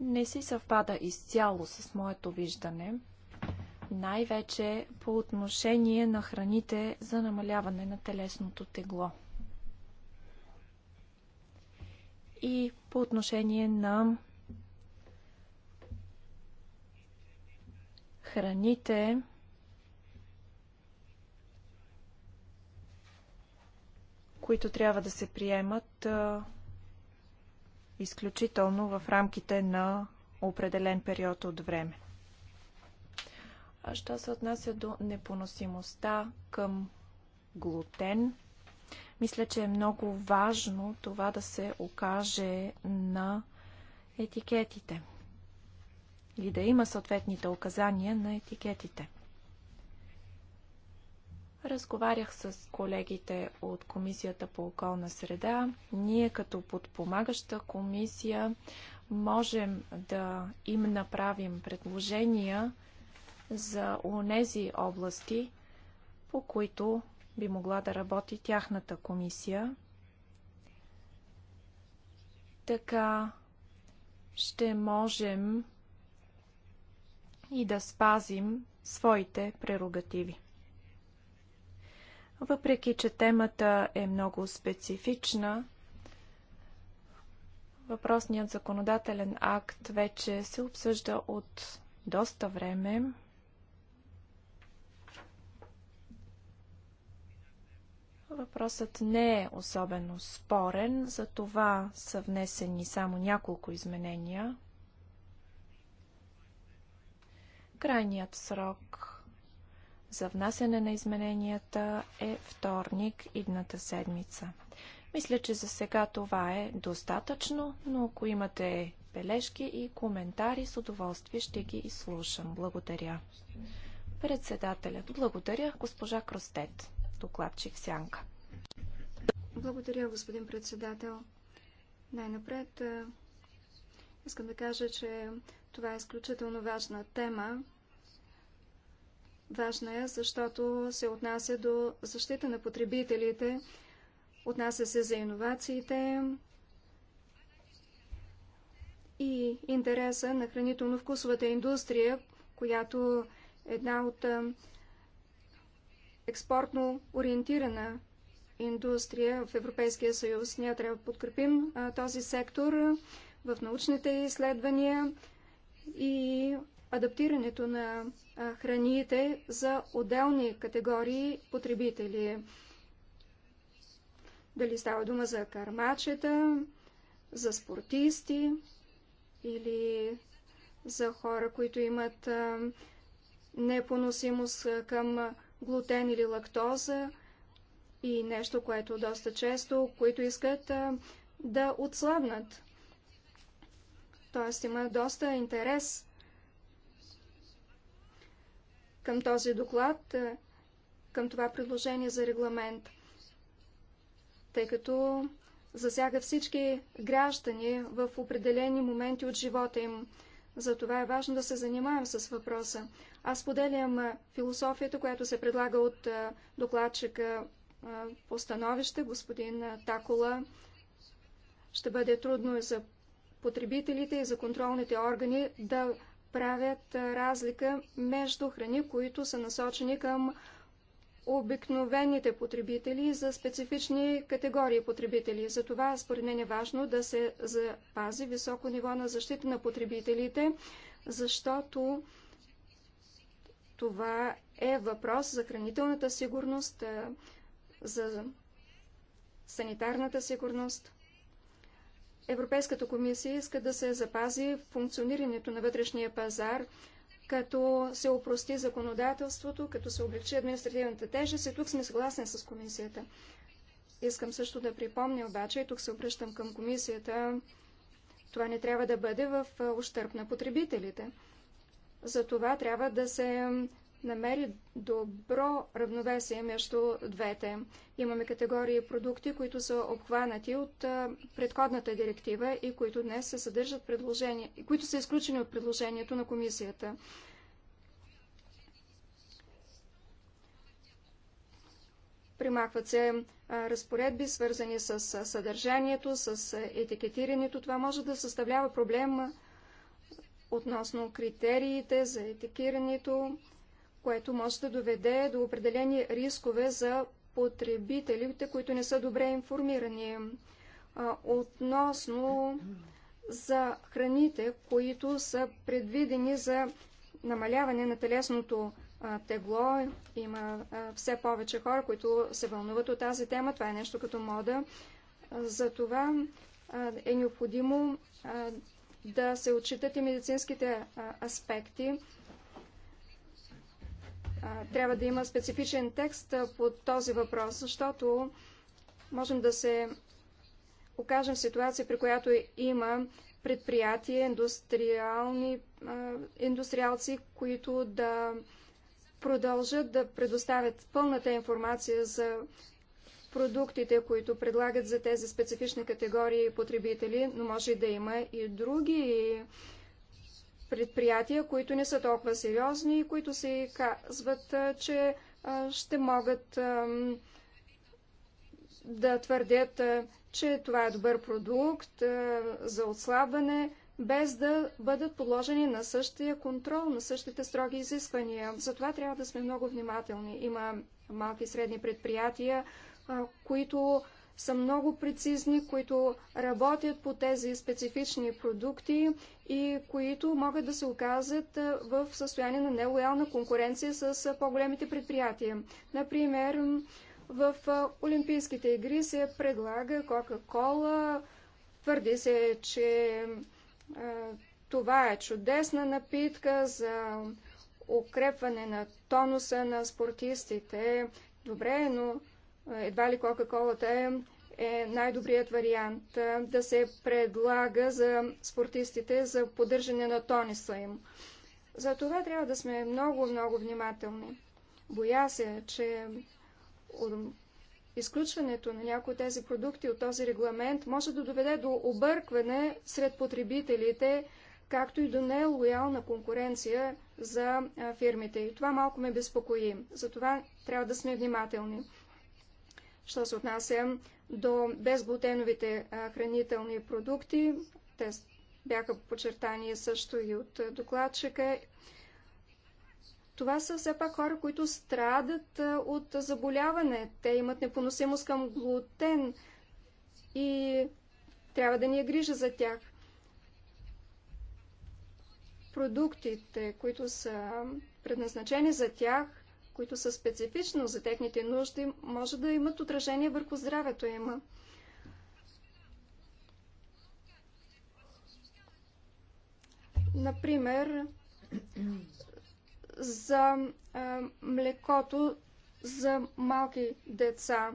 не си съвпада изцяло с моето виждане, най-вече по отношение на храните за намаляване на телесното тегло. И по отношение на храните, които трябва да се приемат изключително в рамките на определен период от време. А що се отнася до непоносимостта към глутен, мисля, че е много важно това да се окаже на етикетите или да има съответните указания на етикетите. Разговарях с колегите от Комисията по околна среда. Ние като подпомагаща комисия можем да им направим предложения за онези области, по които би могла да работи тяхната комисия. Така ще можем и да спазим своите прерогативи. Въпреки, че темата е много специфична, въпросният законодателен акт вече се обсъжда от доста време. Въпросът не е особено спорен, за това са внесени само няколко изменения. Крайният срок за внасяне на измененията е вторник идната седмица. Мисля, че за сега това е достатъчно, но ако имате бележки и коментари, с удоволствие ще ги изслушам. Благодаря. Председателят, благодаря. Госпожа Кростет, докладчик Сянка. Благодаря, господин председател. Най-напред искам да кажа, че това е изключително важна тема Важна е, защото се отнася до защита на потребителите, отнася се за иновациите и интереса на хранително-вкусовата индустрия, която е една от експортно ориентирана индустрия в Европейския съюз. Ние трябва да подкрепим този сектор в научните изследвания и адаптирането на храните за отделни категории потребители. Дали става дума за кармачета, за спортисти или за хора, които имат непоносимост към глутен или лактоза и нещо, което доста често, които искат да отслабнат. Тоест има доста интерес към този доклад, е, към това предложение за регламент, тъй като засяга всички граждани в определени моменти от живота им. Затова е важно да се занимаем с въпроса. Аз поделям е, философията, която се предлага от е, докладчика по становище, господин Такола. Ще бъде трудно и за потребителите и за контролните органи да правят разлика между храни, които са насочени към обикновените потребители за специфични категории потребители. Затова, според мен е важно да се запази високо ниво на защита на потребителите, защото това е въпрос за хранителната сигурност, за санитарната сигурност. Европейската комисия иска да се запази функционирането на вътрешния пазар, като се опрости законодателството, като се облегчи административната тежест и тук сме съгласни с комисията. Искам също да припомня обаче, и тук се обръщам към комисията, това не трябва да бъде в ущърп на потребителите. За това трябва да се намери добро равновесие между двете. Имаме категории продукти, които са обхванати от предходната директива и които днес се съдържат предложения, които са изключени от предложението на комисията. Примахват се разпоредби, свързани с съдържанието, с етикетирането. Това може да съставлява проблем относно критериите за етикирането, което може да доведе до определени рискове за потребителите, които не са добре информирани относно за храните, които са предвидени за намаляване на телесното тегло. Има все повече хора, които се вълнуват от тази тема. Това е нещо като мода. За това е необходимо да се отчитат и медицинските аспекти трябва да има специфичен текст по този въпрос, защото можем да се окажем в ситуация, при която има предприятия, индустриални, индустриалци, които да продължат да предоставят пълната информация за продуктите, които предлагат за тези специфични категории потребители, но може да има и други предприятия, които не са толкова сериозни и които се казват, че ще могат да твърдят, че това е добър продукт за отслабване, без да бъдат подложени на същия контрол, на същите строги изисквания. Затова трябва да сме много внимателни. Има малки и средни предприятия, които са много прецизни, които работят по тези специфични продукти и които могат да се оказат в състояние на нелоялна конкуренция с по-големите предприятия. Например, в Олимпийските игри се предлага Кока-Кола, твърди се, че това е чудесна напитка за укрепване на тонуса на спортистите. Добре, но едва ли Кока-Колата е, е най-добрият вариант да се предлага за спортистите за поддържане на тониса им. За това трябва да сме много-много внимателни. Боя се, че изключването на някои от тези продукти от този регламент може да доведе до объркване сред потребителите, както и до нелоялна конкуренция за фирмите. И това малко ме безпокои. Затова трябва да сме внимателни. Що се отнася до безглутеновите хранителни продукти, те бяха подчертани също и от докладчика. Това са все пак хора, които страдат от заболяване. Те имат непоносимост към глутен и трябва да ни е грижа за тях. Продуктите, които са предназначени за тях, които са специфично за техните нужди, може да имат отражение върху здравето им. Например, за а, млекото за малки деца.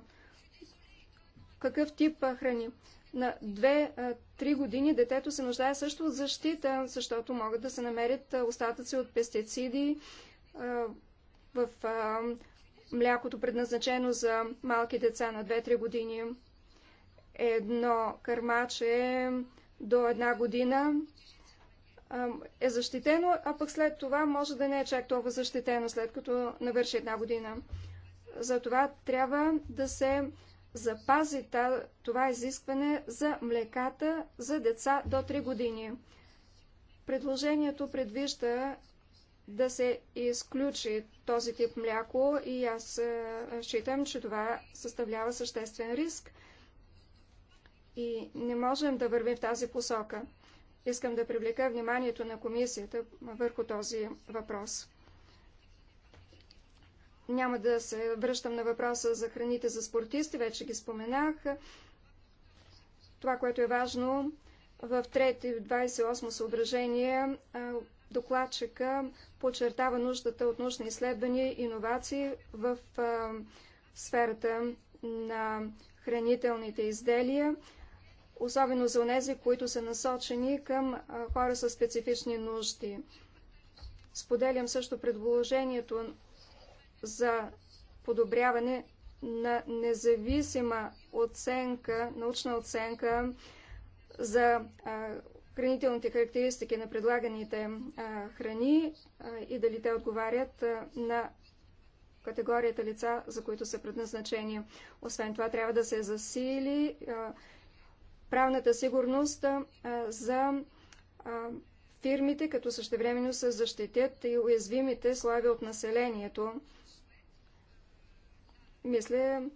Какъв тип храни? На 2-3 години детето се нуждае също от защита, защото могат да се намерят остатъци от пестициди, в а, млякото, предназначено за малки деца на 2-3 години. Едно кърмаче до една година а, е защитено, а пък след това може да не е чак толкова защитено, след като навърши една година. Затова трябва да се запази това изискване за млеката за деца до 3 години. Предложението предвижда да се изключи този тип мляко и аз считам, че това съставлява съществен риск и не можем да вървим в тази посока. Искам да привлека вниманието на комисията върху този въпрос. Няма да се връщам на въпроса за храните за спортисти, вече ги споменах. Това, което е важно, в 3-28 съображение докладчика подчертава нуждата от научни изследвания и иновации в а, сферата на хранителните изделия, особено за тези, които са насочени към а, хора с специфични нужди. Споделям също предложението за подобряване на независима оценка, научна оценка за а, хранителните характеристики на предлаганите а, храни а, и дали те отговарят а, на категорията лица, за които са предназначени. Освен това, трябва да се засили правната сигурност за фирмите, като същевременно се защитят и уязвимите слави от населението. Мисля,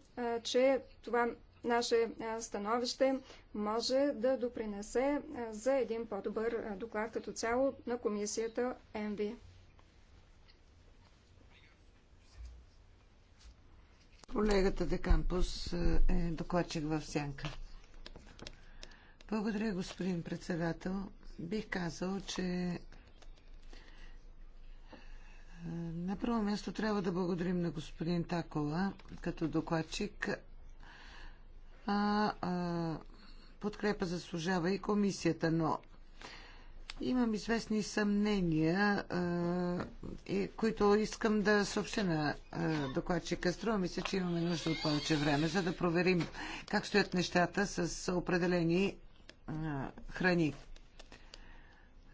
че това наше становище може да допринесе за един по-добър доклад като цяло на комисията МВ. Колегата Декампус е докладчик в сянка. Благодаря, господин председател. Бих казал, че на първо място трябва да благодарим на господин Такола като докладчик а, а, подкрепа заслужава и комисията, но имам известни съмнения, а, които искам да съобща на докладчика. Струва ми се, че имаме нужда от повече време, за да проверим как стоят нещата с определени а, храни.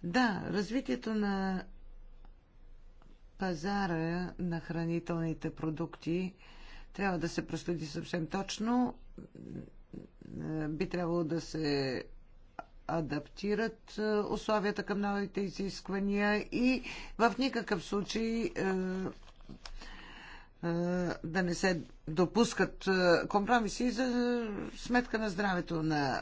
Да, развитието на пазара на хранителните продукти трябва да се проследи съвсем точно би трябвало да се адаптират е, условията към новите изисквания и в никакъв случай е, е, да не се допускат компромиси за сметка на здравето на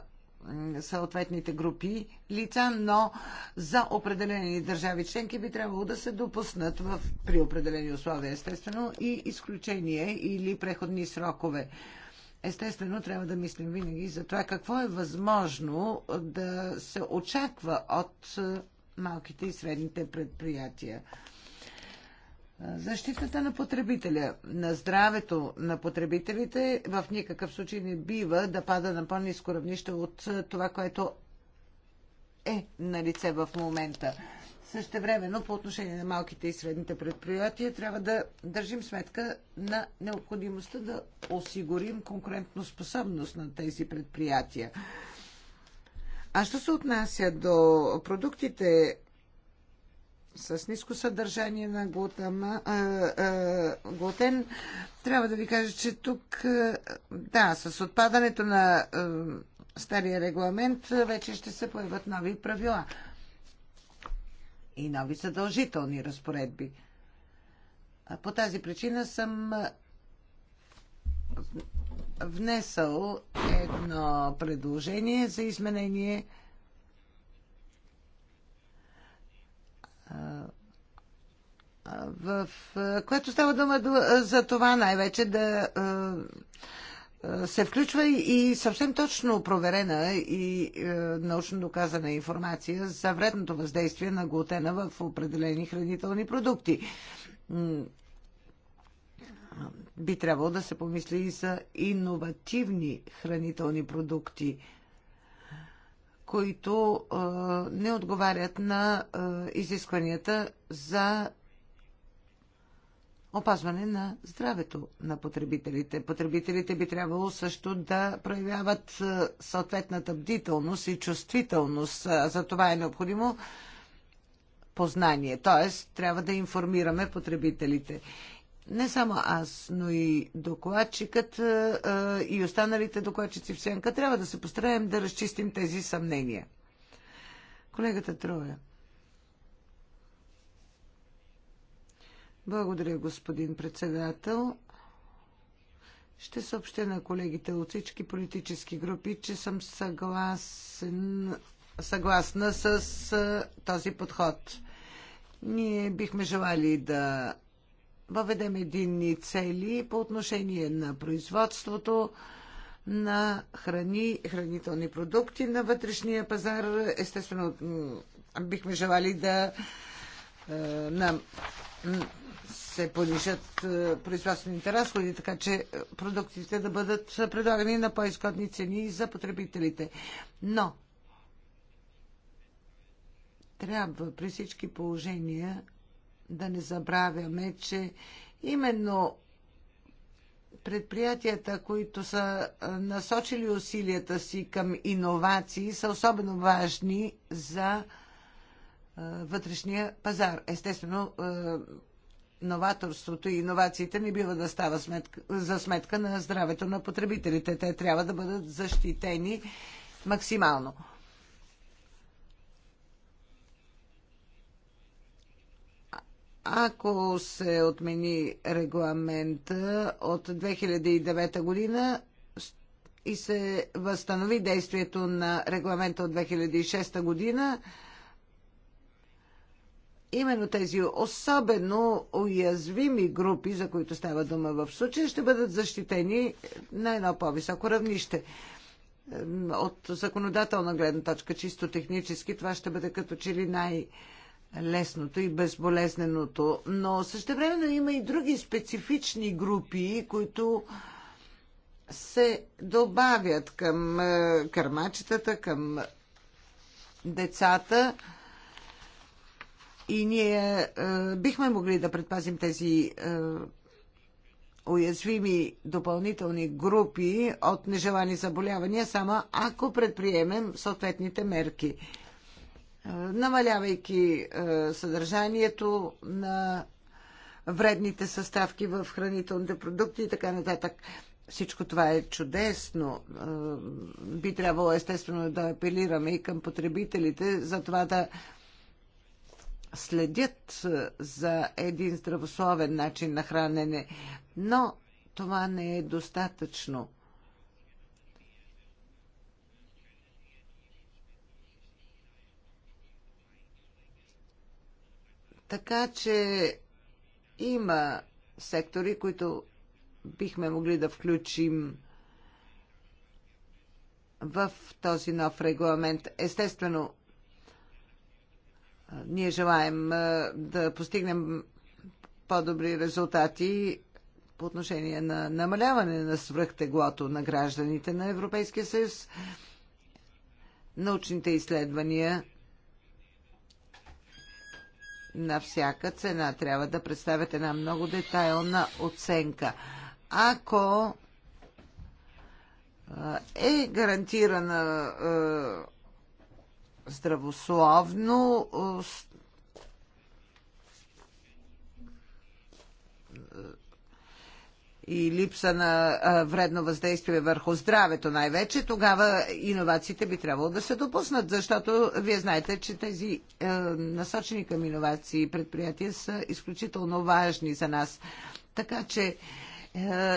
съответните групи лица, но за определени държави членки би трябвало да се допуснат в, при определени условия, естествено, и изключение или преходни срокове. Естествено, трябва да мислим винаги за това какво е възможно да се очаква от е, малките и средните предприятия. Защитата на потребителя, на здравето на потребителите в никакъв случай не бива да пада на по-низко равнище от е, това, което е на лице в момента но по отношение на малките и средните предприятия трябва да държим сметка на необходимостта да осигурим способност на тези предприятия. А що се отнася до продуктите с ниско съдържание на глутама, а, а, глутен, трябва да ви кажа, че тук, да, с отпадането на а, стария регламент вече ще се появят нови правила и нови задължителни разпоредби. По тази причина съм внесъл едно предложение за изменение в което става дума за това най-вече да се включва и съвсем точно проверена и е, научно доказана информация за вредното въздействие на глутена в определени хранителни продукти. Би трябвало да се помисли и за иновативни хранителни продукти, които е, не отговарят на е, изискванията за опазване на здравето на потребителите. Потребителите би трябвало също да проявяват е, съответната бдителност и чувствителност. Е, за това е необходимо познание. Т.е. трябва да информираме потребителите. Не само аз, но и докладчикът е, и останалите докладчици в сянка трябва да се постараем да разчистим тези съмнения. Колегата Троя. Благодаря, господин председател. Ще съобщя на колегите от всички политически групи, че съм съгласен, съгласна с този подход. Ние бихме желали да въведем единни цели по отношение на производството на храни, хранителни продукти на вътрешния пазар. Естествено, бихме желали да на, се понижат е, производствените разходи, така че е, продуктите да бъдат предлагани на по-изгодни цени за потребителите. Но трябва при всички положения да не забравяме, че именно предприятията, които са е, насочили усилията си към иновации, са особено важни за вътрешния пазар. Естествено, новаторството и иновациите не бива да става сметка, за сметка на здравето на потребителите. Те трябва да бъдат защитени максимално. Ако се отмени регламента от 2009 година и се възстанови действието на регламента от 2006 година, именно тези особено уязвими групи, за които става дума в случая, ще бъдат защитени на едно по-високо равнище. От законодателна гледна точка, чисто технически, това ще бъде като че ли най- лесното и безболезненото. Но същевременно има и други специфични групи, които се добавят към е, кърмачетата, към децата – и ние е, бихме могли да предпазим тези е, уязвими допълнителни групи от нежелани заболявания, само ако предприемем съответните мерки. Е, намалявайки е, съдържанието на вредните съставки в хранителните продукти и така нататък. Всичко това е чудесно. Е, би трябвало естествено да апелираме и към потребителите за това да следят е, за един здравословен начин на хранене, но това не е достатъчно. Така че има сектори, които бихме могли да включим в този нов регламент. Естествено, ние желаем да постигнем по-добри резултати по отношение на намаляване на свръхтеглото на гражданите на Европейския съюз. Научните изследвания на всяка цена трябва да представят една много детайлна оценка. Ако е гарантирана здравословно е, и липса на е, вредно въздействие върху здравето най-вече, тогава иновациите би трябвало да се допуснат, защото вие знаете, че тези е, насочени към иновации предприятия са изключително важни за нас. Така че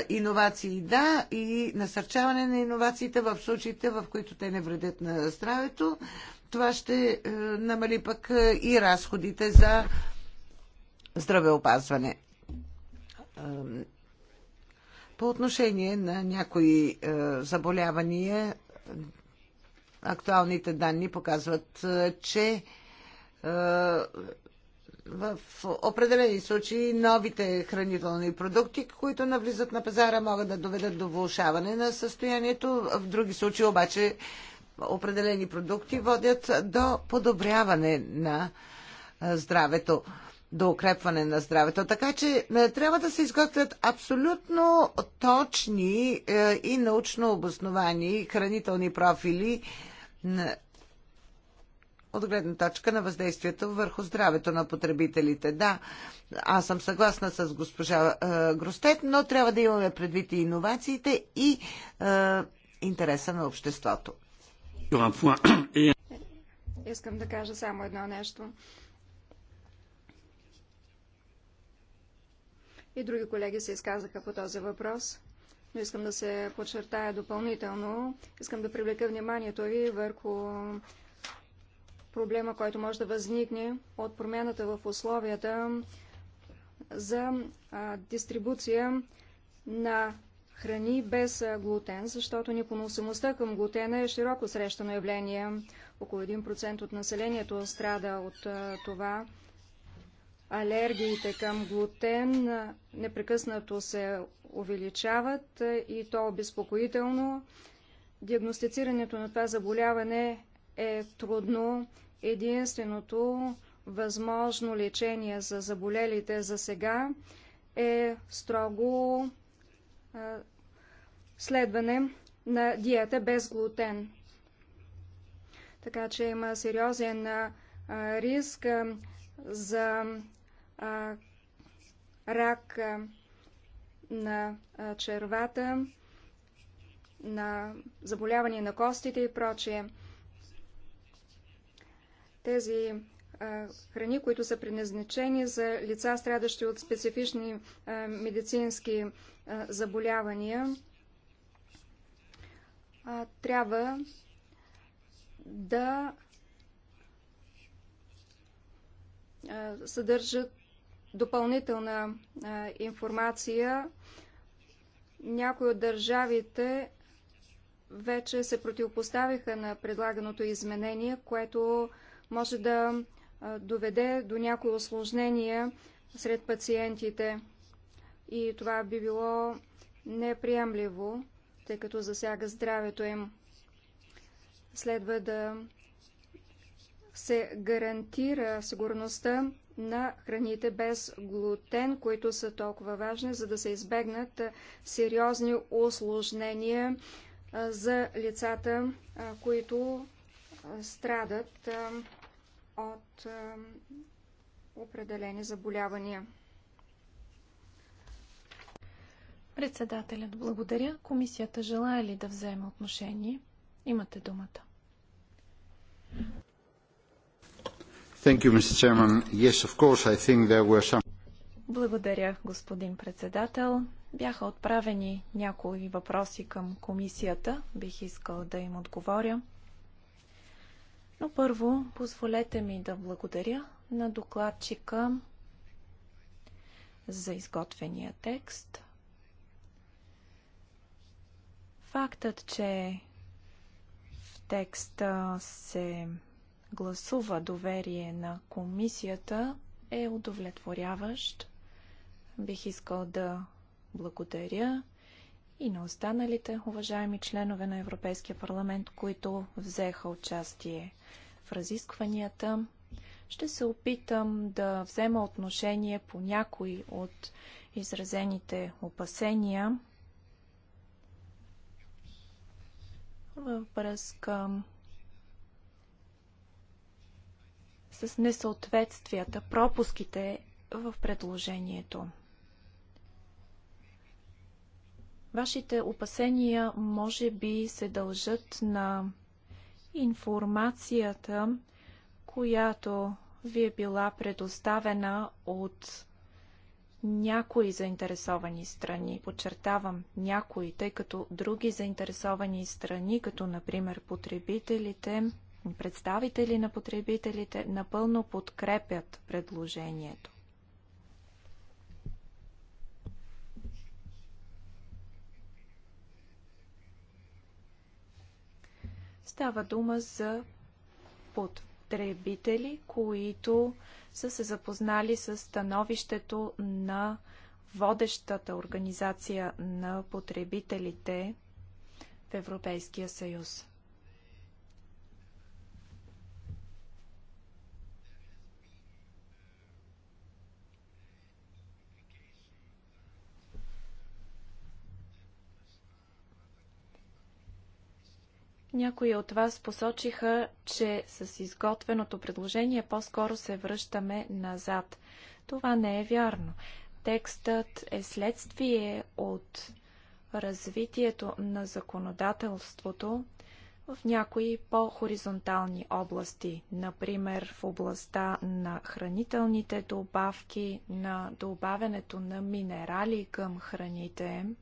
иновации да и насърчаване на иновациите в случаите, в които те не вредят на здравето това ще е, намали пък е, и разходите за здравеопазване. По отношение на някои е, заболявания, актуалните данни показват, че в определени случаи новите хранителни продукти, които навлизат на пазара, могат да доведат до влушаване на състоянието. В други случаи обаче определени продукти водят до подобряване на здравето, до укрепване на здравето. Така че трябва да се изготвят абсолютно точни и научно обосновани хранителни профили от гледна точка на въздействието върху здравето на потребителите. Да, аз съм съгласна с госпожа е, Гростет, но трябва да имаме предвид и иновациите и е, интереса на обществото. Искам да кажа само едно нещо. И други колеги се изказаха по този въпрос, но искам да се подчертая допълнително. Искам да привлека вниманието ви върху проблема, който може да възникне от промяната в условията за дистрибуция на храни без глутен, защото непоносимостта към глутена е широко срещано явление. Около 1% от населението страда от това. Алергиите към глутен непрекъснато се увеличават и то обезпокоително. Диагностицирането на това заболяване е трудно. Единственото възможно лечение за заболелите за сега е строго следване на диета без глутен. Така че има сериозен риск за рак на червата, на заболяване на костите и прочие. Тези храни, които са предназначени за лица, страдащи от специфични медицински заболявания, трябва да съдържат допълнителна информация. Някои от държавите вече се противопоставиха на предлаганото изменение, което може да доведе до някои осложнения сред пациентите. И това би било неприемливо, тъй като засяга здравето им. Следва да се гарантира сигурността на храните без глутен, които са толкова важни, за да се избегнат сериозни осложнения за лицата, които страдат от е, определени заболявания. Председателят, благодаря. Комисията желая ли да вземе отношение? Имате думата. Thank you, Mr. Chairman. Yes, of course, I think there were some... Благодаря, господин председател. Бяха отправени някои въпроси към комисията. Бих искал да им отговоря. Но първо, позволете ми да благодаря на докладчика за изготвения текст. Фактът, че в текста се гласува доверие на комисията е удовлетворяващ. Бих искал да благодаря и на останалите уважаеми членове на Европейския парламент, които взеха участие в разискванията. Ще се опитам да взема отношение по някои от изразените опасения във връзка с несъответствията, пропуските в предложението. Вашите опасения може би се дължат на информацията, която ви е била предоставена от някои заинтересовани страни. Подчертавам някои, тъй като други заинтересовани страни, като например потребителите, представители на потребителите, напълно подкрепят предложението. Става дума за потребители, които са се запознали с становището на водещата организация на потребителите в Европейския съюз. Някои от вас посочиха, че с изготвеното предложение по-скоро се връщаме назад. Това не е вярно. Текстът е следствие от развитието на законодателството в някои по-хоризонтални области, например в областта на хранителните добавки, на добавянето на минерали към храните –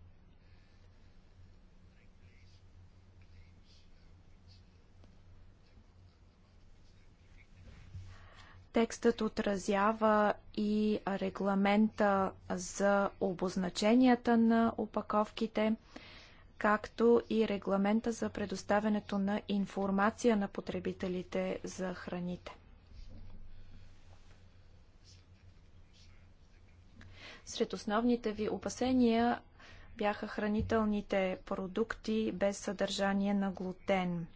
Текстът отразява и регламента за обозначенията на опаковките, както и регламента за предоставянето на информация на потребителите за храните. Сред основните ви опасения бяха хранителните продукти без съдържание на глутен.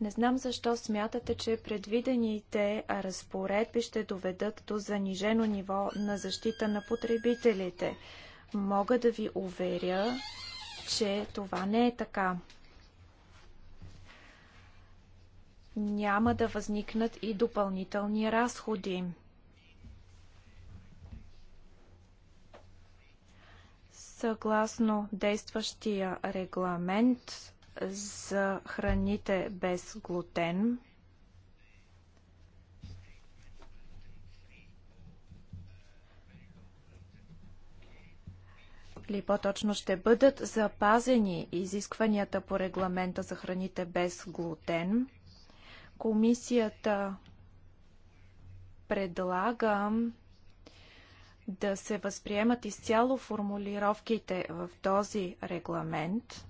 Не знам защо смятате, че предвидените разпоредби ще доведат до занижено ниво на защита на потребителите. Мога да ви уверя, че това не е така. Няма да възникнат и допълнителни разходи. Съгласно действащия регламент, за храните без глутен. Или по-точно ще бъдат запазени изискванията по регламента за храните без глутен. Комисията предлага да се възприемат изцяло формулировките в този регламент –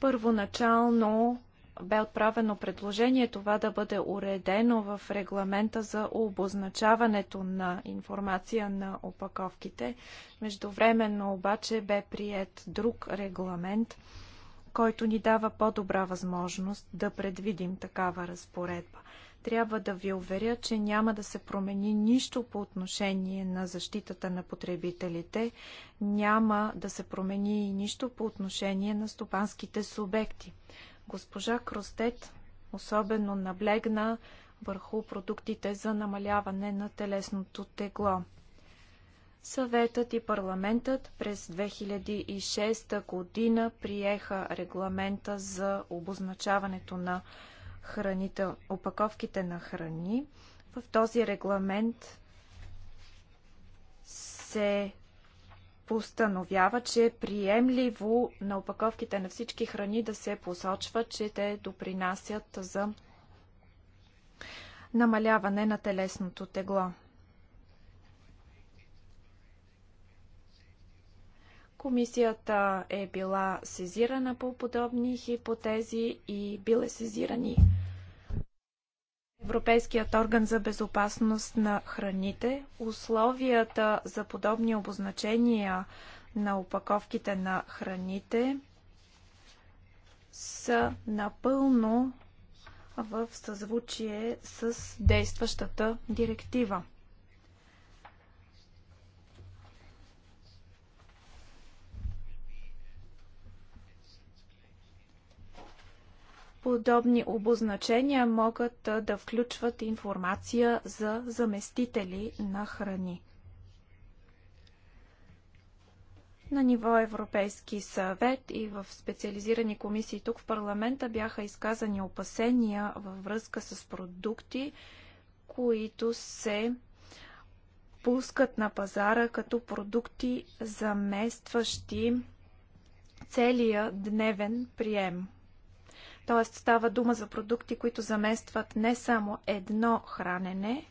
Първоначално бе отправено предложение това да бъде уредено в регламента за обозначаването на информация на опаковките. Междувременно обаче бе прият друг регламент, който ни дава по-добра възможност да предвидим такава разпоредба. Трябва да ви уверя, че няма да се промени нищо по отношение на защитата на потребителите, няма да се промени и нищо по отношение на стопанските субекти. Госпожа Кростет особено наблегна върху продуктите за намаляване на телесното тегло. Съветът и парламентът през 2006 година приеха регламента за обозначаването на хранител, опаковките на храни. В този регламент се постановява, че е приемливо на опаковките на всички храни да се посочва, че те допринасят за намаляване на телесното тегло. Комисията е била сезирана по подобни хипотези и бил е сезирани Европейският орган за безопасност на храните. Условията за подобни обозначения на опаковките на храните са напълно в съзвучие с действащата директива. Подобни обозначения могат да включват информация за заместители на храни. На ниво Европейски съвет и в специализирани комисии тук в парламента бяха изказани опасения във връзка с продукти, които се пускат на пазара като продукти, заместващи целия дневен прием. Т.е. става дума за продукти, които заместват не само едно хранене,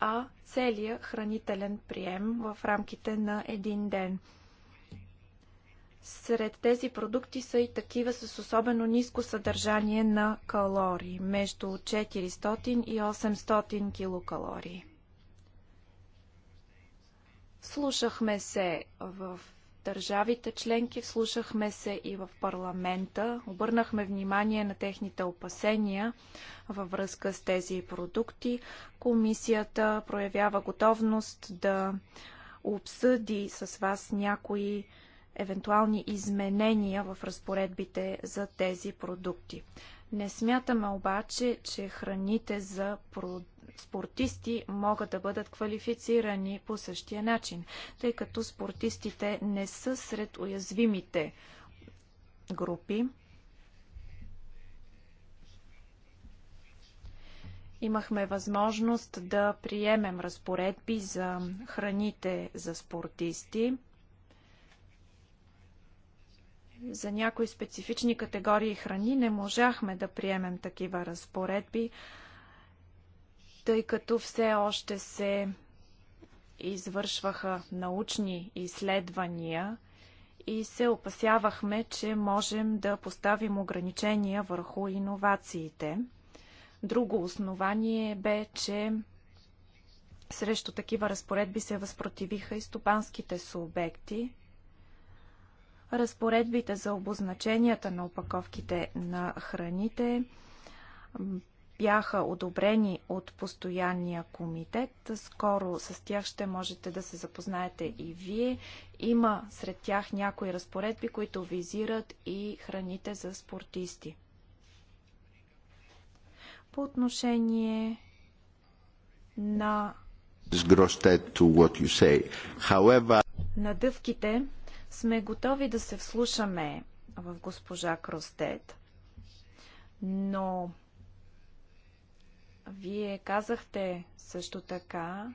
а целия хранителен прием в рамките на един ден. Сред тези продукти са и такива с особено ниско съдържание на калории, между 400 и 800 килокалории. Слушахме се в държавите членки, вслушахме се и в парламента, обърнахме внимание на техните опасения във връзка с тези продукти. Комисията проявява готовност да обсъди с вас някои евентуални изменения в разпоредбите за тези продукти. Не смятаме обаче, че храните за продукти спортисти могат да бъдат квалифицирани по същия начин, тъй като спортистите не са сред уязвимите групи. Имахме възможност да приемем разпоредби за храните за спортисти за някои специфични категории храни не можахме да приемем такива разпоредби, тъй като все още се извършваха научни изследвания и се опасявахме, че можем да поставим ограничения върху иновациите. Друго основание бе, че срещу такива разпоредби се възпротивиха и стопанските субекти. Разпоредбите за обозначенията на опаковките на храните бяха одобрени от постоянния комитет. Скоро с тях ще можете да се запознаете и вие. Има сред тях някои разпоредби, които визират и храните за спортисти. По отношение на дъвките сме готови да се вслушаме в госпожа Кростет, но вие казахте също така,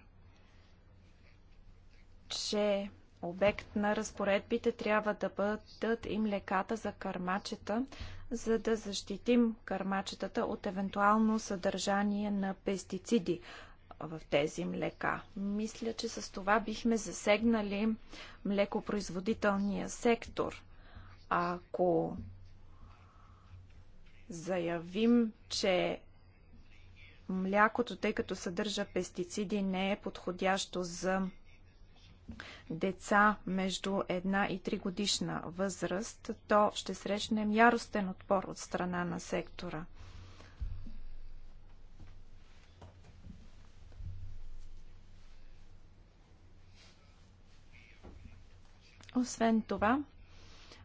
че обект на разпоредбите трябва да бъдат им леката за кармачета, за да защитим кармачетата от евентуално съдържание на пестициди в тези млека. Мисля, че с това бихме засегнали млекопроизводителния сектор. Ако заявим, че Млякото, тъй като съдържа пестициди, не е подходящо за деца между една и три годишна възраст, то ще срещнем яростен отпор от страна на сектора. Освен това,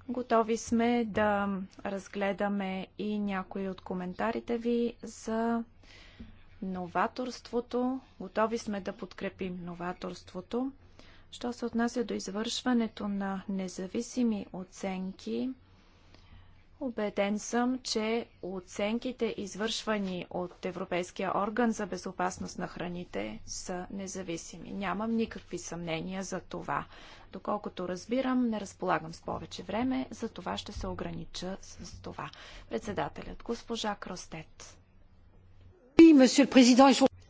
готови сме да разгледаме и някои от коментарите ви за новаторството. Готови сме да подкрепим новаторството. Що се отнася до извършването на независими оценки, убеден съм, че оценките, извършвани от Европейския орган за безопасност на храните, са независими. Нямам никакви съмнения за това. Доколкото разбирам, не разполагам с повече време, за това ще се огранича с това. Председателят, госпожа Кростет.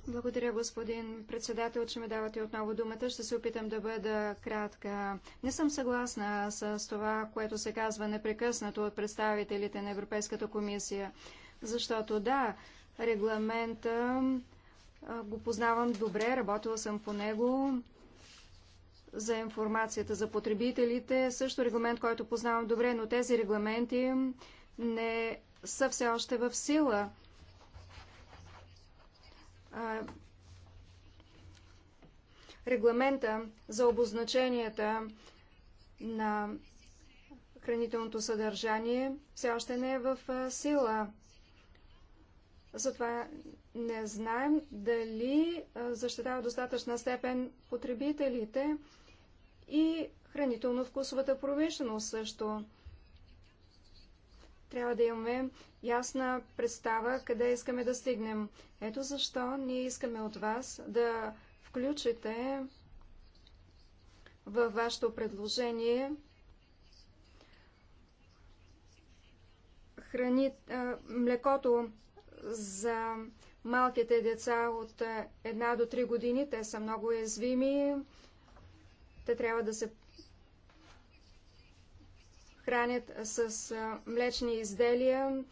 Благодаря, господин председател, че ме давате отново думата. Ще се опитам да бъда кратка. Не съм съгласна с това, което се казва непрекъснато от представителите на Европейската комисия. Защото да, регламента го познавам добре, работила съм по него за информацията за потребителите. Също регламент, който познавам добре, но тези регламенти не са все още в сила регламента за обозначенията на хранителното съдържание все още не е в сила. Затова не знаем дали защитава достатъчна степен потребителите и хранително-вкусовата промишленост също. Трябва да имаме ясна представа къде искаме да стигнем. Ето защо ние искаме от вас да включите във вашето предложение храни, а, млекото за малките деца от една до три години. Те са много уязвими. Те трябва да се хранят с млечни изделия,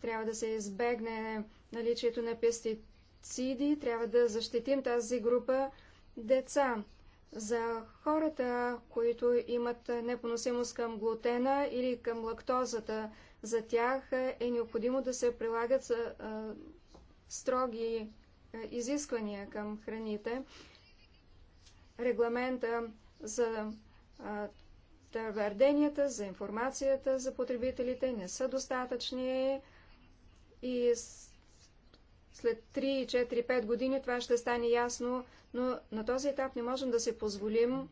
трябва да се избегне наличието на пестициди, трябва да защитим тази група деца. За хората, които имат непоносимост към глутена или към лактозата, за тях е необходимо да се прилагат строги изисквания към храните. Регламента за твърденията за информацията за потребителите не са достатъчни и след 3, 4, 5 години това ще стане ясно, но на този етап не можем да си позволим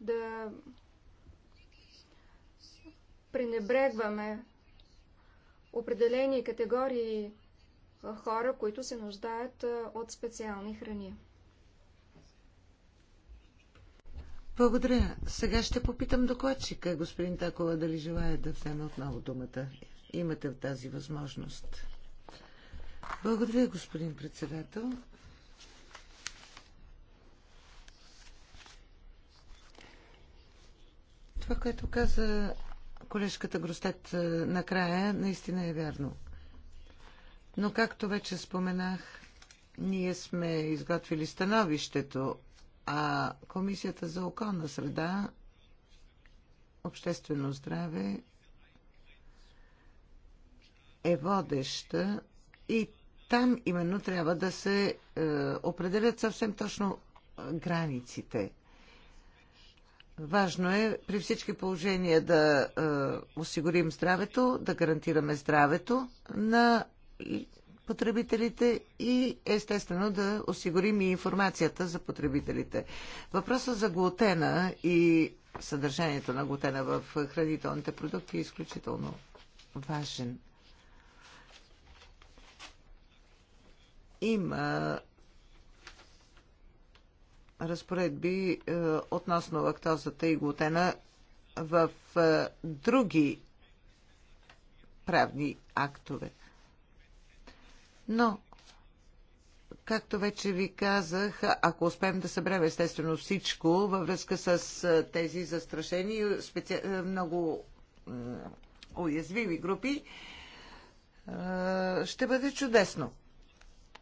да пренебрегваме определени категории хора, които се нуждаят от специални храни. Благодаря. Сега ще попитам докладчика, господин Такова, дали желая да вземе отново думата. Имате тази възможност. Благодаря, господин председател. Това, което каза колежката Гростет е, накрая, наистина е вярно. Но както вече споменах, ние сме изготвили становището а Комисията за околна среда, обществено здраве е водеща и там именно трябва да се е, определят съвсем точно е, границите. Важно е при всички положения да е, осигурим здравето, да гарантираме здравето на потребителите и естествено да осигурим и информацията за потребителите. Въпросът за глутена и съдържанието на глутена в хранителните продукти е изключително важен. Има разпоредби е, относно лактозата и глутена в е, други правни актове. Но, както вече ви казах, ако успеем да съберем естествено всичко във връзка с тези застрашени, специ... много уязвими групи, ще бъде чудесно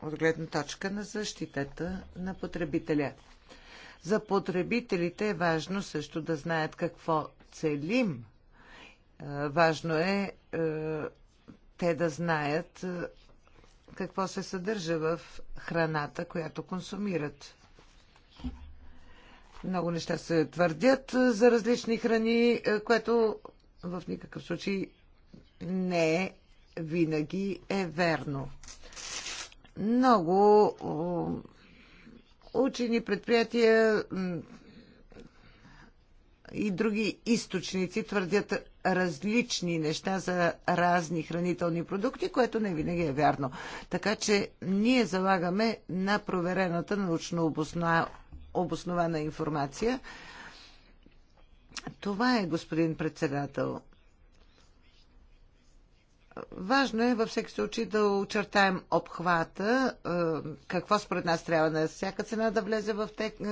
от гледна точка на защитата на потребителя. За потребителите е важно също да знаят какво целим. Важно е те да знаят какво се съдържа в храната, която консумират. Много неща се твърдят за различни храни, е, което в никакъв случай не е винаги е верно. Много учени, предприятия и други източници твърдят различни неща за разни хранителни продукти, което не винаги е вярно. Така че ние залагаме на проверената научно обоснована информация. Това е, господин председател. Важно е във всеки случай да очертаем обхвата, е, какво според нас трябва на всяка цена да влезе в, тек, е,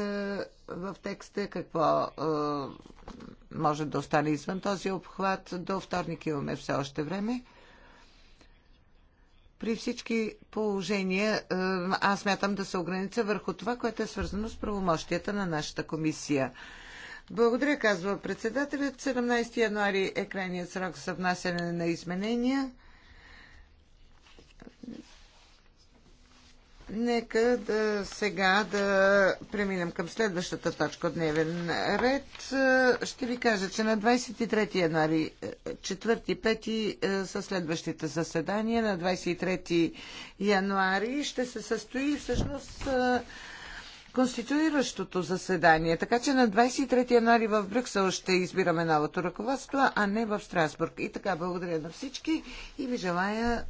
в текста, какво е, може да остане извън този обхват. До вторник имаме все още време. При всички положения аз мятам да се огранича върху това, което е свързано с правомощията на нашата комисия. Благодаря, казва председателят. 17 януари е крайният срок за внасяне на изменения. Нека да сега да преминем към следващата точка от дневен ред. Ще ви кажа, че на 23 януари, 4-5 е, е, са следващите заседания. На 23 януари ще се състои всъщност е, конституиращото заседание. Така че на 23 януари в Брюксел ще избираме новото ръководство, а не в Страсбург. И така, благодаря на всички и ви желая